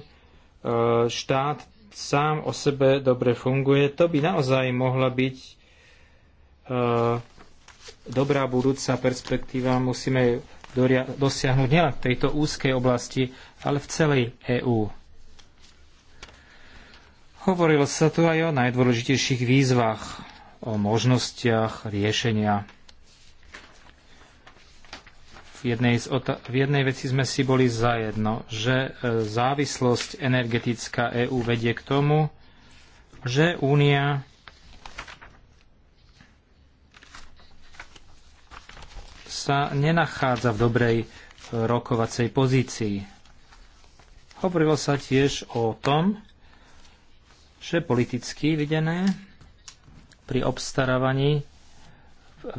štát sám o sebe dobre funguje. To by naozaj mohla byť e, dobrá budúca perspektíva, musíme dosiahnuť nielen v tejto úzkej oblasti, ale v celej EÚ. Hovorilo sa tu aj o najdôležitejších výzvach, o možnostiach riešenia. V jednej, z v jednej veci sme si boli zajedno, že e, závislosť energetická EÚ vedie k tomu, že Únia sa nenachádza v dobrej e, rokovacej pozícii. Hovorilo sa tiež o tom, že politicky videné pri obstarávaní,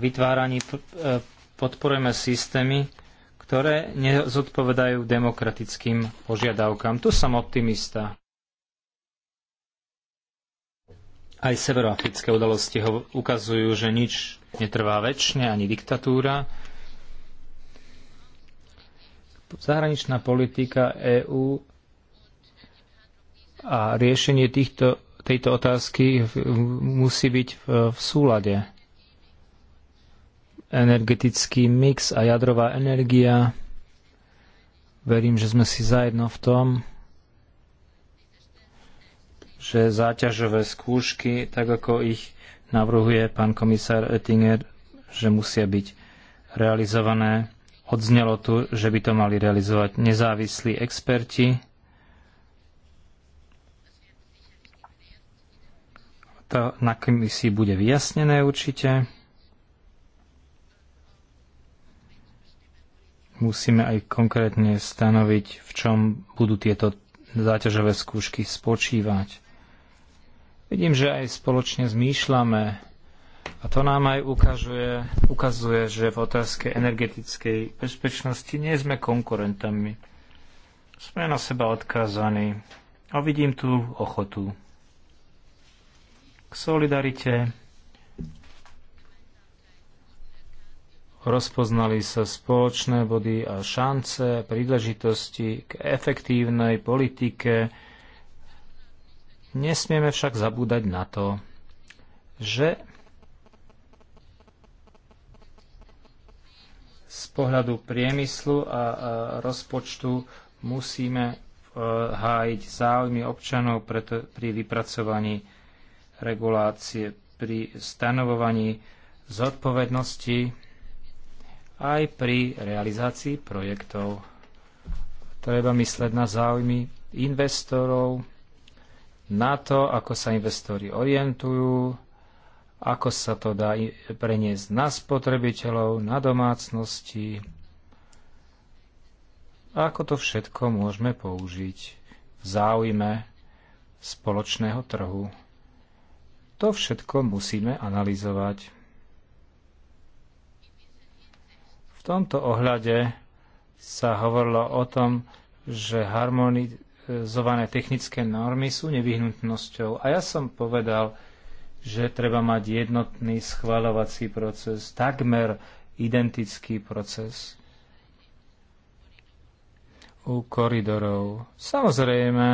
vytváraní e, podporujeme systémy, ktoré nezodpovedajú demokratickým požiadavkám. Tu som optimista. Aj severoafrické udalosti ho ukazujú, že nič netrvá väčšine, ani diktatúra zahraničná politika EÚ a riešenie týchto, tejto otázky musí byť v, v súlade. Energetický mix a jadrová energia. Verím, že sme si zajedno v tom, že záťažové skúšky, tak ako ich navrhuje pán komisár Oettinger, že musia byť realizované Odznelo tu, že by to mali realizovať nezávislí experti. To na komisii bude vyjasnené určite. Musíme aj konkrétne stanoviť, v čom budú tieto záťažové skúšky spočívať. Vidím, že aj spoločne zmýšľame a to nám aj ukazuje, ukazuje, že v otázke energetickej bezpečnosti nie sme konkurentami. Sme na seba odkázaní. A vidím tu ochotu k solidarite. Rozpoznali sa spoločné body a šance, príležitosti k efektívnej politike. Nesmieme však zabúdať na to, že z pohľadu priemyslu a rozpočtu musíme e, hájiť záujmy občanov preto pri vypracovaní regulácie, pri stanovovaní zodpovednosti aj pri realizácii projektov. Treba mysleť na záujmy investorov, na to, ako sa investori orientujú, ako sa to dá preniesť na spotrebiteľov, na domácnosti, ako to všetko môžeme použiť v záujme spoločného trhu. To všetko musíme analyzovať. V tomto ohľade sa hovorilo o tom, že harmonizované technické normy sú nevyhnutnosťou. A ja som povedal, že treba mať jednotný schvaľovací proces, takmer identický proces u koridorov. Samozrejme,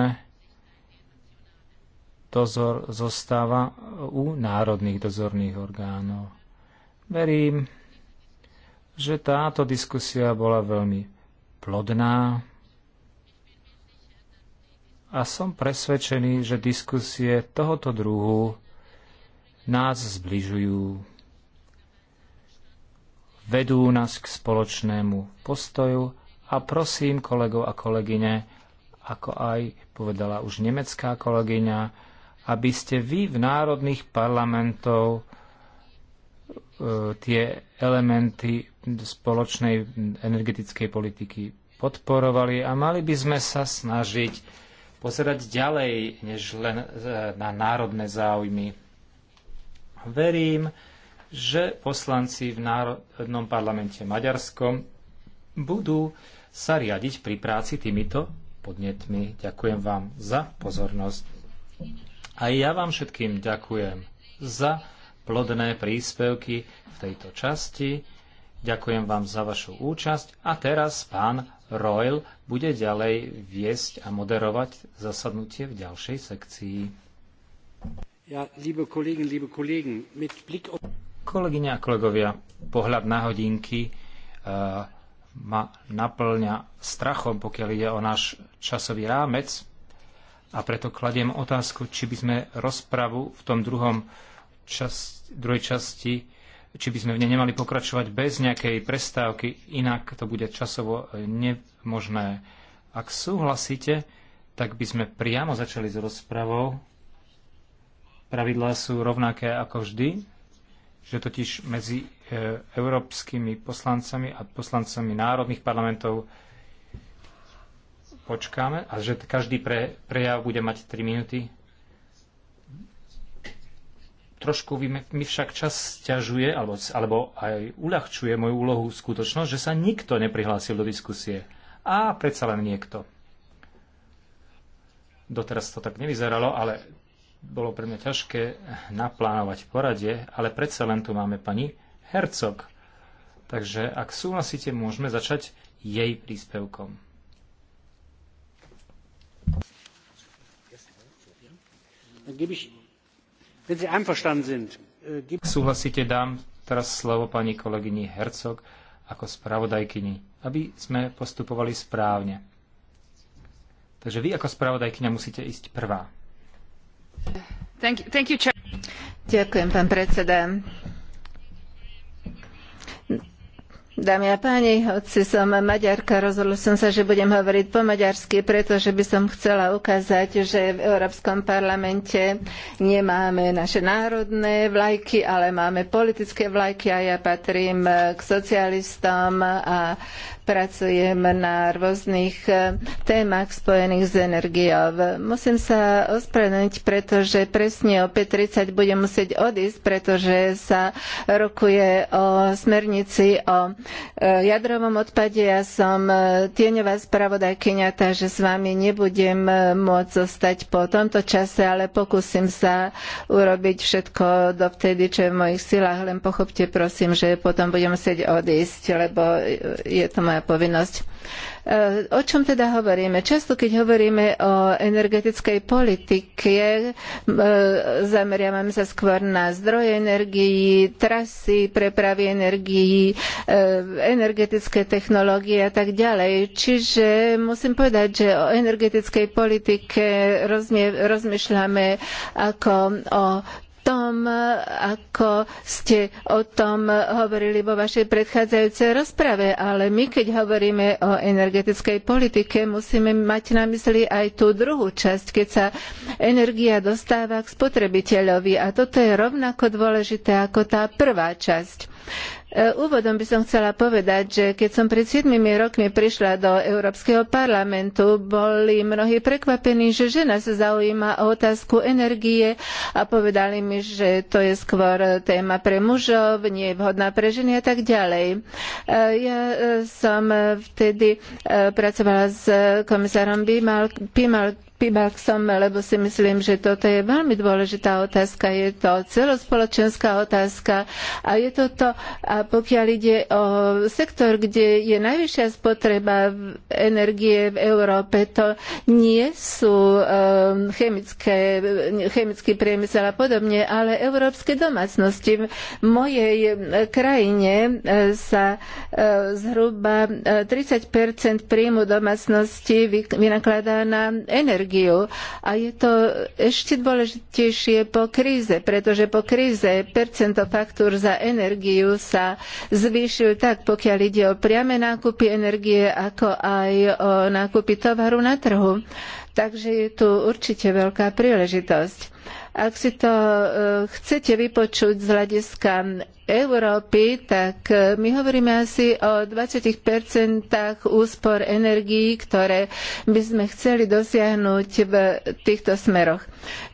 dozor zostáva u národných dozorných orgánov. Verím, že táto diskusia bola veľmi plodná a som presvedčený, že diskusie tohoto druhu nás zbližujú, vedú nás k spoločnému postoju a prosím kolegov a kolegyne, ako aj povedala už nemecká kolegyňa, aby ste vy v národných parlamentov e, tie elementy spoločnej energetickej politiky podporovali a mali by sme sa snažiť pozerať ďalej než len e, na národné záujmy verím, že poslanci v Národnom parlamente maďarskom budú sa riadiť pri práci týmito podnetmi. Ďakujem vám za pozornosť. A ja vám všetkým ďakujem za plodné príspevky v tejto časti. Ďakujem vám za vašu účasť a teraz pán Royal bude ďalej viesť a moderovať zasadnutie v ďalšej sekcii. Kolegyne a kolegovia, pohľad na hodinky uh, ma naplňa strachom, pokiaľ ide o náš časový rámec. A preto kladiem otázku, či by sme rozpravu v tom druhom čas, druhej časti či by sme v nej nemali pokračovať bez nejakej prestávky, inak to bude časovo nemožné. Ak súhlasíte, tak by sme priamo začali s rozpravou. Pravidlá sú rovnaké ako vždy, že totiž medzi e, európskymi poslancami a poslancami národných parlamentov počkáme a že každý pre, prejav bude mať 3 minúty. Trošku mi však čas ťažuje, alebo, alebo aj uľahčuje moju úlohu skutočnosť, že sa nikto neprihlásil do diskusie. A predsa len niekto. Doteraz to tak nevyzeralo, ale bolo pre mňa ťažké naplánovať poradie, ale predsa len tu máme pani Hercog. Takže ak súhlasíte, môžeme začať jej príspevkom. Äh, súhlasíte, dám teraz slovo pani kolegyni Hercog ako spravodajkyni, aby sme postupovali správne. Takže vy ako spravodajkyňa musíte ísť prvá. Thank pán thank you, Ďakujem, pán predseda Dámy a páni, hoci som maďarka, rozhodla som sa, že budem hovoriť po maďarsky, pretože by som chcela ukázať, že v Európskom parlamente nemáme naše národné vlajky, ale máme politické vlajky a ja patrím k socialistom a pracujem na rôznych eh, témach spojených s energiou. Musím sa ospravedlniť, pretože presne o 5.30 budem musieť odísť, pretože sa rokuje o smernici o E, jadrovom odpade. Ja som e, tieňová spravodajkyňa, takže s vami nebudem e, môcť zostať po tomto čase, ale pokúsim sa urobiť všetko dovtedy, čo je v mojich silách. Len pochopte prosím, že potom budem musieť odísť, lebo je to moja povinnosť. O čom teda hovoríme? Často, keď hovoríme o energetickej politike, e, zameriavame sa skôr na zdroje energií, trasy prepravy energií, e, energetické technológie a tak ďalej. Čiže musím povedať, že o energetickej politike rozmýšľame ako o tom, e, ako ste o tom hovorili vo vašej predchádzajúcej rozprave, ale my, keď hovoríme o energetickej politike, musíme mať na mysli aj tú druhú časť, keď sa energia dostáva k spotrebiteľovi a toto je rovnako dôležité ako tá prvá časť. E, úvodom by som chcela povedať, že keď som pred 7 rokmi prišla do Európskeho parlamentu, boli mnohí prekvapení, že žena sa zaujíma o otázku energie a povedali mi, že to je skôr téma pre mužov, nie je vhodná pre ženy a tak ďalej. E, ja e, som vtedy pracovala s komisárom Pimal, som, lebo si myslím, že toto je veľmi dôležitá otázka. Je to celospoločenská otázka a je to to, a pokiaľ ide o sektor, kde je najvyššia spotreba energie v Európe, to nie sú ehm, chemické, chemický priemysel a podobne, ale európske domácnosti. V mojej krajine e, sa e, zhruba 30 e, príjmu domácnosti vynakladá na energiu energiu. A je to ešte dôležitejšie po kríze, pretože po kríze percento faktúr za energiu sa zvýšil tak, pokiaľ ide o priame nákupy energie, ako aj o nákupy tovaru na trhu. Takže je tu určite veľká príležitosť. Ak si to eh, chcete vypočuť z hľadiska Európy, tak eh, my hovoríme asi o 20% úspor energií, ktoré by sme chceli dosiahnuť v týchto smeroch.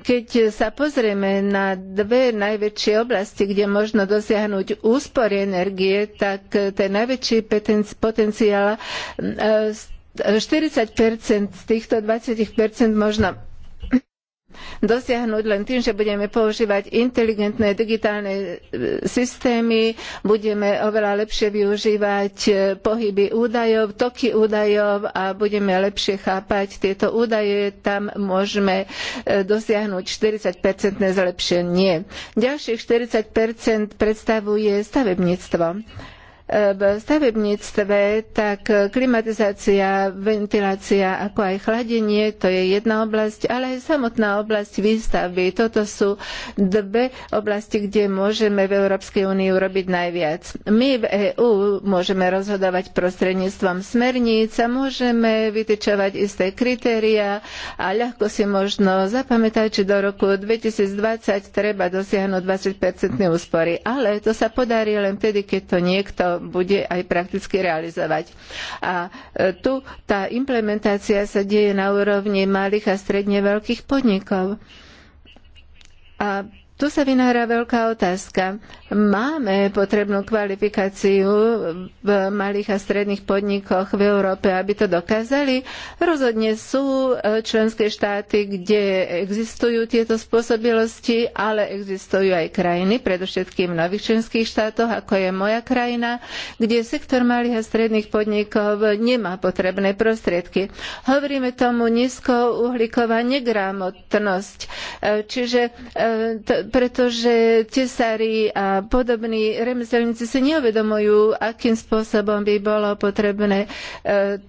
Keď sa pozrieme na dve najväčšie oblasti, kde možno dosiahnuť úspory energie, tak eh, ten najväčší potenciál 40% z týchto 20% možno dosiahnuť len tým, že budeme používať inteligentné digitálne e, systémy, budeme oveľa lepšie využívať e, pohyby údajov, toky údajov a budeme lepšie chápať tieto údaje. Tam môžeme e, dosiahnuť 40-percentné zlepšenie. Ďalších 40 predstavuje stavebníctvo v stavebníctve, tak klimatizácia, ventilácia, ako aj chladenie, to je jedna oblasť, ale aj samotná oblasť výstavby. Toto sú dve oblasti, kde môžeme v Európskej únii urobiť najviac. My v EÚ môžeme rozhodovať prostredníctvom smerníc a môžeme vytyčovať isté kritériá a ľahko si možno zapamätať, či do roku 2020 treba dosiahnuť 20-percentné úspory. Ale to sa podarí len vtedy, keď to niekto bude aj prakticky realizovať. A e, tu tá implementácia sa deje na úrovni malých a stredne veľkých podnikov. A tu sa vynára veľká otázka. Máme potrebnú kvalifikáciu v malých a stredných podnikoch v Európe, aby to dokázali? Rozhodne sú e, členské štáty, kde existujú tieto spôsobilosti, ale existujú aj krajiny, predovšetkým v nových členských štátoch, ako je moja krajina, kde sektor malých a stredných podnikov nemá potrebné prostriedky. Hovoríme tomu nízkouhlíková negramotnosť. E, čiže e, pretože tesári a podobní remeselníci si neuvedomujú, akým spôsobom by bolo potrebné e,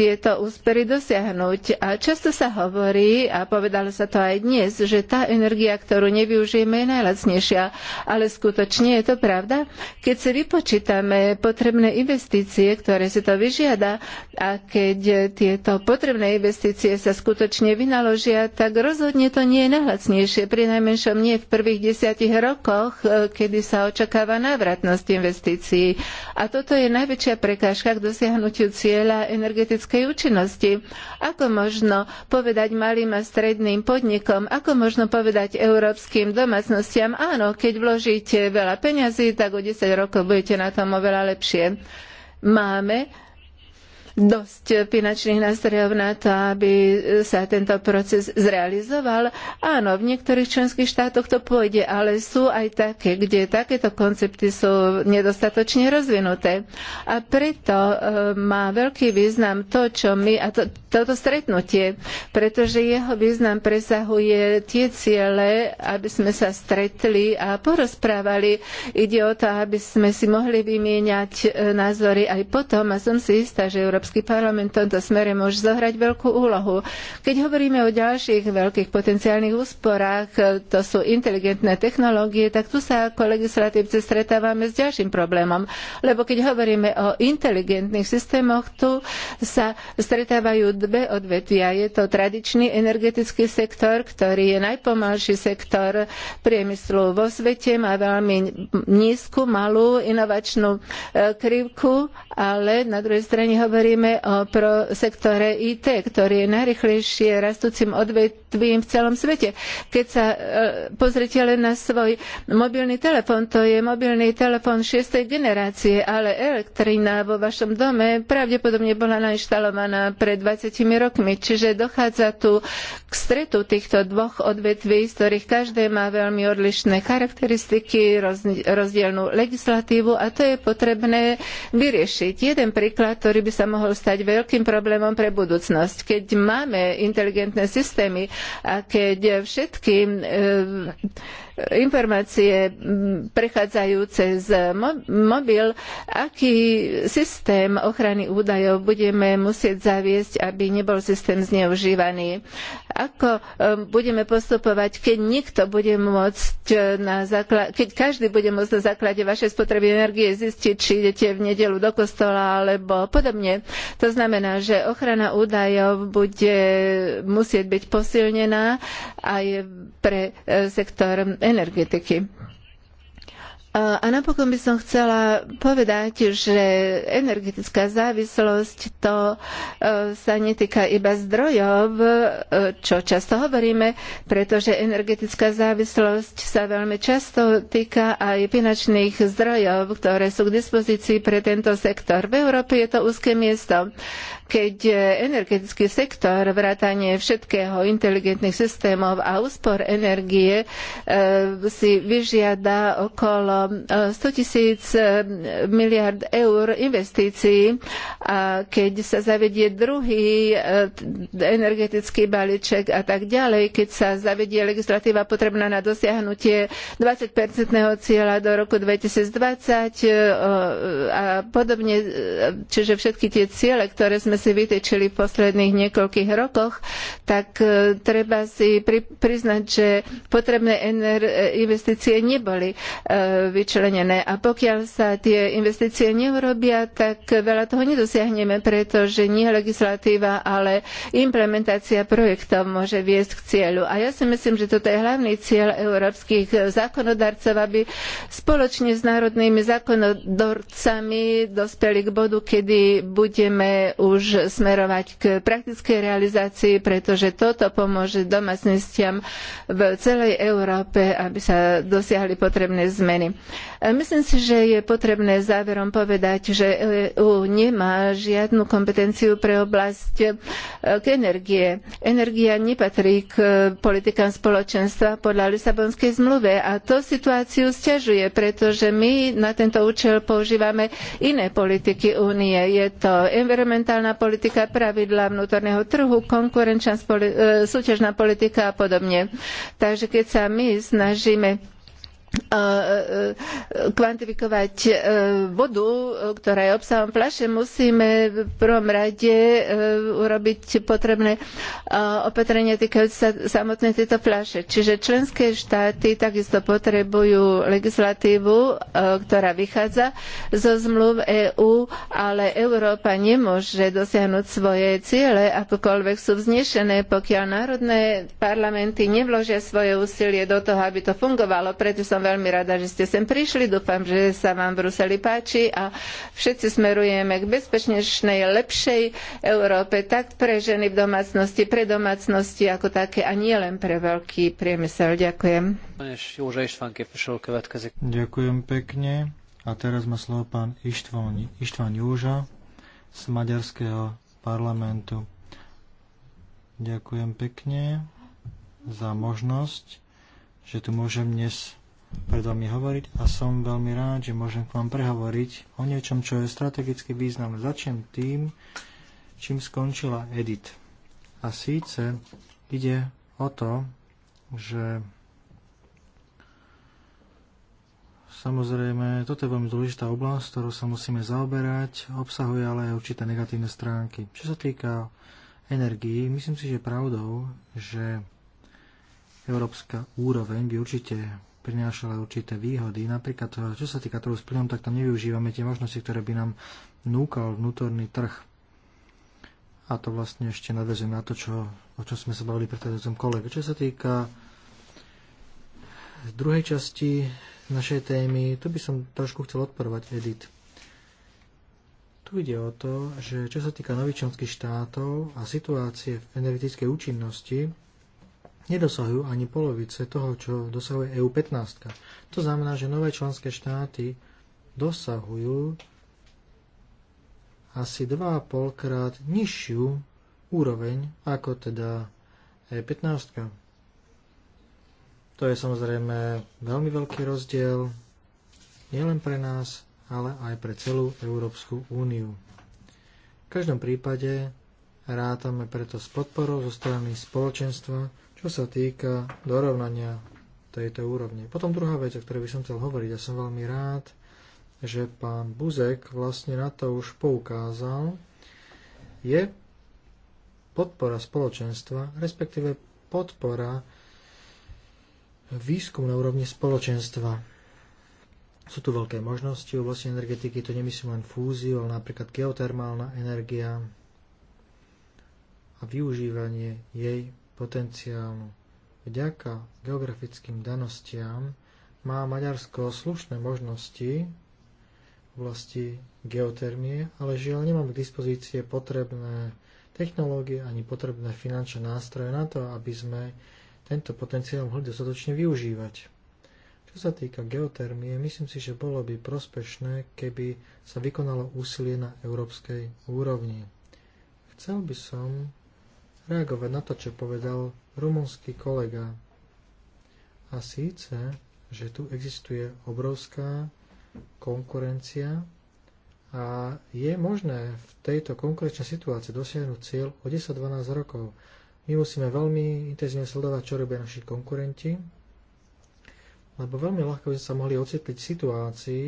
tieto úspery dosiahnuť. A často sa hovorí, a povedalo sa to aj dnes, že tá energia, ktorú nevyužijeme, je najlacnejšia. Ale skutočne je to pravda? Keď si vypočítame potrebné investície, ktoré si to vyžiada, a keď tieto potrebné investície sa skutočne vynaložia, tak rozhodne to nie je najlacnejšie. Pri najmenšom nie v prvých desiatich rokoch, e, kedy sa očakáva návratnosť investícií. A toto je najväčšia prekážka k dosiahnutiu cieľa energetického ekonomickej účinnosti. Ako možno povedať malým a stredným podnikom, ako možno povedať európskym domácnostiam, áno, keď vložíte veľa peňazí, tak o 10 rokov budete na tom oveľa lepšie. Máme dosť finančných nástrojov na to, aby sa tento proces zrealizoval. Áno, v niektorých členských štátoch to pôjde, ale sú aj také, kde takéto koncepty sú nedostatočne rozvinuté. A preto e, má veľký význam to, čo my, a to, toto stretnutie, pretože jeho význam presahuje tie ciele, aby sme sa stretli a porozprávali. Ide o to, aby sme si mohli vymieňať e, názory aj potom a som si istá, že Európska Európsky parlament v tomto smere môže zohrať veľkú úlohu. Keď hovoríme o ďalších veľkých potenciálnych úsporách, to sú inteligentné technológie, tak tu sa ako legislatívce stretávame s ďalším problémom. Lebo keď hovoríme o inteligentných systémoch, tu sa stretávajú dve odvetvia. Je to tradičný energetický sektor, ktorý je najpomalší sektor priemyslu vo svete, má veľmi nízku, malú inovačnú e, krivku, ale na druhej strane hovorí hovoríme o pro sektore IT, ktorý je najrychlejšie rastúcim odvetvím v celom svete. Keď sa e, pozrite len na svoj mobilný telefón, to je mobilný telefón 6. generácie, ale elektrina vo vašom dome pravdepodobne bola nainštalovaná pred 20 rokmi, čiže dochádza tu k stretu týchto dvoch odvetví, z ktorých každé má veľmi odlišné charakteristiky, rozdielnú legislatívu a to je potrebné vyriešiť. Jeden príklad, ktorý by sa mohol mohol stať veľkým problémom pre budúcnosť. Keď máme inteligentné systémy a keď všetky eh, informácie prechádzajúce z mobil, aký systém ochrany údajov budeme musieť zaviesť, aby nebol systém zneužívaný. Ako e, budeme postupovať, keď nikto bude môcť e, na základe, keď každý bude môcť na základe vašej spotreby energie zistiť, či idete v nedelu do kostola alebo podobne. To znamená, že ochrana údajov bude musieť byť posilnená aj pre e, sektor energie energetiky. A napokon by som chcela povedať, že energetická závislosť to e, sa netýka iba zdrojov, e, čo často hovoríme, pretože energetická závislosť sa veľmi často týka aj finančných zdrojov, ktoré sú k dispozícii pre tento sektor. V Európe je to úzke miesto keď energetický sektor, vrátanie všetkého inteligentných systémov a úspor energie e, si vyžiada okolo 100 e, tisíc e, miliard eur investícií a keď sa zavedie druhý energetický balíček a tak ďalej, keď sa zavedie legislatíva potrebná na dosiahnutie 20-percentného cieľa do roku 2020 a podobne, čiže všetky tie ciele, ktoré sme si vytýčili v posledných niekoľkých rokoch, tak e, treba si pri, priznať, že potrebné ener- e, investície neboli e, vyčlenené. A pokiaľ sa tie investície neurobia, tak veľa toho nedosiahneme, pretože nie legislatíva, ale implementácia projektov môže viesť k cieľu. A ja si myslím, že toto je hlavný cieľ európskych zákonodarcov, aby spoločne s národnými zákonodorcami dospeli k bodu, kedy budeme už smerovať k praktickej realizácii, pretože toto pomôže domácnostiam v celej Európe, aby sa dosiahli potrebné zmeny. Myslím si, že je potrebné záverom povedať, že EU nemá žiadnu kompetenciu pre oblasť e, k energie. Energia nepatrí k politikám spoločenstva podľa Lisabonskej zmluve a to situáciu stiažuje, pretože my na tento účel používame iné politiky únie. Je to environmentálna politika, pravidlá vnútorného trhu, konkurenčná e, súťažná politika a podobne. Takže keď sa my snažíme kvantifikovať e, vodu, ktorá je obsahom fľaše, musíme v prvom rade e, urobiť potrebné e, opatrenia týkajúce sa samotné tieto fľaše. Čiže členské štáty takisto potrebujú legislatívu, ktorá vychádza zo zmluv EÚ, ale Európa nemôže dosiahnuť svoje ciele, akokoľvek sú vznešené, pokiaľ národné parlamenty nevložia svoje úsilie do toho, aby to fungovalo. Preto som som veľmi rada, že ste sem prišli. Dúfam, že sa vám v Bruseli páči a všetci smerujeme k bezpečnejšej, lepšej Európe, tak pre ženy v domácnosti, pre domácnosti ako také a nie len pre veľký priemysel. Ďakujem. Ďakujem pekne. A teraz má slovo pán Ištván, Ištván Júža z Maďarského parlamentu. Ďakujem pekne za možnosť, že tu môžem dnes predo mi hovoriť a som veľmi rád, že môžem k vám prehovoriť o niečom, čo je strategicky významné. Začnem tým, čím skončila Edit. A síce ide o to, že Samozrejme, toto je veľmi dôležitá oblasť, ktorou sa musíme zaoberať, obsahuje ale aj určité negatívne stránky. Čo sa týka energii, myslím si, že pravdou, že európska úroveň by určite prinášala určité výhody. Napríklad, eh, čo sa týka trhu s plynom, tak tam nevyužívame tie možnosti, ktoré by nám núkal vnútorný trh. A to vlastne ešte nadvezujem na to, čo, o čom sme sa bavili pri predchádzajúcom kolega. Čo sa týka druhej časti našej témy, tu by som trošku chcel odporovať Edit. Tu ide o to, že čo sa týka nových členských štátov a situácie v energetickej účinnosti, nedosahujú ani polovice toho, čo dosahuje EU15. To znamená, že nové členské štáty dosahujú asi 2,5 krát nižšiu úroveň ako teda E15. To je samozrejme veľmi veľký rozdiel nielen pre nás, ale aj pre celú Európsku úniu. V každom prípade rátame preto s podporou zo strany spoločenstva, čo sa týka dorovnania tejto úrovne. Potom druhá vec, o ktorej by som chcel hovoriť, ja som veľmi rád, že pán Buzek vlastne na to už poukázal, je podpora spoločenstva, respektíve podpora výskum na úrovni spoločenstva. Sú tu veľké možnosti v oblasti energetiky, to nemyslím len fúziu, ale napríklad geotermálna energia a využívanie jej potenciálu. Vďaka geografickým danostiam má Maďarsko slušné možnosti v oblasti geotermie, ale žiaľ nemám k dispozície potrebné technológie ani potrebné finančné nástroje na to, aby sme tento potenciál mohli dostatočne využívať. Čo sa týka geotermie, myslím si, že bolo by prospešné, keby sa vykonalo úsilie na európskej úrovni. Chcel by som reagovať na to, čo povedal rumunský kolega. A síce, že tu existuje obrovská konkurencia a je možné v tejto konkurenčnej situácii dosiahnuť cieľ o 10-12 rokov. My musíme veľmi intenzívne sledovať, čo robia naši konkurenti, lebo veľmi ľahko by sme sa mohli ocitliť v situácii,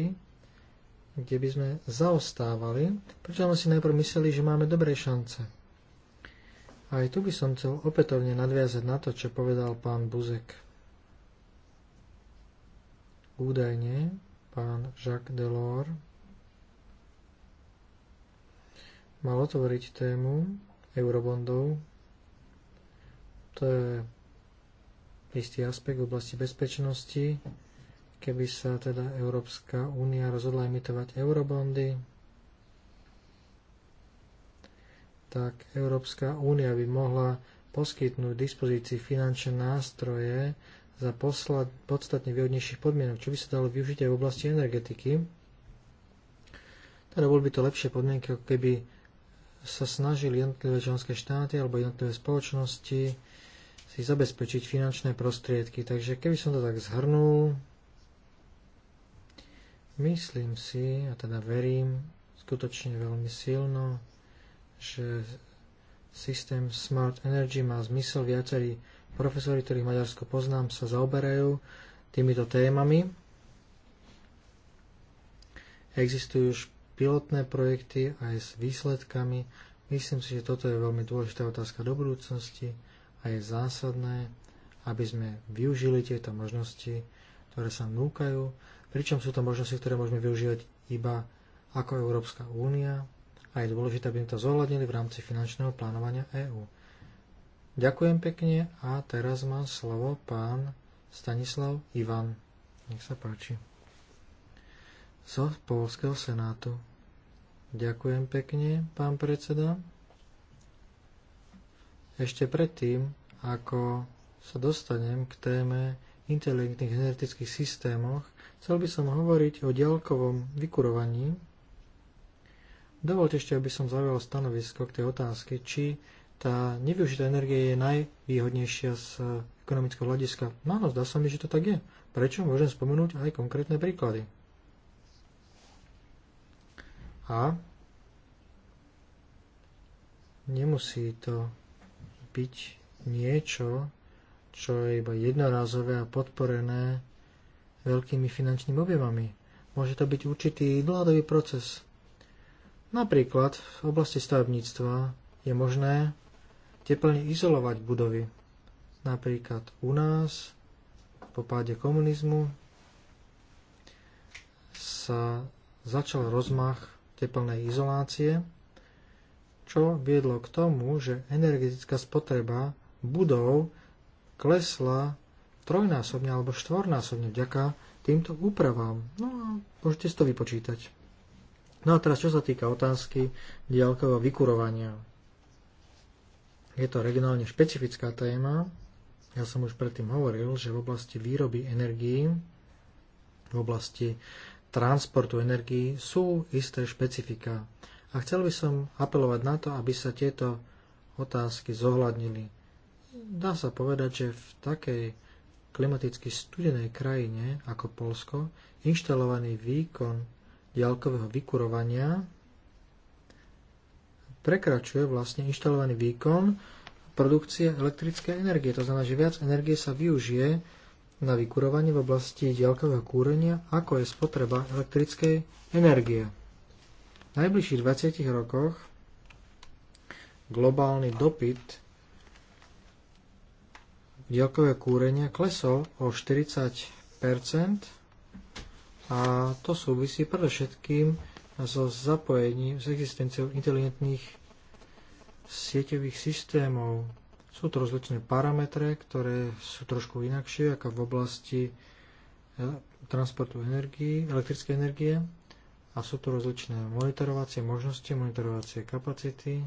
kde by sme zaostávali, pretože sme si najprv mysleli, že máme dobré šance. Aj tu by som chcel opätovne nadviazať na to, čo povedal pán Buzek. Údajne pán Jacques Delors mal otvoriť tému eurobondov. To je istý aspekt v oblasti bezpečnosti, keby sa teda Európska únia rozhodla imitovať eurobondy, tak Európska únia by mohla poskytnúť dispozícii finančné nástroje za poslať podstatne výhodnejších podmienok, čo by sa dalo využiť aj v oblasti energetiky. Teda boli by to lepšie podmienky, ako keby sa snažili jednotlivé členské štáty alebo jednotlivé spoločnosti si zabezpečiť finančné prostriedky. Takže keby som to tak zhrnul, myslím si, a teda verím skutočne veľmi silno, že systém Smart Energy má zmysel. Viacerí profesori, ktorých Maďarsko poznám, sa zaoberajú týmito témami. Existujú už pilotné projekty aj s výsledkami. Myslím si, že toto je veľmi dôležitá otázka do budúcnosti a je zásadné, aby sme využili tieto možnosti, ktoré sa núkajú, pričom sú to možnosti, ktoré môžeme využívať iba ako Európska únia a je dôležité, aby sme to zohľadnili v rámci finančného plánovania EÚ. Ďakujem pekne a teraz má slovo pán Stanislav Ivan. Nech sa páči. Zo Polského senátu. Ďakujem pekne, pán predseda. Ešte predtým, ako sa dostanem k téme inteligentných energetických systémoch, chcel by som hovoriť o diaľkovom vykurovaní Dovolte ešte, aby som zaujal stanovisko k tej otázke, či tá nevyužitá energia je najvýhodnejšia z ekonomického hľadiska. No áno, zdá sa mi, že to tak je. Prečo? Môžem spomenúť aj konkrétne príklady. A nemusí to byť niečo, čo je iba jednorázové a podporené veľkými finančnými objemami. Môže to byť určitý dlhodobý proces. Napríklad v oblasti stavebníctva je možné teplne izolovať budovy. Napríklad u nás po páde komunizmu sa začal rozmach teplnej izolácie, čo viedlo k tomu, že energetická spotreba budov klesla trojnásobne alebo štvornásobne vďaka týmto úpravám. No a môžete si to vypočítať. No a teraz čo sa týka otázky diaľkového vykurovania. Je to regionálne špecifická téma. Ja som už predtým hovoril, že v oblasti výroby energií, v oblasti transportu energií sú isté špecifika. A chcel by som apelovať na to, aby sa tieto otázky zohľadnili. Dá sa povedať, že v takej klimaticky studenej krajine ako Polsko inštalovaný výkon diaľkového vykurovania prekračuje vlastne inštalovaný výkon produkcie elektrickej energie. To znamená, že viac energie sa využije na vykurovanie v oblasti diaľkového kúrenia, ako je spotreba elektrickej energie. V najbližších 20 rokoch globálny dopyt diaľkového kúrenia klesol o 40 a to súvisí predovšetkým so zapojením, s existenciou inteligentných sieťových systémov. Sú to rozličné parametre, ktoré sú trošku inakšie, ako v oblasti e, transportu energii, elektrickej energie a sú tu rozličné monitorovacie možnosti, monitorovacie kapacity,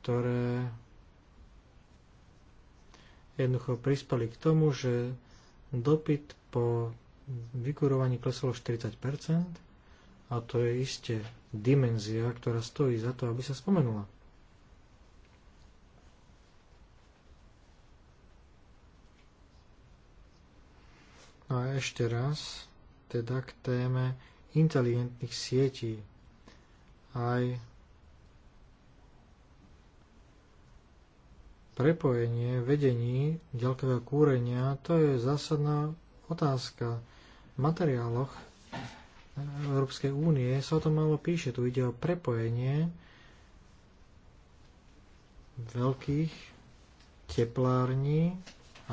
ktoré jednoducho prispeli k tomu, že Dopyt po vykurovaní klesol 40 a to je iste dimenzia, ktorá stojí za to, aby sa spomenula. No a ešte raz, teda k téme inteligentných sietí. Aj prepojenie vedení ďalkového kúrenia, to je zásadná otázka. V materiáloch Európskej únie sa o tom málo píše. Tu ide o prepojenie veľkých teplární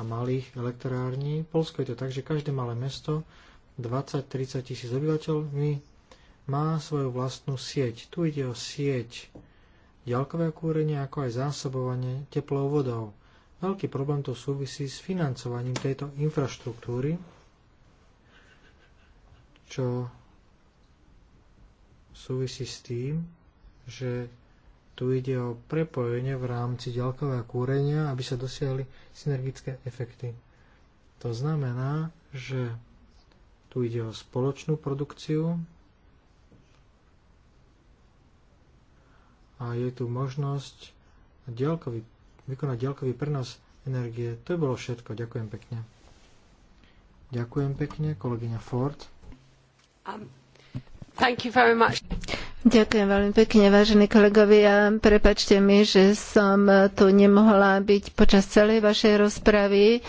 a malých elektrární. Polsko je to tak, že každé malé mesto, 20-30 tisíc obyvateľov, má svoju vlastnú sieť. Tu ide o sieť ďalkové kúrenie, ako aj zásobovanie teplou vodou. Veľký problém to súvisí s financovaním tejto infraštruktúry, čo súvisí s tým, že tu ide o prepojenie v rámci ďalkového kúrenia, aby sa dosiahli synergické efekty. To znamená, že tu ide o spoločnú produkciu a je tu možnosť dielkový, vykonať dielkový prenos energie. To je bolo všetko. Ďakujem pekne. Ďakujem pekne, kolegyňa Ford. Um, thank you very much. Ďakujem veľmi pekne, vážení kolegovia. Prepačte mi, že som tu nemohla byť počas celej vašej rozpravy e,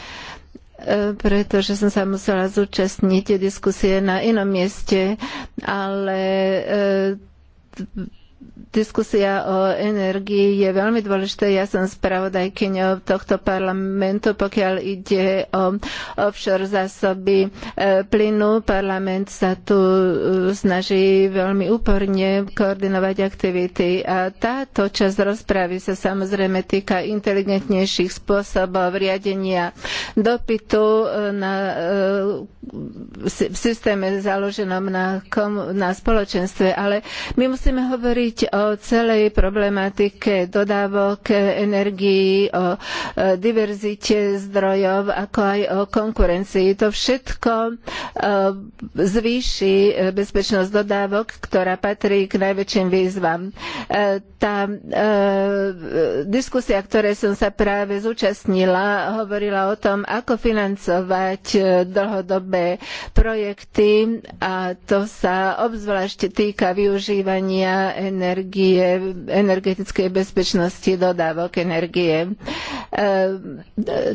pretože som sa musela zúčastniť diskusie na inom mieste, ale e, Diskusia o energii je veľmi dôležitá. Ja som spravodajkyňou tohto parlamentu, pokiaľ ide o offshore zásoby e, plynu. Parlament sa tu e, snaží veľmi úporne koordinovať aktivity. A táto časť rozpravy sa samozrejme týka inteligentnejších spôsobov riadenia dopytu e, na v systéme založenom na, na spoločenstve. Ale my musíme hovoriť hovoriť o celej problematike dodávok energií, o e, diverzite zdrojov, ako aj o konkurencii. To všetko e, zvýši e, bezpečnosť dodávok, ktorá patrí k najväčším výzvam. Tá diskusia, ktoré som sa práve zúčastnila, hovorila o tom, ako financovať dlhodobé projekty a to sa obzvlášť týka využívania energie, energetickej bezpečnosti dodávok energie. E,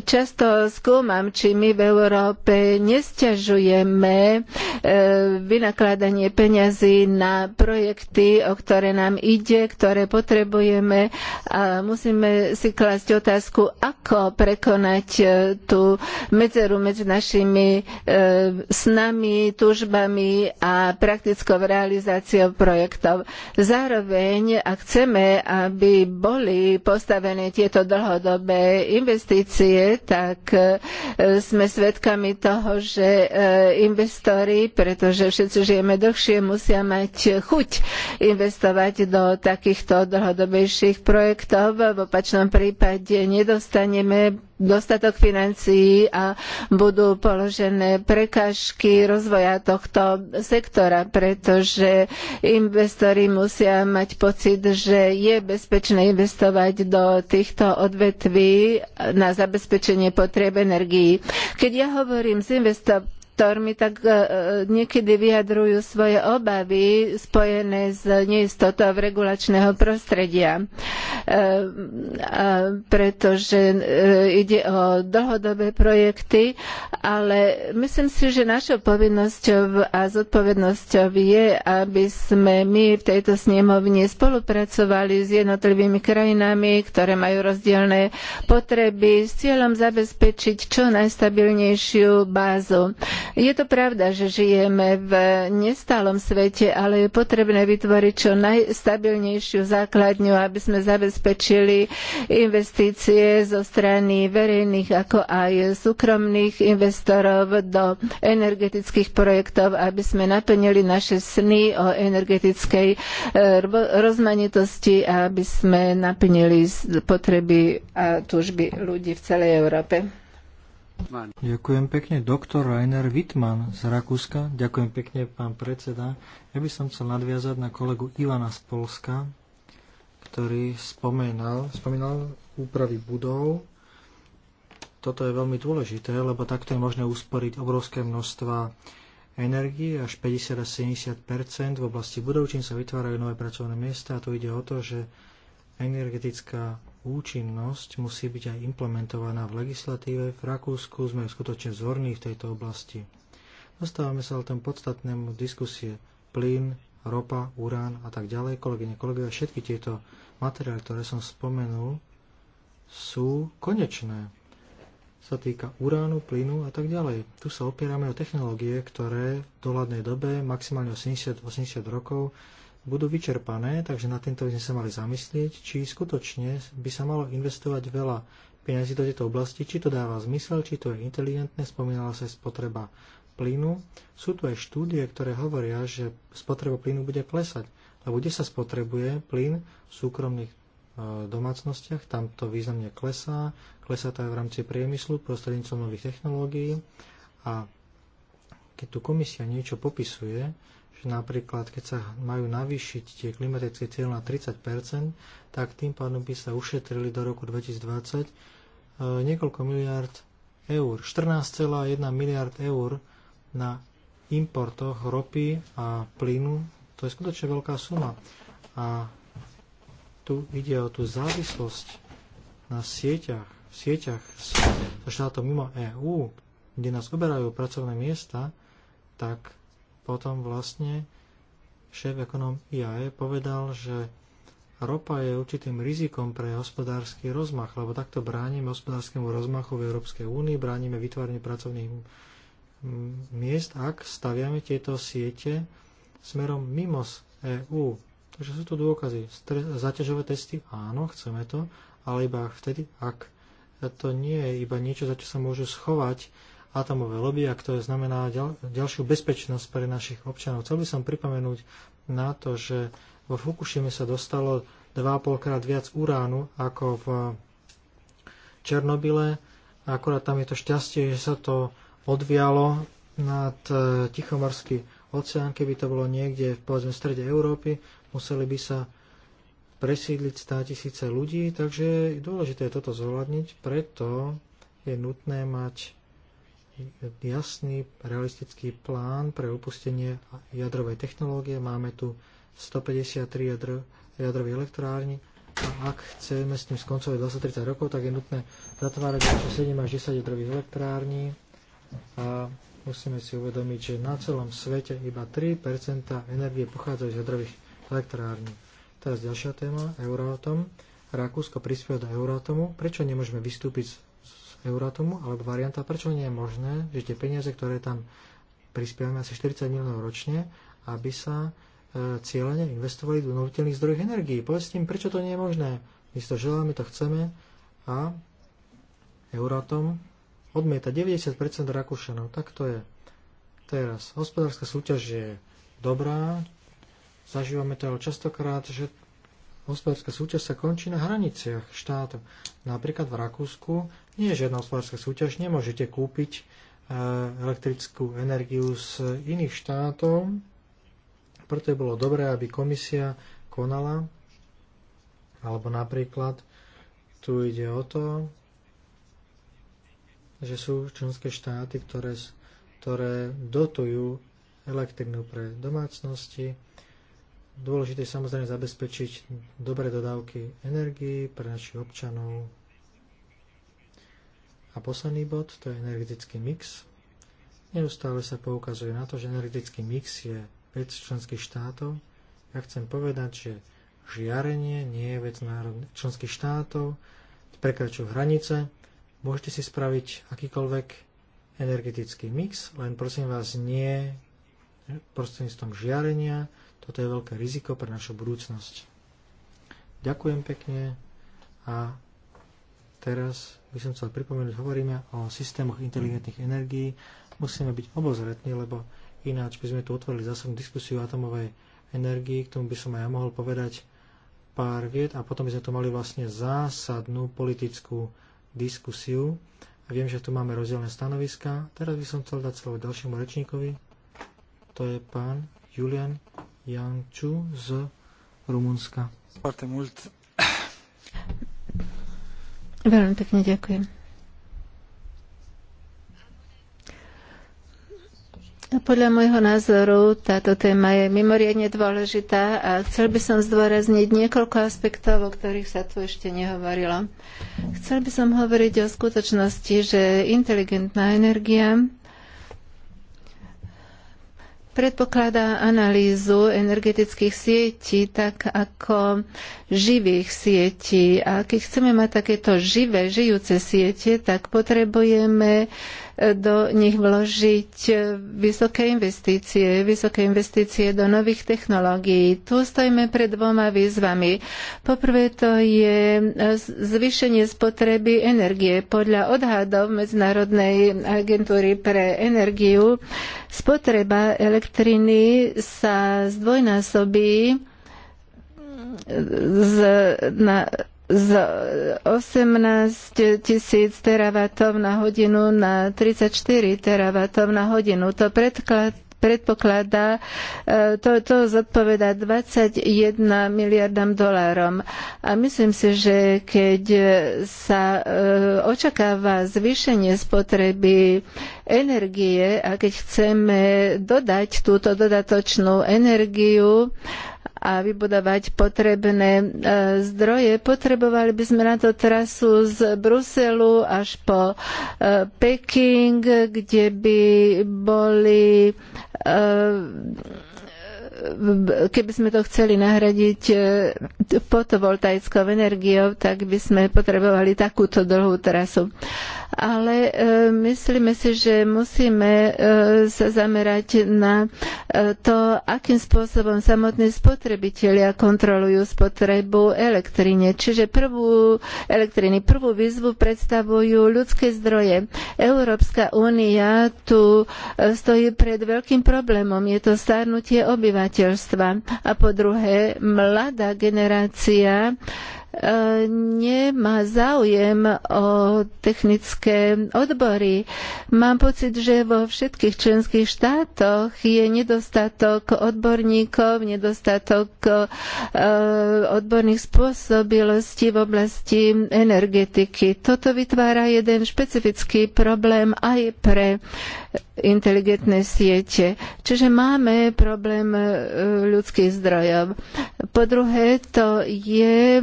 často skúmam, či my v Európe nestiažujeme e, vynakladanie peňazí na projekty, o ktoré nám ide, ktoré potrebujeme a musíme si klásť otázku, ako prekonať e, tú medzeru medzi našimi snami, túžbami a praktickou realizáciou projektov. Zároveň zároveň, ak chceme, aby boli postavené tieto dlhodobé investície, tak e, sme svedkami toho, že e, investori, pretože všetci žijeme dlhšie, musia mať chuť investovať do takýchto dlhodobejších projektov. V opačnom prípade nedostaneme dostatok financií a budú položené prekážky rozvoja tohto sektora, pretože investori musia mať pocit, že je bezpečné investovať do týchto odvetví na zabezpečenie potrieb energií. Keď ja hovorím s investormi, ktorými tak e, e, niekedy vyjadrujú svoje obavy spojené s neistotou regulačného prostredia. E, pretože ide o dlhodobé projekty, ale myslím si, že našou povinnosťou a zodpovednosťou je, aby sme my v tejto snemovni spolupracovali s jednotlivými krajinami, ktoré majú rozdielne potreby s cieľom zabezpečiť čo najstabilnejšiu bázu. Je to pravda, že žijeme v nestálom svete, ale je potrebné vytvoriť čo najstabilnejšiu základňu, aby sme zabezpečili investície zo strany verejných ako aj súkromných investorov do energetických projektov, aby sme naplnili naše sny o energetickej e, rozmanitosti a aby sme naplnili potreby a túžby ľudí v celej Európe. Ďakujem pekne, doktor Rainer Wittmann z Rakúska. Ďakujem pekne, pán predseda. Ja by som chcel nadviazať na kolegu Ivana z Polska, ktorý spomenal, spomínal úpravy budov. Toto je veľmi dôležité, lebo takto je možné usporiť obrovské množstva energie, až 50 až 70 v oblasti budov, čím sa vytvárajú nové pracovné miesta. A tu ide o to, že energetická účinnosť musí byť aj implementovaná v legislatíve. V Rakúsku sme skutočne zorní v tejto oblasti. Dostávame sa ale tom podstatnému diskusie plyn, ropa, urán a tak ďalej. Kolegyne, kolegovia, všetky tieto materiály, ktoré som spomenul, sú konečné. Sa týka uránu, plynu a tak ďalej. Tu sa opierame o technológie, ktoré v dohľadnej dobe, maximálne 80-80 rokov, budú vyčerpané, takže na tento by sme sa mali zamyslieť, či skutočne by sa malo investovať veľa peniazy do tejto oblasti, či to dáva zmysel, či to je inteligentné, spomínala sa spotreba plynu. Sú tu aj štúdie, ktoré hovoria, že spotreba plynu bude klesať, lebo kde sa spotrebuje plyn v súkromných e, domácnostiach, tam to významne klesá, klesá to aj v rámci priemyslu prostredníctvom nových technológií a keď tu komisia niečo popisuje, napríklad keď sa majú navýšiť tie klimatické cieľ na 30%, tak tým pádom by sa ušetrili do roku 2020 eh, niekoľko miliard eur. 14,1 miliard eur na importoch ropy a plynu, to je skutočne veľká suma. A tu ide o tú závislosť na sieťach, v sieťach so štátom mimo EÚ, kde nás oberajú pracovné miesta, tak potom vlastne šéf ekonom IAE povedal, že ropa je určitým rizikom pre hospodársky rozmach, lebo takto bránime hospodárskému rozmachu v Európskej únii, bránime vytvárne pracovných miest, ak staviame tieto siete smerom mimo EÚ. Takže sú tu dôkazy. Zaťažové testy, áno, chceme to, ale iba vtedy, ak to nie je iba niečo, za čo sa môžu schovať atomové lobby a ktoré znamená ďal, ďalšiu bezpečnosť pre našich občanov. Chcel by som pripomenúť na to, že vo Fukushime sa dostalo 2,5 krát viac uránu ako v Černobyle. Akorát tam je to šťastie, že sa to odvialo nad e, Tichomorský oceán, keby to bolo niekde povedzme v strede Európy, museli by sa presídliť 100 tisíce ľudí, takže dôležité je toto zohľadniť, preto je nutné mať jasný, realistický plán pre opustenie jadrovej technológie. Máme tu 153 jadr, jadrových elektrární a ak chceme s tým skoncovať 20-30 rokov, tak je nutné zatvárať ešte 7 až 10 jadrových elektrární a musíme si uvedomiť, že na celom svete iba 3 energie pochádzajú z jadrových elektrární. Teraz ďalšia téma, Euroatom. Rakúsko prispieva do euratomu. Prečo nemôžeme vystúpiť z Euratomu alebo varianta, prečo nie je možné, že tie peniaze, ktoré tam prispievame asi 40 miliónov ročne, aby sa e, cieľene investovali do noviteľných zdrojov energií. Povedz tým, prečo to nie je možné. My si to želáme, to chceme a Euratom odmieta 90% Rakúšanov. Tak to je. Teraz, hospodárska súťaž je dobrá, zažívame to častokrát, že hospodárska súťaž sa končí na hraniciach štátov. Napríklad v Rakúsku nie je žiadna hospodárska súťaž, nemôžete kúpiť e, elektrickú energiu z iných štátov, preto je bolo dobré, aby komisia konala, alebo napríklad tu ide o to, že sú členské štáty, ktoré, ktoré dotujú elektrinu pre domácnosti, Dôležité je samozrejme zabezpečiť dobré dodávky energii pre našich občanov. A posledný bod, to je energetický mix. Neustále sa poukazuje na to, že energetický mix je vec členských štátov. Ja chcem povedať, že žiarenie nie je vec národných členských štátov, prekračujú hranice, môžete si spraviť akýkoľvek energetický mix, len prosím vás nie prostredníctvom žiarenia, toto je veľké riziko pre našu budúcnosť. Ďakujem pekne a teraz by som chcel pripomenúť, hovoríme o systémoch inteligentných energií, musíme byť obozretní, lebo ináč by sme tu otvorili zásadnú diskusiu o atomovej energii, k tomu by som aj ja mohol povedať pár vied a potom by sme tu mali vlastne zásadnú politickú diskusiu. A viem, že tu máme rozdielne stanoviska. Teraz by som chcel dať slovo ďalšiemu rečníkovi. To je pán Julian Janču z Rumunska. Veľmi pekne ďakujem. Podľa môjho názoru táto téma je mimoriadne dôležitá a chcel by som zdôrazniť niekoľko aspektov, o ktorých sa tu ešte nehovorilo. Chcel by som hovoriť o skutočnosti, že inteligentná energia predpokladá analýzu energetických sietí tak ako živých sietí. A keď chceme mať takéto živé, žijúce siete, tak potrebujeme uh, do nich vložiť vysoké investície, vysoké investície do nových technológií. Tu stojíme pred dvoma výzvami. Poprvé to je zvýšenie spotreby energie. Podľa odhadov Medzinárodnej agentúry pre energiu spotreba elektriny sa zdvojnásobí z, na, z 18 tisíc teravatov na hodinu na 34 teravatov na hodinu. To predklad predpokladá, e, to, to zodpoveda 21 miliardám dolárom. A myslím si, že keď sa e, očakáva zvýšenie spotreby energie a keď chceme dodať túto dodatočnú energiu, a vybudovať potrebné e, zdroje. Potrebovali by sme na to trasu z Bruselu až po e, Peking, kde by boli e, keby sme to chceli nahradiť fotovoltaickou energiou, tak by sme potrebovali takúto dlhú trasu ale e, myslíme si, že musíme e, sa zamerať na e, to, akým spôsobom samotní spotrebitelia kontrolujú spotrebu elektrine. Čiže prvú elektriny, prvú výzvu predstavujú ľudské zdroje. Európska únia tu stojí pred veľkým problémom. Je to starnutie obyvateľstva. A po druhé, mladá generácia nemá záujem o technické odbory. Mám pocit, že vo všetkých členských štátoch je nedostatok odborníkov, nedostatok e, odborných spôsobilostí v oblasti energetiky. Toto vytvára jeden špecifický problém aj pre inteligentné siete. Čiže máme problém e, ľudských zdrojov. Po druhé, to je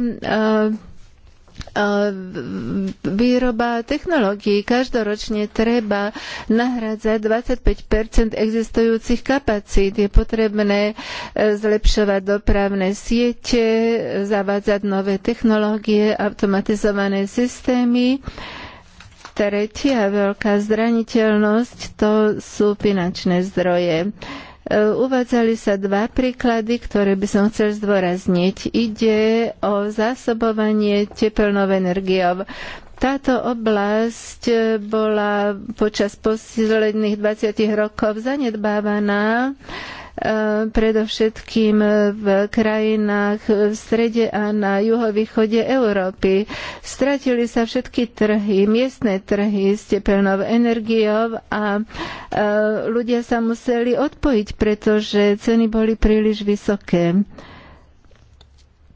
e, e, výroba technológií. Každoročne treba nahradzať 25 existujúcich kapacít. Je potrebné zlepšovať dopravné siete, zavádzať nové technológie, automatizované systémy. Tretia veľká zraniteľnosť to sú finančné zdroje. E, uvádzali sa dva príklady, ktoré by som chcel zdôrazniť. Ide o zásobovanie tepelnou energiou. Táto oblasť bola počas posledných 20 rokov zanedbávaná Eh, predovšetkým eh, v krajinách eh, v strede a na juhovýchode Európy. Stratili sa všetky trhy, miestne trhy s tepelnou energiou a ľudia sa museli odpojiť, pretože ceny boli príliš vysoké.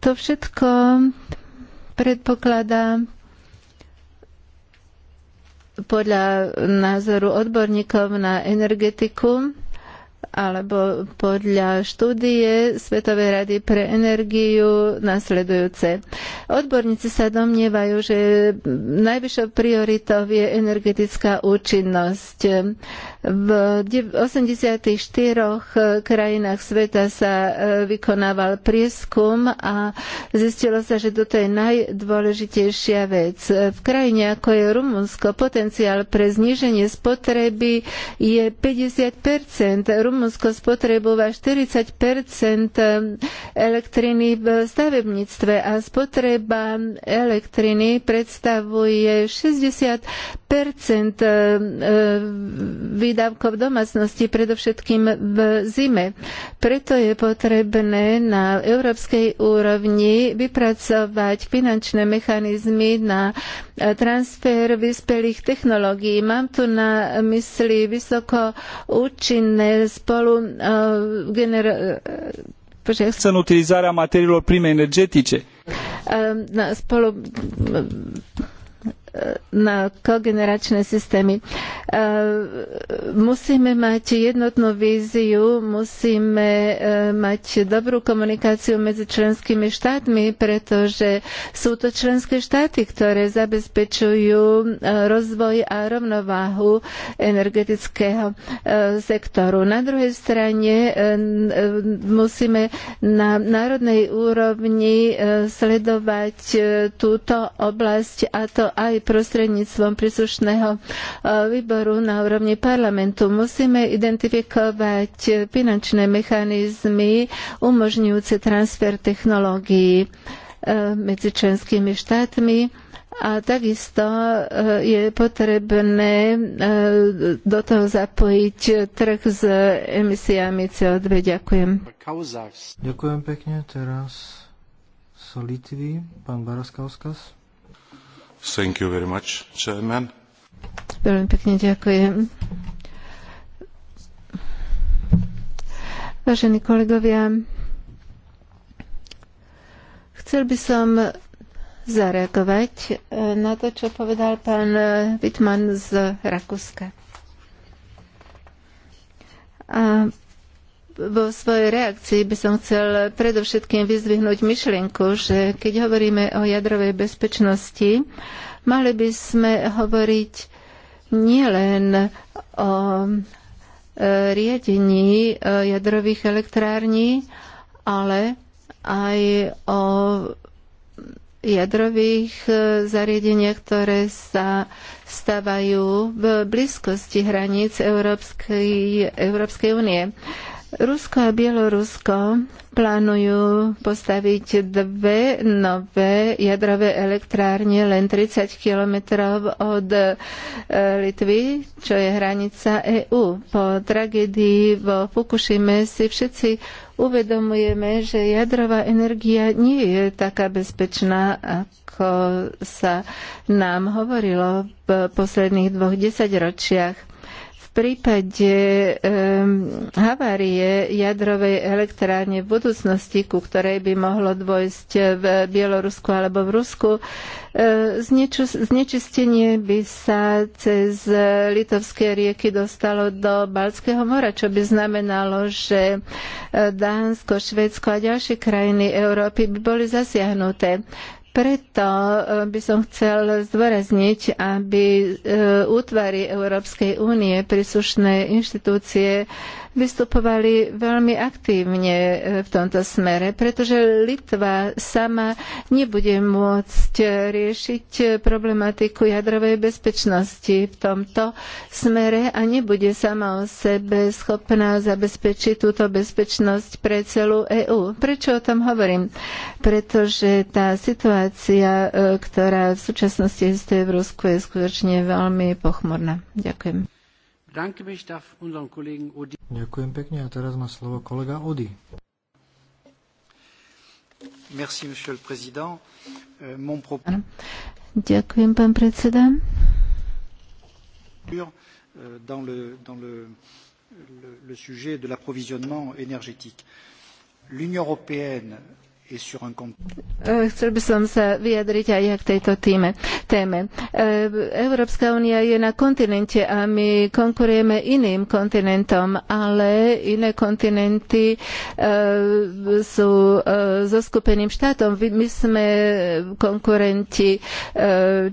To všetko predpokladá podľa názoru odborníkov na energetiku alebo podľa štúdie Svetovej rady pre energiu nasledujúce. Odborníci sa domnievajú, že najvyššou prioritou je energetická účinnosť v 84 eh, krajinách sveta sa eh, vykonával prieskum a zistilo sa, že toto je najdôležitejšia vec. V krajine ako je Rumunsko potenciál pre zníženie spotreby je 50%. Rumunsko spotrebuje 40% eh, elektriny v stavebníctve a spotreba elektriny predstavuje 60% výdajov výdavkov domácnosti, predovšetkým v zime. Preto je potrebné na európskej úrovni vypracovať finančné mechanizmy na transfer vyspelých technológií. Mám tu na mysli vysoko účinné spolu uh, gener- Chcem utilizarea materiilor prime energetice. Uh, spolu na kogeneračné systémy. E, musíme mať jednotnú víziu, musíme e, mať dobrú komunikáciu medzi členskými štátmi, pretože sú to členské štáty, ktoré zabezpečujú e, rozvoj a rovnováhu energetického sektoru. Na druhej strane musíme na národnej úrovni sledovať túto oblasť a to aj prostredníctvom príslušného e, výboru na úrovni parlamentu. Musíme identifikovať finančné mechanizmy umožňujúce transfer technológií e, medzi členskými štátmi a takisto e, je potrebné do toho zapojiť trh s emisiami CO2. Ďakujem. Ďakujem pekne. Teraz Litvy, pán Baraskauskas. Thank you very much, Chairman. Veľmi pekne ďakujem. Vážení kolegovia, chcel by som zareagovať eh, na to, čo povedal pán eh, Wittmann z Rakúska. A vo svojej reakcii by som chcel predovšetkým vyzvihnúť myšlienku, že keď hovoríme o jadrovej bezpečnosti, mali by sme hovoriť nielen o e, riadení e, jadrových elektrární, ale aj o jadrových e, zariadeniach, ktoré sa stavajú v blízkosti hraníc Európskej, Európskej únie. Rusko a Bielorusko plánujú postaviť dve nové jadrové elektrárne len 30 kilometrov od e, Litvy, čo je hranica EÚ. Po tragédii vo Fukushime si všetci uvedomujeme, že jadrová energia nie je taká bezpečná, ako sa nám hovorilo v posledných dvoch desaťročiach prípade um, havárie jadrovej elektrárne v budúcnosti, ku ktorej by mohlo dôjsť v Bielorusku alebo v Rusku, ehm, znečistenie by sa cez litovské rieky dostalo do Balckého mora, čo by znamenalo, že e, Dánsko, Švédsko a ďalšie krajiny Európy by boli zasiahnuté. Preto eh, by som chcel zdôrazniť, aby eh, útvary Európskej únie, príslušné inštitúcie vystupovali veľmi aktívne e, v tomto smere, pretože Litva sama nebude môcť e, riešiť e, problematiku jadrovej bezpečnosti v tomto smere a nebude sama o sebe schopná zabezpečiť túto bezpečnosť pre celú EÚ. Prečo o tom hovorím? Pretože tá situácia, ktorá v súčasnosti existuje v Rusku, je skutočne veľmi pochmurná. Ďakujem. Ďakujem pekne a teraz má slovo kolega Odi. Merci, monsieur le président. Euh, mon propos... Ďakujem, pán predseda. Euh, dans le, dans le, le, le sujet de l'approvisionnement énergétique. L'Union européenne E, chcel by som sa vyjadriť aj k tejto týme, téme. E, Európska únia je na kontinente a my konkurujeme iným kontinentom, ale iné kontinenty e, sú so skupeným štátom. My sme konkurenti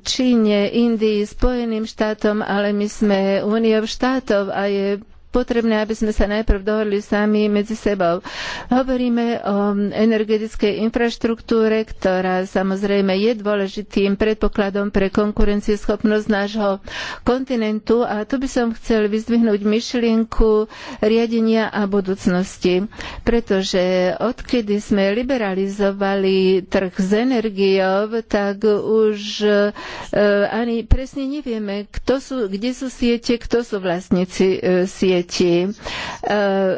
Číne, Indii, Spojeným štátom, ale my sme úniou štátov a je potrebné, aby sme sa najprv dohodli sami medzi sebou. Hovoríme o energetickej infraštruktúre, ktorá samozrejme je dôležitým predpokladom pre konkurencieschopnosť nášho kontinentu a tu by som chcel vyzdvihnúť myšlienku riadenia a budúcnosti, pretože odkedy sme liberalizovali trh s energiou, tak už eh, ani presne nevieme, kto sú, kde sú siete, kto sú vlastníci eh, siete detí. E,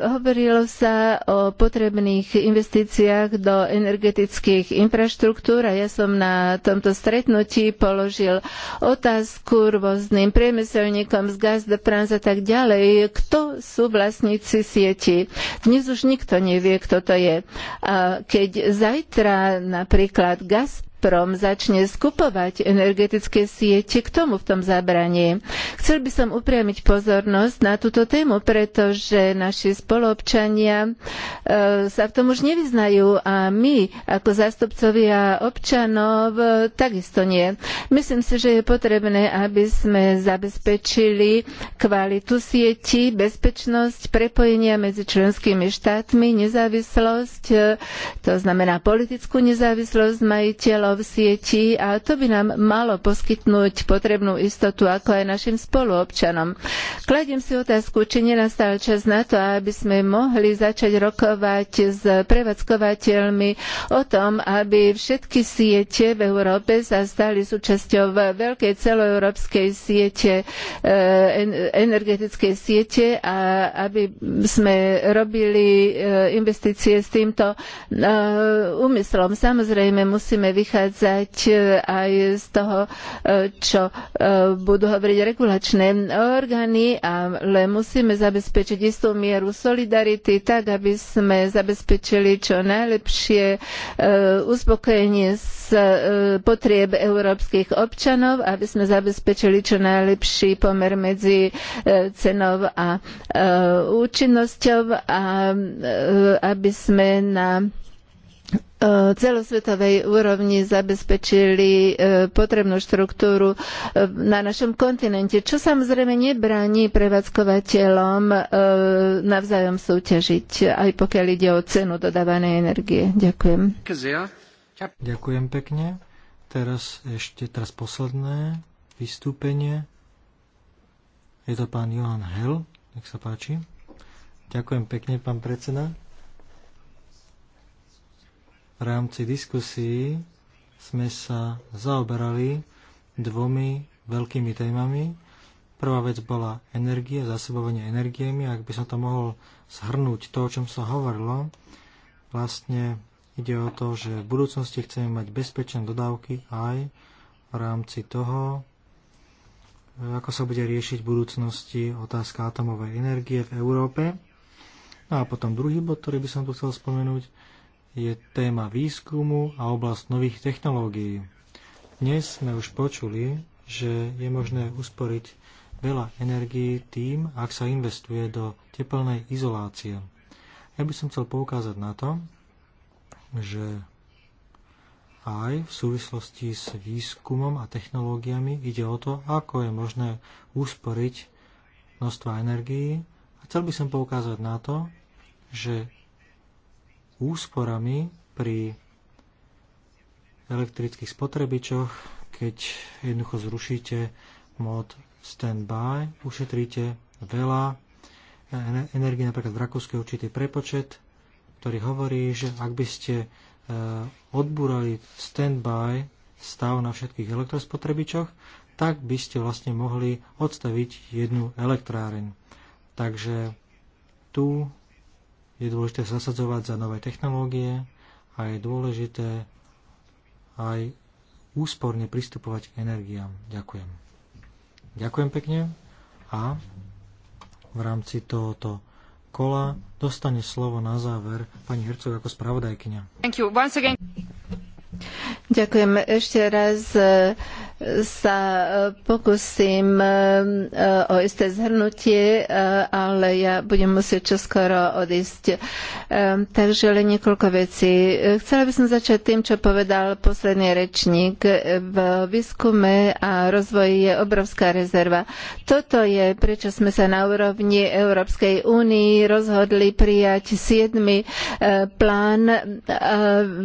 hovorilo sa o potrebných investíciách do energetických infraštruktúr a ja som na tomto stretnutí položil otázku rôznym priemyselníkom z Gaz de France a tak ďalej, kto sú vlastníci sieti. Dnes už nikto nevie, kto to je. A keď zajtra napríklad Gazprom Gazprom začne skupovať energetické siete, k tomu v tom zabraní. Chcel by som upriamiť pozornosť na túto tému, pretože naši spoluobčania e, sa v tom už nevyznajú a my ako zástupcovia občanov e, takisto nie. Myslím si, že je potrebné, aby sme zabezpečili kvalitu sieti, bezpečnosť, prepojenia medzi členskými štátmi, nezávislosť, e, to znamená politickú nezávislosť majiteľov v sieti a to by nám malo poskytnúť potrebnú istotu, ako aj našim spoluobčanom. Kladiem si otázku, či nenastal čas na to, aby sme mohli začať rokovať s prevádzkovateľmi o tom, aby všetky siete v Európe sa stali súčasťou veľkej celoeurópskej siete, eh, energetickej siete a aby sme robili eh, investície s týmto eh, úmyslom. Samozrejme, musíme vychádzať vychádzať e, aj z toho, e, čo e, budú hovoriť regulačné orgány, ale musíme zabezpečiť istú mieru solidarity, tak aby sme zabezpečili čo najlepšie uspokojenie z potrieb európskych občanov, aby sme zabezpečili čo najlepší pomer medzi cenou a účinnosťou a aby sme na E, celosvetovej úrovni zabezpečili e, potrebnú štruktúru e, na našom kontinente, čo samozrejme nebráni prevádzkovateľom navzájom súťažiť, aj pokiaľ ide o cenu dodávanej energie. Ďakujem. Ďakujem pekne. Teraz ešte teraz posledné vystúpenie. Je to pán Johan Hell. Nech sa páči. Ďakujem pekne, pán predseda. V rámci diskusí sme sa zaoberali dvomi veľkými témami. Prvá vec bola energie, zásobovanie energiemi. Ak by som to mohol zhrnúť to, o čom sa hovorilo, vlastne ide o to, že v budúcnosti chceme mať bezpečné dodávky aj v rámci toho, ako sa bude riešiť v budúcnosti otázka atomovej energie v Európe. No a potom druhý bod, ktorý by som tu chcel spomenúť, je téma výskumu a oblasť nových technológií. Dnes sme už počuli, že je možné usporiť veľa energií tým, ak sa investuje do teplnej izolácie. Ja by som chcel poukázať na to, že aj v súvislosti s výskumom a technológiami ide o to, ako je možné usporiť množstva energií. A chcel by som poukázať na to, že úsporami pri elektrických spotrebičoch, keď jednoducho zrušíte mod standby, ušetríte veľa energie, napríklad v Rakúsku je určitý prepočet, ktorý hovorí, že ak by ste e, odbúrali standby stav na všetkých elektrospotrebičoch, tak by ste vlastne mohli odstaviť jednu elektráreň. Takže tu je dôležité zasadzovať za nové technológie a je dôležité aj úsporne pristupovať k energiám. Ďakujem. Ďakujem pekne a v rámci tohoto kola dostane slovo na záver pani Hercog ako spravodajkyňa. Ďakujem ešte raz sa e, pokúsim e, e, o isté zhrnutie, ale ja budem musieť čoskoro odísť. Takže len niekoľko vecí. Chcela by som začať tým, čo povedal posledný rečník. V výskume a rozvoji je obrovská rezerva. Toto je, prečo sme sa na úrovni Európskej únii rozhodli prijať 7. plán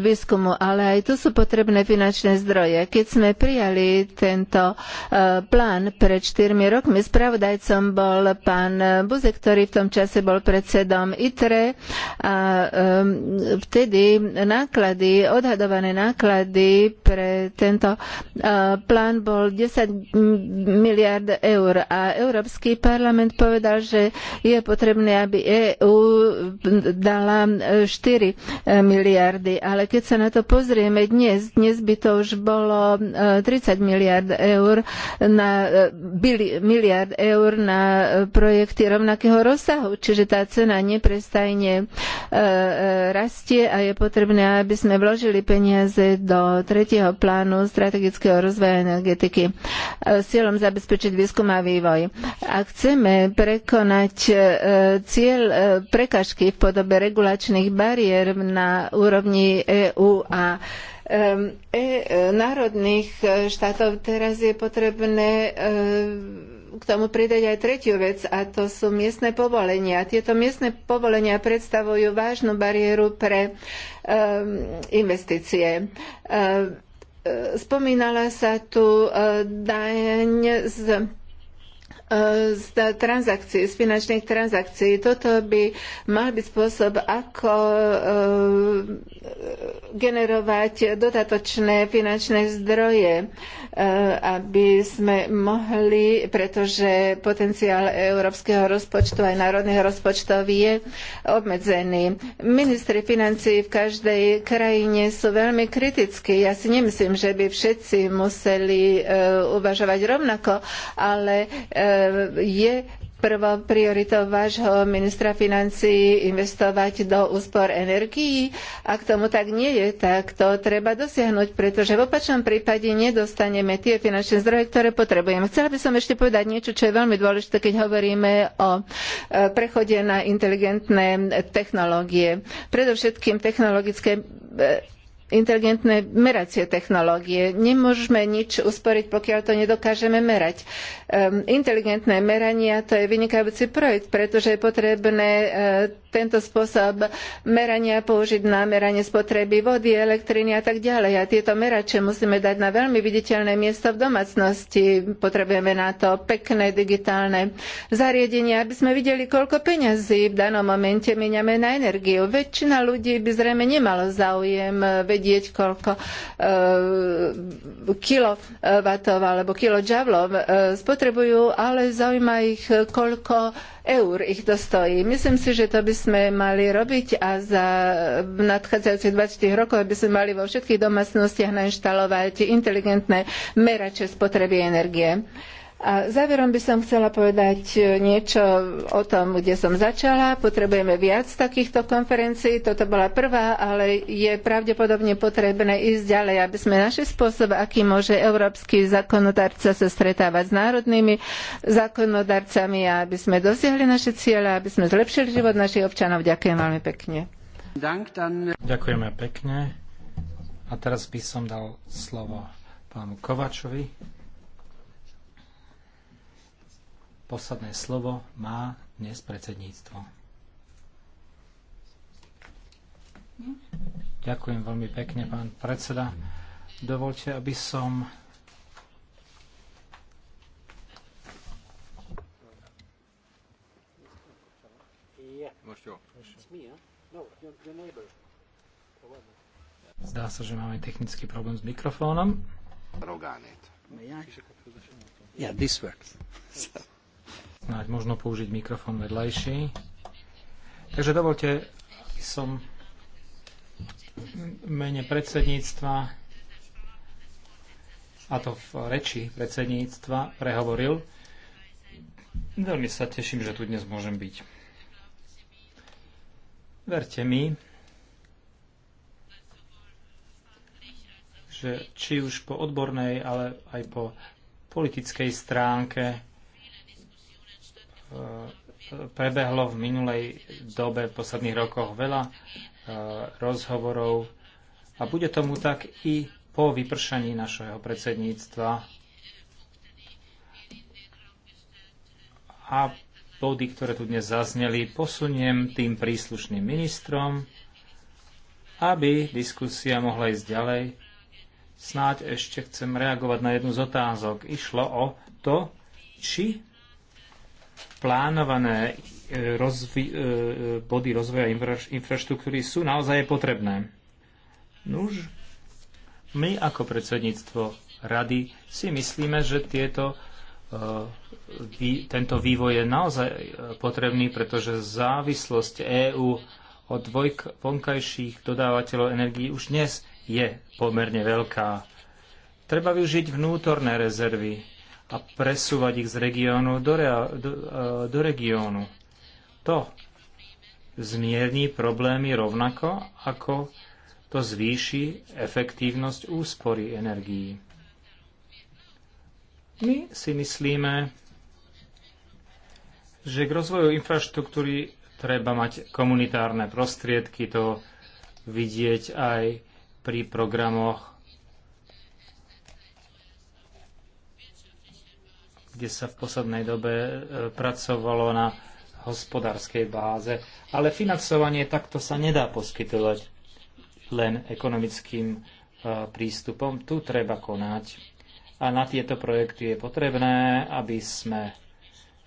výskumu, ale aj tu sú potrebné finančné zdroje. Keď sme prijali tento e, plán pred 4 rokmi. Spravodajcom bol pán Buzek, ktorý v tom čase bol predsedom ITRE a e, vtedy náklady, odhadované náklady pre tento e, plán bol 10 miliard eur a Európsky parlament povedal, že je potrebné, aby EÚ dala 4 miliardy, ale keď sa na to pozrieme dnes, dnes by to už bolo 30 miliard miliard eur na, bili, miliard eur na projekty rovnakého rozsahu, čiže tá cena neprestajne e, e, rastie a je potrebné, aby sme vložili peniaze do tretieho plánu strategického rozvoja energetiky e, s cieľom zabezpečiť výskum a vývoj. A chceme prekonať cieľ prekažky v podobe regulačných bariér na úrovni EU a e, národných e, štátov. Teraz je potrebné e, k tomu pridať aj tretiu vec a to sú miestne povolenia. Tieto miestne povolenia predstavujú vážnu bariéru pre e, investície. E, spomínala sa tu e, daň z z transakcie, z finančných transakcií. Toto by mal byť spôsob, ako e, generovať dodatočné finančné zdroje, e, aby sme mohli, pretože potenciál európskeho rozpočtu aj národných rozpočtov je obmedzený. Ministri financií v každej krajine sú veľmi kritickí. Ja si nemyslím, že by všetci museli e, uvažovať rovnako, ale je prvou prioritou vášho ministra financií investovať do úspor energií? Ak tomu tak nie je, tak to treba dosiahnuť, pretože v opačnom prípade nedostaneme tie finančné zdroje, ktoré potrebujeme. Chcela by som ešte povedať niečo, čo je veľmi dôležité, keď hovoríme o e, prechode na inteligentné technológie. Predovšetkým technologické e, inteligentné meracie technológie. Nemôžeme nič usporiť, pokiaľ to nedokážeme merať. Ehm, inteligentné merania to je vynikajúci projekt, pretože je potrebné e, tento spôsob merania použiť na meranie spotreby vody, elektriny a tak ďalej. A tieto merače musíme dať na veľmi viditeľné miesto v domácnosti. Potrebujeme na to pekné digitálne zariadenie, aby sme videli, koľko peňazí v danom momente míňame na energiu. Väčšina ľudí by zrejme nemalo záujem vedieť, vedieť, koľko e, kilovatov e, alebo kilojavlov e, spotrebujú, ale zaujíma ich, koľko eur ich to stojí. Myslím si, že to by sme mali robiť a za nadchádzajúcich 20 rokov by sme mali vo všetkých domácnostiach nainštalovať inteligentné merače spotreby energie. A záverom by som chcela povedať e, niečo o tom, kde som začala. Potrebujeme viac takýchto konferencií. Toto bola prvá, ale je pravdepodobne potrebné ísť ďalej, aby sme našli spôsob, aký môže európsky zákonodarca sa stretávať s národnými zákonodarcami a aby sme dosiahli naše cieľa, aby sme zlepšili život našich občanov. Ďakujem veľmi pekne. Ďakujeme pekne. A teraz by som dal slovo pánu Kovačovi. Posledné slovo má dnes predsedníctvo. Ďakujem veľmi pekne, pán predseda. Dovolte, aby som Zdá sa, že máme technický problém s mikrofónom. Yeah, this works. [LAUGHS] Snáď možno použiť mikrofón vedľajší. Takže dovolte, som mene predsedníctva a to v reči predsedníctva prehovoril. Veľmi sa teším, že tu dnes môžem byť. Verte mi, že či už po odbornej, ale aj po politickej stránke E, prebehlo v minulej dobe, v posledných rokoch veľa e, rozhovorov a bude tomu tak i po vypršaní našeho predsedníctva a body, ktoré tu dnes zazneli, posuniem tým príslušným ministrom, aby diskusia mohla ísť ďalej. Snáď ešte chcem reagovať na jednu z otázok. Išlo o to, či plánované e, rozvi- e, e, body rozvoja infra- infraštruktúry sú naozaj potrebné. Nuž, my ako predsedníctvo rady si myslíme, že tieto, vý, tento vývoj je naozaj potrebný, pretože závislosť EÚ od vonkajších dodávateľov energií už dnes je pomerne veľká. Treba využiť vnútorné rezervy, a presúvať ich z regiónu do, rea, do, e, do regiónu. To zmierni problémy rovnako, ako to zvýši efektívnosť úspory energií. My si myslíme, že k rozvoju infraštruktúry treba mať komunitárne prostriedky, to vidieť aj pri programoch kde sa v poslednej dobe e, pracovalo na hospodárskej báze. Ale financovanie takto sa nedá poskytovať len ekonomickým e, prístupom. Tu treba konať. A na tieto projekty je potrebné, aby sme,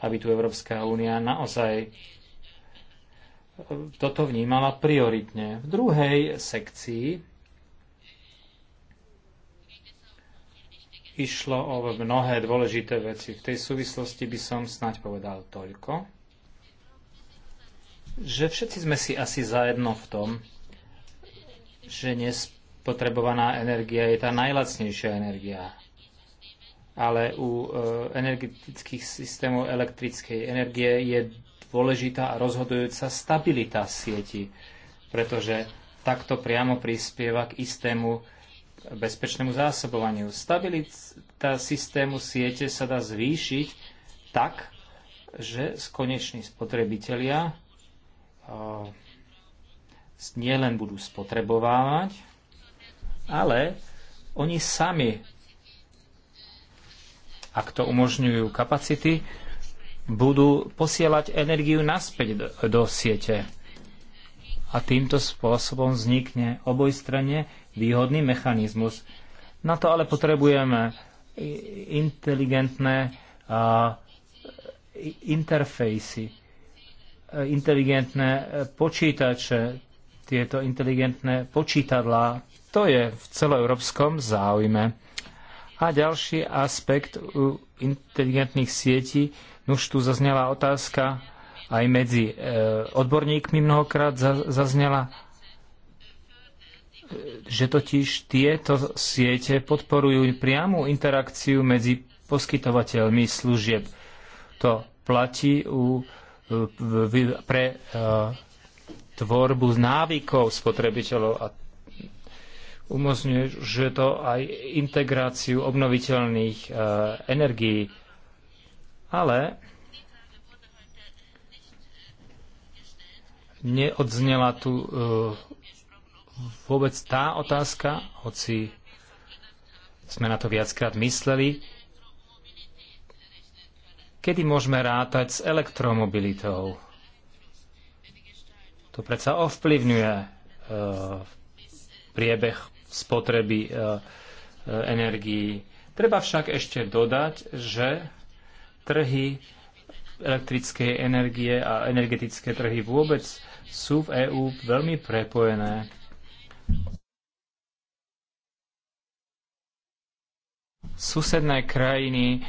aby tu Európska únia naozaj e, toto vnímala prioritne. V druhej sekcii Išlo o mnohé dôležité veci. V tej súvislosti by som snáď povedal toľko, že všetci sme si asi zajedno v tom, že nespotrebovaná energia je tá najlacnejšia energia. Ale u e, energetických systémov elektrickej energie je dôležitá a rozhodujúca stabilita sieti, pretože takto priamo prispieva k istému bezpečnému zásobovaniu. Stabilita systému siete sa dá zvýšiť tak, že koneční spotrebitelia e, nielen budú spotrebovávať, ale oni sami, ak to umožňujú kapacity, budú posielať energiu naspäť do, do siete. A týmto spôsobom vznikne obojstranne výhodný mechanizmus. Na to ale potrebujeme inteligentné interfejsy, e, inteligentné e, počítače, tieto inteligentné počítadlá. To je v celoeurópskom záujme. A ďalší aspekt u inteligentných sietí, už tu zaznela otázka aj medzi e, odborníkmi mnohokrát zaznela že totiž tieto siete podporujú priamu interakciu medzi poskytovateľmi služieb. To platí u, e, pre uh, tvorbu návykov spotrebiteľov a umožňuje že to aj integráciu obnoviteľných uh, energií. Ale neodznela tu uh, vôbec tá otázka, hoci sme na to viackrát mysleli, kedy môžeme rátať s elektromobilitou. To predsa ovplyvňuje e, priebeh spotreby e, e, energií. Treba však ešte dodať, že trhy elektrickej energie a energetické trhy vôbec sú v EÚ veľmi prepojené. Susedné krajiny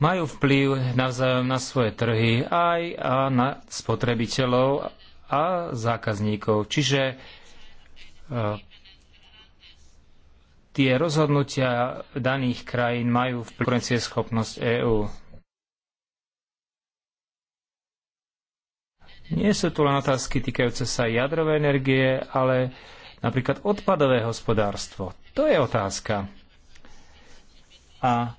majú vplyv navzájom na svoje trhy aj a na spotrebiteľov a zákazníkov. Čiže e, tie rozhodnutia daných krajín majú na konkurencieschopnosť EÚ. Nie sú tu len otázky týkajúce sa jadrovej energie, ale napríklad odpadové hospodárstvo. To je otázka. A e,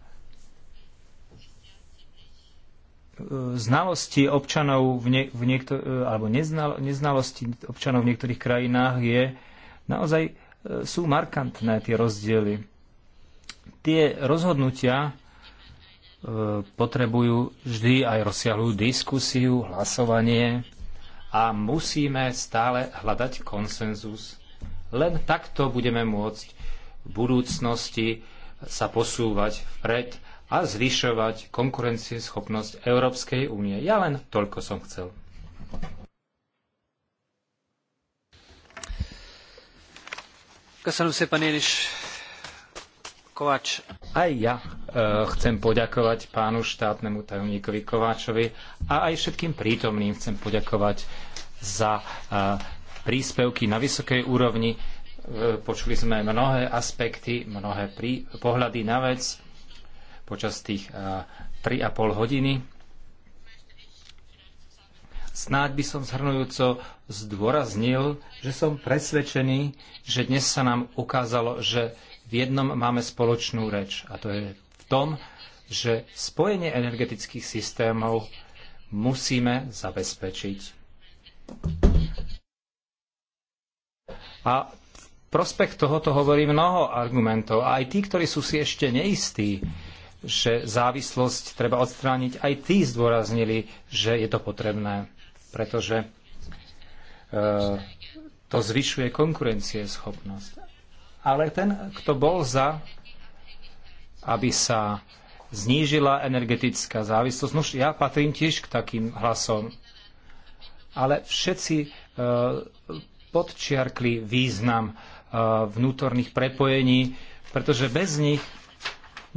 znalosti občanov v, nie, v niektor- e, alebo neznal- neznalosti občanov v niektorých krajinách je naozaj e, sú markantné tie rozdiely. Tie rozhodnutia potrebujú vždy aj rozsiahlú diskusiu, hlasovanie, a musíme stále hľadať konsenzus. Len takto budeme môcť v budúcnosti sa posúvať vpred a zvyšovať konkurencieschopnosť Európskej únie. Ja len toľko som chcel. Köszönöm szépen én is Kovač. Aj ja e, chcem poďakovať pánu štátnemu tajomníkovi Kováčovi a aj všetkým prítomným chcem poďakovať za e, príspevky na vysokej úrovni. E, počuli sme mnohé aspekty, mnohé prí, pohľady na vec počas tých e, tri a pol hodiny. Snáď by som zhrnujúco zdôraznil, že som presvedčený, že dnes sa nám ukázalo, že v jednom máme spoločnú reč a to je v tom, že spojenie energetických systémov musíme zabezpečiť. A v prospech tohoto hovorí mnoho argumentov. A aj tí, ktorí sú si ešte neistí, že závislosť treba odstrániť, aj tí zdôraznili, že je to potrebné, pretože e, to zvyšuje konkurencieschopnosť ale ten, kto bol za, aby sa znížila energetická závislosť. Nož ja patrím tiež k takým hlasom. Ale všetci e, podčiarkli význam e, vnútorných prepojení, pretože bez nich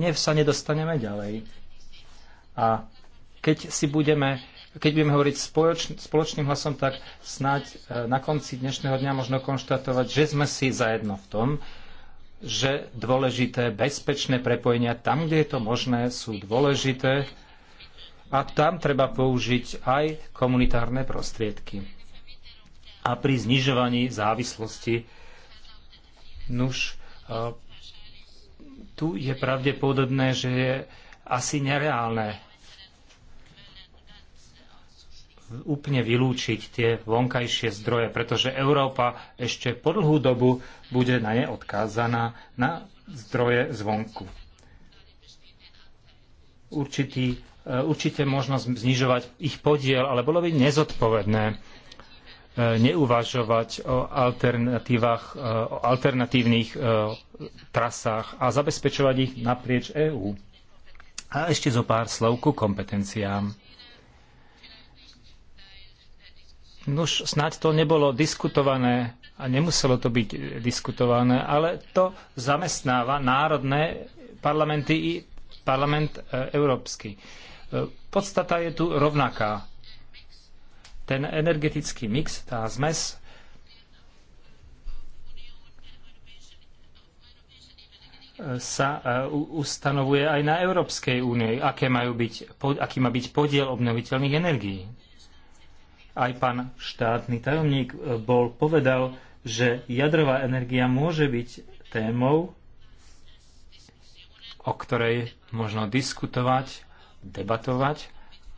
nev sa nedostaneme ďalej. A keď si budeme keď budeme hovoriť spoločn- spoločným hlasom, tak snáď e, na konci dnešného dňa možno konštatovať, že sme si zajedno v tom, že dôležité bezpečné prepojenia tam, kde je to možné, sú dôležité a tam treba použiť aj komunitárne prostriedky. A pri znižovaní závislosti nuž e, tu je pravdepodobné, že je asi nereálne úplne vylúčiť tie vonkajšie zdroje, pretože Európa ešte po dlhú dobu bude na ne odkázaná na zdroje zvonku. Určitý, e, určite možno znižovať ich podiel, ale bolo by nezodpovedné e, neuvažovať o alternatívach, e, o alternatívnych trasách a zabezpečovať ich naprieč EÚ. A ešte zo pár slov ku kompetenciám. Nuž, snáď to nebolo diskutované a nemuselo to byť diskutované, ale to zamestnáva národné parlamenty i parlament e, európsky. E, podstata je tu rovnaká. Ten energetický mix, tá zmes, e, sa ustanovuje aj na Európskej únie, aké majú byť, aký má byť podiel obnoviteľných energií aj pán štátny tajomník e, bol povedal, že jadrová energia môže byť témou, o ktorej možno diskutovať, debatovať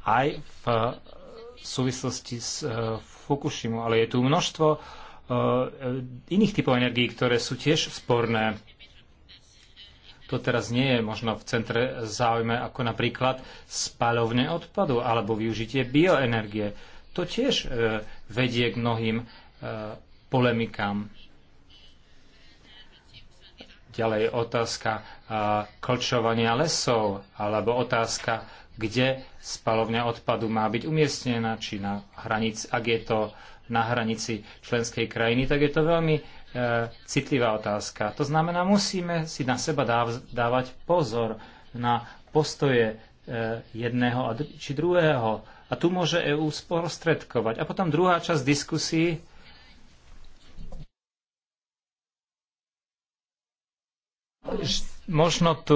aj v e, súvislosti s e, Fukushimu, ale je tu množstvo iných typov energií, ktoré sú tiež sporné. To teraz nie je možno v centre záujme ako napríklad spalovne odpadu alebo využitie bioenergie to tiež e, vedie k mnohým e, polemikám. Ďalej otázka e, klčovania lesov alebo otázka, kde spalovňa odpadu má byť umiestnená, či na hranic, ak je to na hranici členskej krajiny, tak je to veľmi citlivá otázka. To znamená, musíme si na seba dávať pozor na postoje jedného či druhého a tu môže EÚ sprostredkovať. A potom druhá časť diskusí Možno tu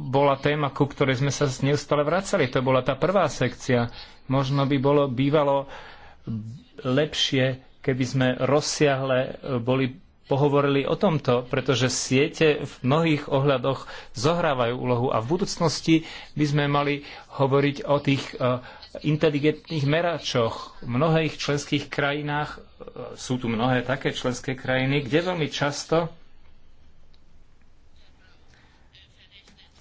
bola téma, ku ktorej sme sa neustále vracali. To bola tá prvá sekcia. Možno by bolo bývalo lepšie, keby sme rozsiahle boli pohovorili o tomto, pretože siete v mnohých ohľadoch zohrávajú úlohu a v budúcnosti by sme mali hovoriť o tých uh, inteligentných meračoch. V mnohých členských krajinách e, sú tu mnohé také členské krajiny, kde veľmi často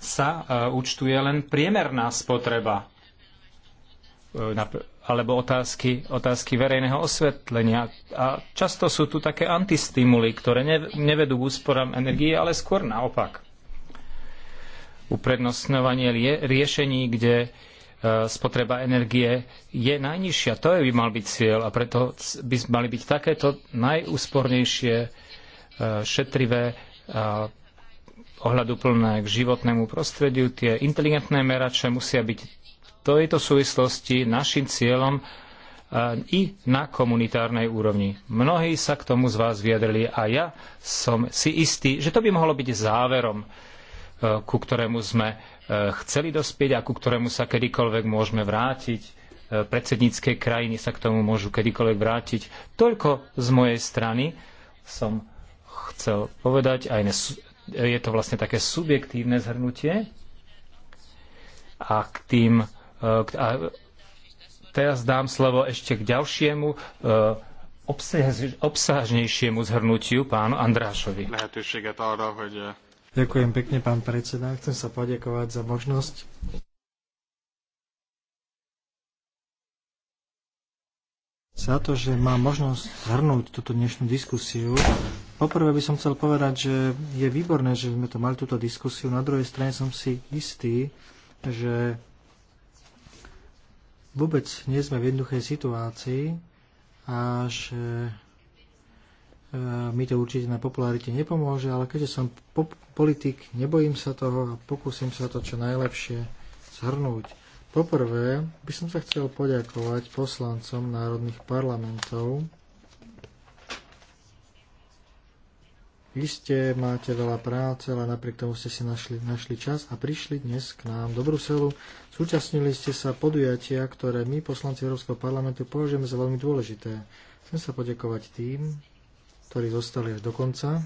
sa e, účtuje len priemerná spotreba e, alebo otázky, otázky verejného osvetlenia. A často sú tu také antistimuly, ktoré nevedú k úsporám energie, ale skôr naopak. Uprednostňovanie riešení, kde E, spotreba energie je najnižšia. To by mal byť cieľ a preto by mali byť takéto najúspornejšie, e, šetrivé a e, ohľaduplné k životnému prostrediu. Tie inteligentné merače musia byť v tejto súvislosti našim cieľom i na komunitárnej úrovni. Mnohí sa k tomu z vás vyjadrili a ja som si istý, že to by mohlo byť záverom, ku ktorému sme Eh, chceli dospieť a ku ktorému sa kedykoľvek môžeme vrátiť. Eh, predsednícke krajiny sa k tomu môžu kedykoľvek vrátiť. Toľko z mojej strany som chcel povedať. Aj je to vlastne také subjektívne zhrnutie. A k tým... Eh, a teraz dám slovo ešte k ďalšiemu obsažnejšiemu zhrnutiu pánu Andrášovi. Lehetőséget arra, hogy Ďakujem pekne, pán predseda. Chcem sa poďakovať za možnosť za to, že mám možnosť zhrnúť túto dnešnú diskusiu. Poprvé by som chcel povedať, že je výborné, že sme to mali túto diskusiu. Na druhej strane som si istý, že vôbec nie sme v jednoduchej situácii a že e, mi to určite na popularite nepomôže, ale keďže som politik, nebojím sa toho a pokúsim sa to čo najlepšie zhrnúť. Poprvé by som sa chcel poďakovať poslancom národných parlamentov. Iste máte veľa práce, ale napriek tomu ste si našli, našli čas a prišli dnes k nám do Bruselu. Súčasnili ste sa podujatia, ktoré my, poslanci Európskeho parlamentu, považujeme za veľmi dôležité. Chcem sa poďakovať tým, ktorí zostali až do konca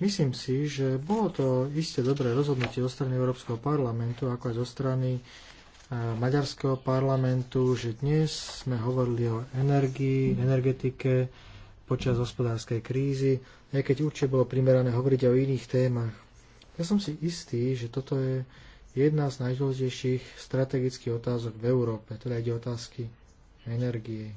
Myslím si, že bolo to isté dobré rozhodnutie zo strany Európskeho parlamentu, ako aj zo strany e, Maďarského parlamentu, že dnes sme hovorili o energii, energetike počas hospodárskej krízy, aj keď určite bolo primerané hovoriť o iných témach. Ja som si istý, že toto je jedna z najdôležitejších strategických otázok v Európe, teda ide otázky energie.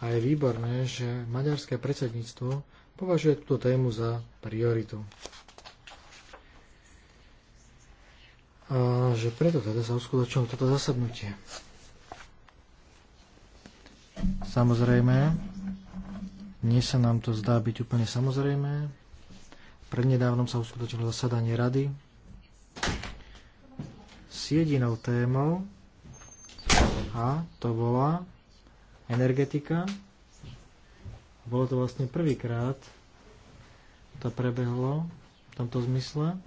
A je výborné, že maďarské predsedníctvo považuje túto tému za prioritu. A že preto teda sa uskutočnilo toto zasadnutie. Samozrejme, dnes sa nám to zdá byť úplne samozrejme. Prednedávnom sa uskutočnilo zasadanie rady s jedinou témou a to bola energetika bolo to vlastne prvýkrát, to prebehlo v tomto zmysle.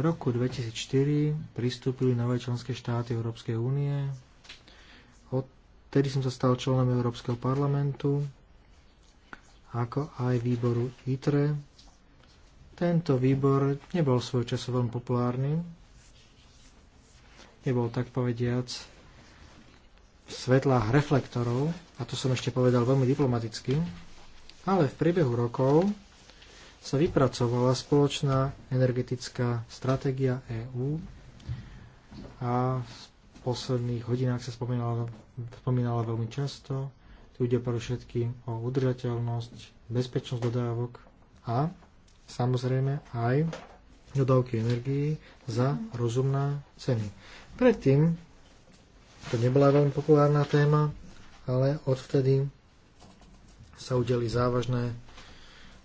V roku 2004 pristúpili nové členské štáty Európskej únie. Odtedy som sa stal členom Európskeho parlamentu, ako aj výboru ITRE. Tento výbor nebol svojho času veľmi populárny. Nebol tak povediac svetlách reflektorov, a to som ešte povedal veľmi diplomaticky, ale v priebehu rokov sa vypracovala spoločná energetická stratégia EÚ a v posledných hodinách sa spomínala, spomínala veľmi často. Tu ide pre všetkým o udržateľnosť, bezpečnosť dodávok a samozrejme aj dodávky energií za rozumná ceny. Predtým to nebola veľmi populárna téma, ale odvtedy sa udeli závažné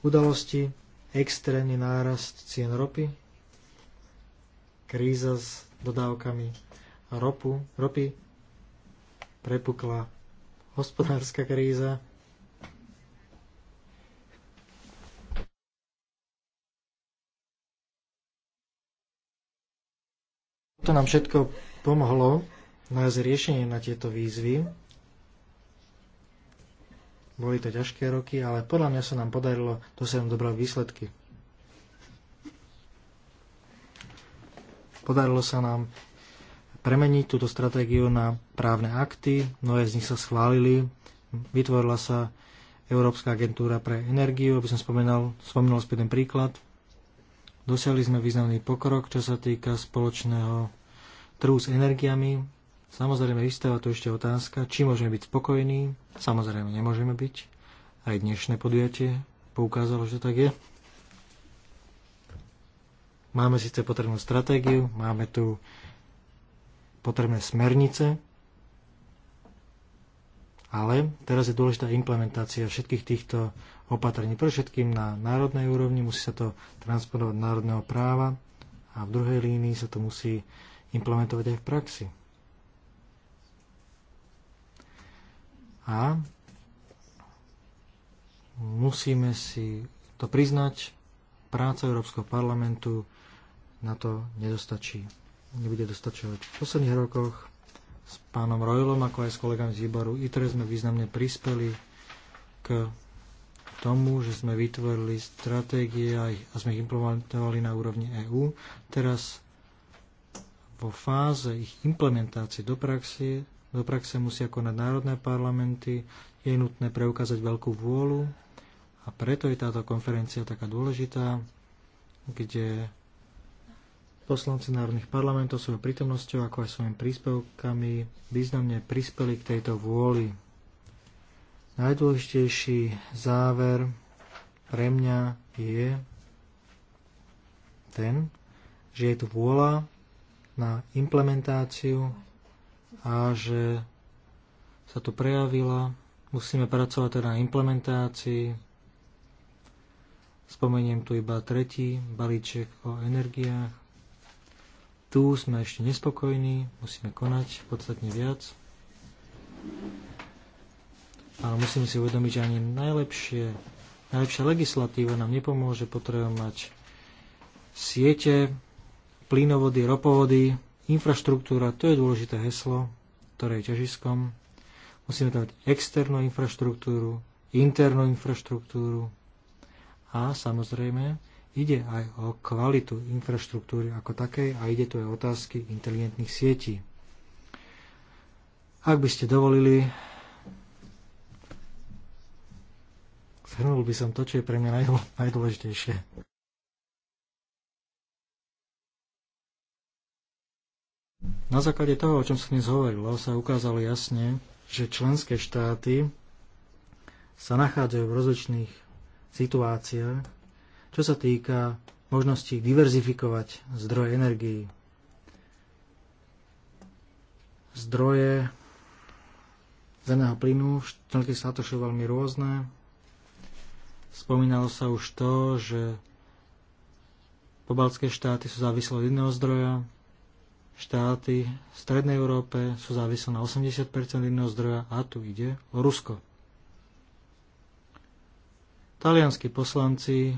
udalosti, extrémny nárast cien ropy, kríza s dodávkami ropu, ropy, prepukla hospodárska kríza, to nám všetko pomohlo nájsť riešenie na tieto výzvy. Boli to ťažké roky, ale podľa mňa sa nám podarilo dosiahnuť dobré výsledky. Podarilo sa nám premeniť túto stratégiu na právne akty, mnohé z nich sa schválili, vytvorila sa Európska agentúra pre energiu, aby som spomenal, spomenul späť ten príklad. Dosiahli sme významný pokrok, čo sa týka spoločného trhu s energiami. Samozrejme, vystáva tu ešte otázka, či môžeme byť spokojní. Samozrejme, nemôžeme byť. Aj dnešné podujatie poukázalo, že tak je. Máme síce potrebnú stratégiu, máme tu potrebné smernice, ale teraz je dôležitá implementácia všetkých týchto opatrení. Pre všetkým na národnej úrovni musí sa to transponovať národného práva a v druhej línii sa to musí implementovať aj v praxi. A musíme si to priznať, práca Európskeho parlamentu na to nedostačí. Nebude dostačovať. V posledných rokoch s pánom Rojlom, ako aj s kolegami z výboru ITRE sme významne prispeli k tomu, že sme vytvorili stratégie a sme ich implementovali na úrovni EÚ. Teraz vo fáze ich implementácie do praxie do praxe musia konať národné parlamenty, je nutné preukázať veľkú vôľu a preto je táto konferencia taká dôležitá, kde poslanci národných parlamentov svojou prítomnosťou ako aj svojimi príspevkami významne prispeli k tejto vôli. Najdôležitejší záver pre mňa je ten, že je tu vôľa na implementáciu a že sa to prejavila. Musíme pracovať teda na implementácii. Spomeniem tu iba tretí balíček o energiách. Tu sme ešte nespokojní, musíme konať podstatne viac. Ale musíme si uvedomiť, že ani najlepšie, najlepšia legislatíva nám nepomôže, potrebujeme mať siete, plynovody, ropovody, Infraštruktúra, to je dôležité heslo, ktoré je ťažiskom. Musíme tam mať externú infraštruktúru, internú infraštruktúru a samozrejme ide aj o kvalitu infraštruktúry ako takej a ide tu aj o otázky inteligentných sietí. Ak by ste dovolili, zhrnul by som to, čo je pre mňa najdôležitejšie. Na základe toho, o čom sa dnes hovorilo, sa ukázalo jasne, že členské štáty sa nachádzajú v rozličných situáciách, čo sa týka možnosti diverzifikovať zdroje energií. Zdroje zemného plynu v členských štátoch sú veľmi rôzne. Spomínalo sa už to, že pobaltské štáty sú závislé od jedného zdroja, štáty v Strednej Európe sú závislé na 80 jedného zdroja a tu ide o Rusko. Talianskí poslanci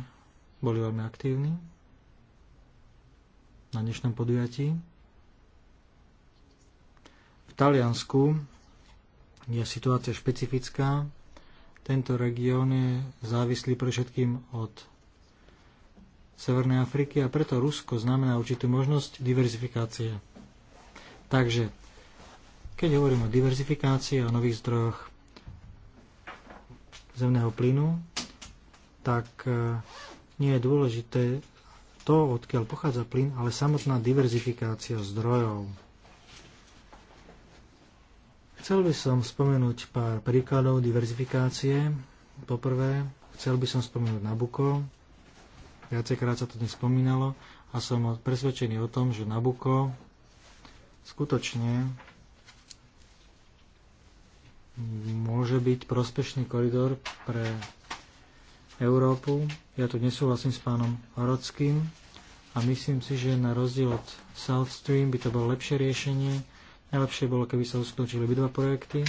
boli veľmi aktívni na dnešnom podujatí. V Taliansku je situácia špecifická. Tento región je závislý pre všetkým od Severnej Afriky a preto Rusko znamená určitú možnosť diverzifikácie. Takže, keď hovorím o diverzifikácii a o nových zdrojoch zemného plynu, tak e, nie je dôležité to, odkiaľ pochádza plyn, ale samotná diverzifikácia zdrojov. Chcel by som spomenúť pár príkladov diverzifikácie. Poprvé, chcel by som spomenúť Nabuko, viacejkrát sa to dnes spomínalo a som presvedčený o tom, že Nabuko skutočne môže byť prospešný koridor pre Európu. Ja tu nesúhlasím s pánom Horockým a myslím si, že na rozdiel od South Stream by to bolo lepšie riešenie. Najlepšie bolo, keby sa uskutočili obidva projekty,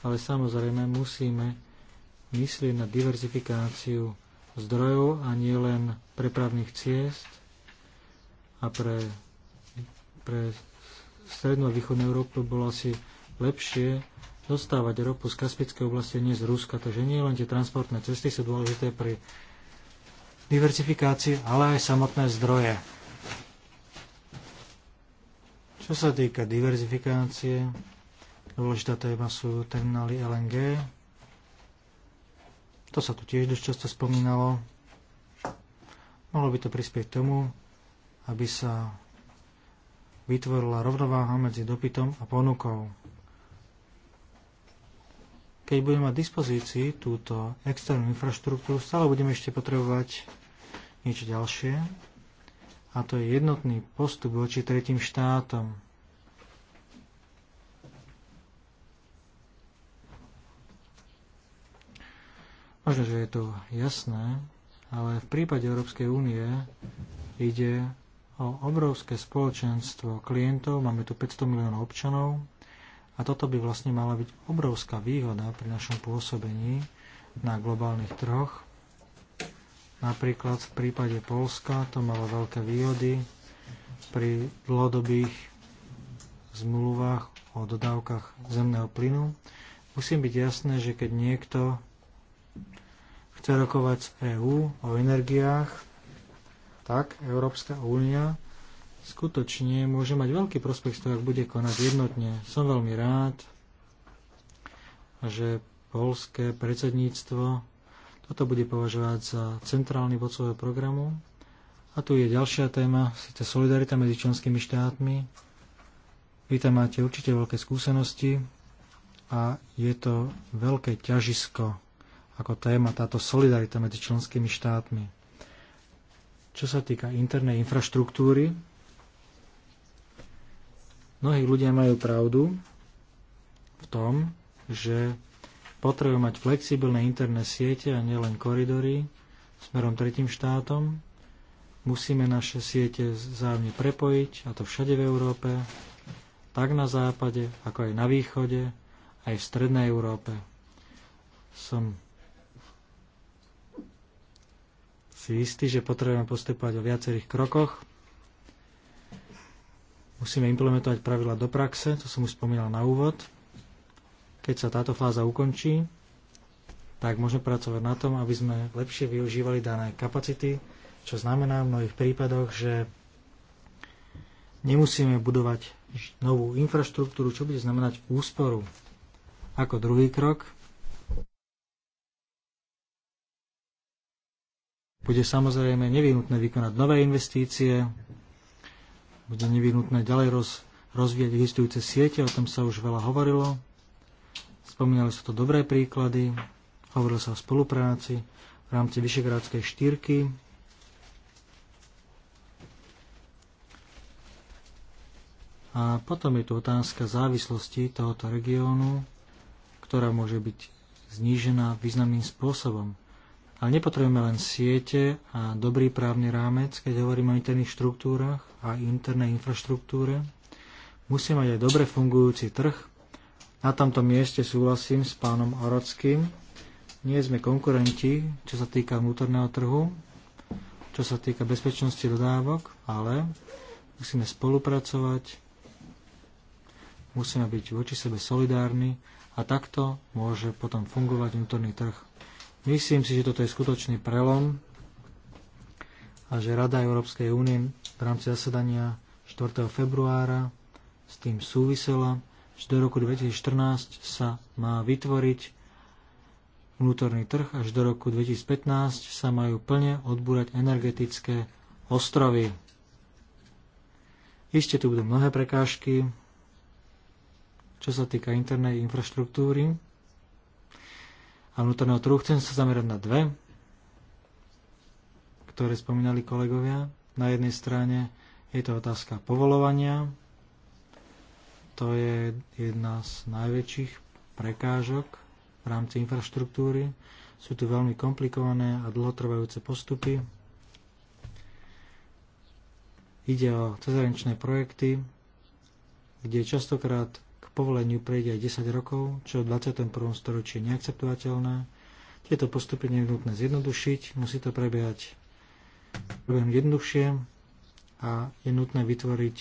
ale samozrejme musíme myslieť na diverzifikáciu zdrojov a len prepravných ciest a pre, pre strednú a východnú Európu bolo asi lepšie dostávať ropu z Kaspickej oblasti a nie z Ruska. Takže nie len tie transportné cesty sú dôležité pri diversifikácii, ale aj samotné zdroje. Čo sa týka diverzifikácie, dôležitá téma sú terminály LNG, to sa tu tiež dosť často spomínalo. Mohlo by to prispieť tomu, aby sa vytvorila rovnováha medzi dopytom a ponukou. Keď budeme mať dispozícii túto externú infraštruktúru, stále budeme ešte potrebovať niečo ďalšie, a to je jednotný postup voči tretím štátom. Možno, že je to jasné, ale v prípade Európskej únie ide o obrovské spoločenstvo klientov, máme tu 500 miliónov občanov a toto by vlastne mala byť obrovská výhoda pri našom pôsobení na globálnych trhoch. Napríklad v prípade Polska to malo veľké výhody pri dlhodobých zmluvách o dodávkach zemného plynu. Musím byť jasné, že keď niekto chce rokovať s EÚ o energiách, tak Európska únia skutočne môže mať veľký prospech z toho, ak bude konať jednotne. Som veľmi rád, že polské predsedníctvo toto bude považovať za centrálny bod svojho programu. A tu je ďalšia téma, síce solidarita medzi členskými štátmi. Vy tam máte určite veľké skúsenosti a je to veľké ťažisko ako téma táto solidarita medzi členskými štátmi. Čo sa týka internej infraštruktúry, mnohí ľudia majú pravdu v tom, že potrebujú mať flexibilné interné siete a nielen koridory smerom tretím štátom. Musíme naše siete zájemne prepojiť, a to všade v Európe, tak na západe, ako aj na východe, aj v strednej Európe. Som si istý, že potrebujeme postupovať o viacerých krokoch. Musíme implementovať pravidla do praxe, to som už spomínal na úvod. Keď sa táto fáza ukončí, tak môžeme pracovať na tom, aby sme lepšie využívali dané kapacity, čo znamená v mnohých prípadoch, že nemusíme budovať novú infraštruktúru, čo bude znamenať úsporu. Ako druhý krok Bude samozrejme nevyhnutné vykonať nové investície, bude nevyhnutné ďalej roz, rozvíjať existujúce siete, o tom sa už veľa hovorilo. Spomínali sa to dobré príklady, hovorilo sa o spolupráci v rámci Vyšegrádskej štyrky, A potom je tu otázka závislosti tohoto regiónu, ktorá môže byť znížená významným spôsobom. Ale nepotrebujeme len siete a dobrý právny rámec, keď hovoríme o interných štruktúrach a internej infraštruktúre. Musíme mať aj dobre fungujúci trh. Na tomto mieste súhlasím s pánom Orockým. Nie sme konkurenti, čo sa týka vnútorného trhu, čo sa týka bezpečnosti dodávok, ale musíme spolupracovať, musíme byť voči sebe solidárni a takto môže potom fungovať vnútorný trh. Myslím si, že toto je skutočný prelom a že Rada Európskej únie v rámci zasedania 4. februára s tým súvisela, že do roku 2014 sa má vytvoriť vnútorný trh, až do roku 2015 sa majú plne odbúrať energetické ostrovy. Ište tu budú mnohé prekážky, čo sa týka internej infraštruktúry, a vnútorného trhu. Chcem sa zamerať na dve, ktoré spomínali kolegovia. Na jednej strane je to otázka povolovania. To je jedna z najväčších prekážok v rámci infraštruktúry. Sú tu veľmi komplikované a dlhotrvajúce postupy. Ide o cezhraničné projekty, kde častokrát povoleniu prejde aj 10 rokov, čo v 21. storočí je neakceptovateľné. Tieto postupy je nutné zjednodušiť, musí to prebiehať prebehnúť jednoduchšie a je nutné vytvoriť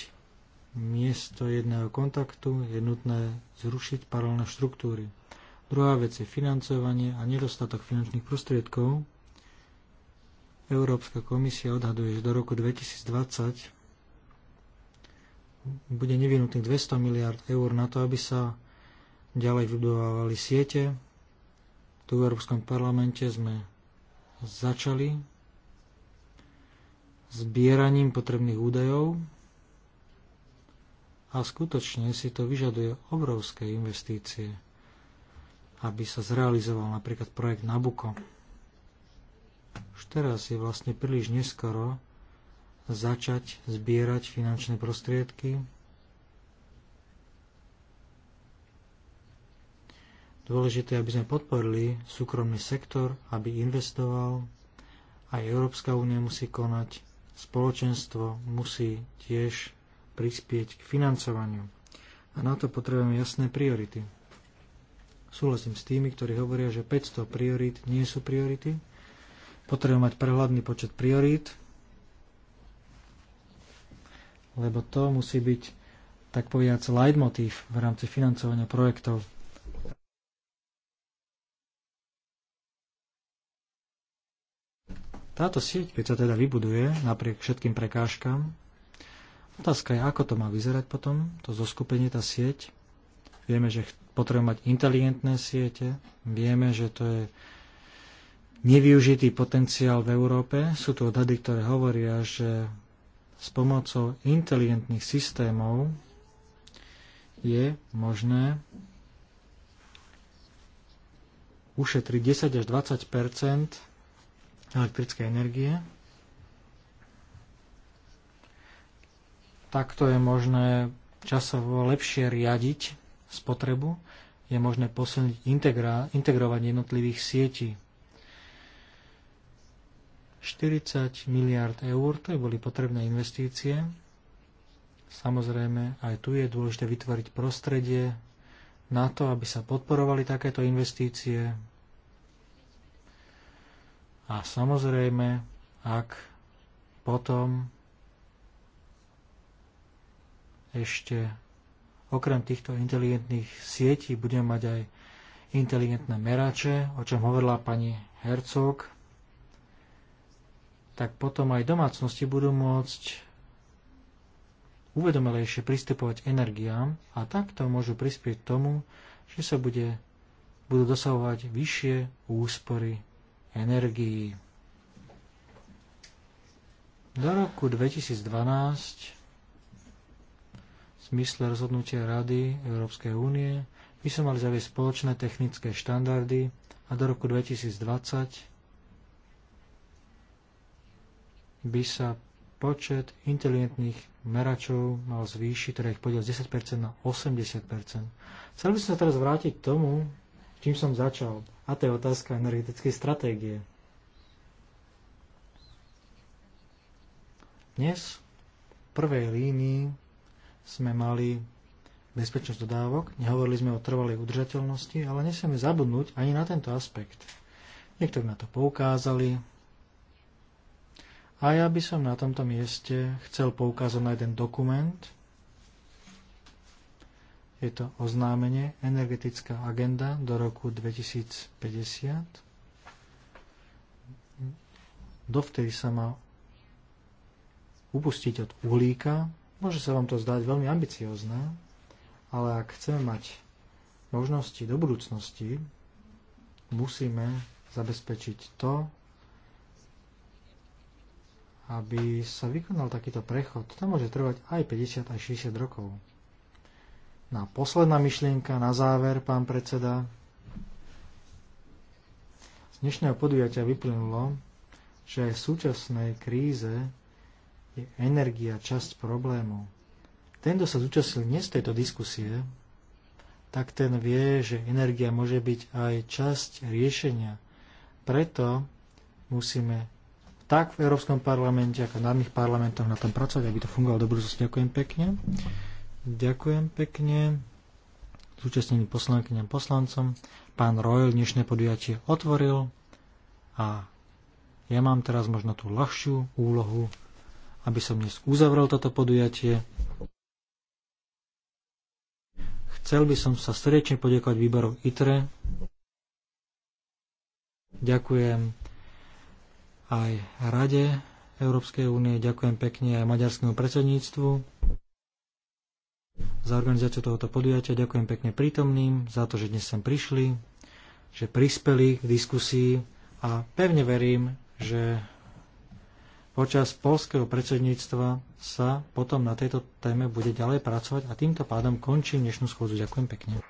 miesto jedného kontaktu, je nutné zrušiť paralelné štruktúry. Druhá vec je financovanie a nedostatok finančných prostriedkov. Európska komisia odhaduje, že do roku 2020 bude nevinutých 200 miliard eur na to, aby sa ďalej vybudovávali siete. Tu v Európskom parlamente sme začali zbieraním potrebných údajov a skutočne si to vyžaduje obrovské investície, aby sa zrealizoval napríklad projekt Nabuko. Už teraz je vlastne príliš neskoro začať zbierať finančné prostriedky. Dôležité, aby sme podporili súkromný sektor, aby investoval. Aj Európska únia musí konať, spoločenstvo musí tiež prispieť k financovaniu. A na to potrebujeme jasné priority. Súhlasím s tými, ktorí hovoria, že 500 priorít nie sú priority. Potrebujeme mať prehľadný počet priorít, lebo to musí byť, tak povedať, leitmotív v rámci financovania projektov. Táto sieť, keď sa teda vybuduje napriek všetkým prekážkam, otázka je, ako to má vyzerať potom, to zoskupenie, tá sieť. Vieme, že potrebujeme mať inteligentné siete, vieme, že to je nevyužitý potenciál v Európe. Sú tu odhady, ktoré hovoria, že s pomocou inteligentných systémov je možné ušetriť 10 až 20 elektrickej energie. Takto je možné časovo lepšie riadiť spotrebu, je možné posilniť integra- integrovanie jednotlivých sietí 40 miliard eur, to boli potrebné investície. Samozrejme, aj tu je dôležité vytvoriť prostredie na to, aby sa podporovali takéto investície. A samozrejme, ak potom ešte okrem týchto inteligentných sietí budeme mať aj inteligentné merače, o čom hovorila pani Hercog, tak potom aj domácnosti budú môcť uvedomelejšie pristupovať k energiám a takto môžu prispieť tomu, že sa bude, budú dosahovať vyššie úspory energií. Do roku 2012 v zmysle rozhodnutia Rady Európskej únie by sa mali zaviesť spoločné technické štandardy a do roku 2020 by sa počet inteligentných meračov mal zvýšiť, teda ich podiel z 10% na 80%. Chcel by som sa teraz vrátiť k tomu, čím som začal, a to je otázka energetickej stratégie. Dnes v prvej línii sme mali bezpečnosť dodávok, nehovorili sme o trvalej udržateľnosti, ale nesieme zabudnúť ani na tento aspekt. Niektorí na to poukázali, a ja by som na tomto mieste chcel poukázať na jeden dokument. Je to oznámenie Energetická agenda do roku 2050. Dovtedy sa má upustiť od uhlíka. Môže sa vám to zdať veľmi ambiciozne, ale ak chceme mať možnosti do budúcnosti, musíme zabezpečiť to, aby sa vykonal takýto prechod, to môže trvať aj 50 až 60 rokov. No posledná myšlienka na záver, pán predseda. Z dnešného podujatia vyplynulo, že aj v súčasnej kríze je energia časť problému. Ten, kto sa zúčastnil dnes tejto diskusie, tak ten vie, že energia môže byť aj časť riešenia. Preto musíme tak v Európskom parlamente, ako v národných parlamentoch na tom pracovať, aby to fungovalo do budúcnosti. Ďakujem pekne. Ďakujem pekne zúčastneným poslankyňam poslancom. Pán Royal dnešné podujatie otvoril a ja mám teraz možno tú ľahšiu úlohu, aby som dnes uzavrel toto podujatie. Chcel by som sa srdečne poďakovať výboru ITRE. Ďakujem aj Rade Európskej únie, ďakujem pekne aj maďarskému predsedníctvu za organizáciu tohoto podujatia, ďakujem pekne prítomným za to, že dnes sem prišli, že prispeli k diskusii a pevne verím, že počas polského predsedníctva sa potom na tejto téme bude ďalej pracovať a týmto pádom končím dnešnú schôdzu. Ďakujem pekne.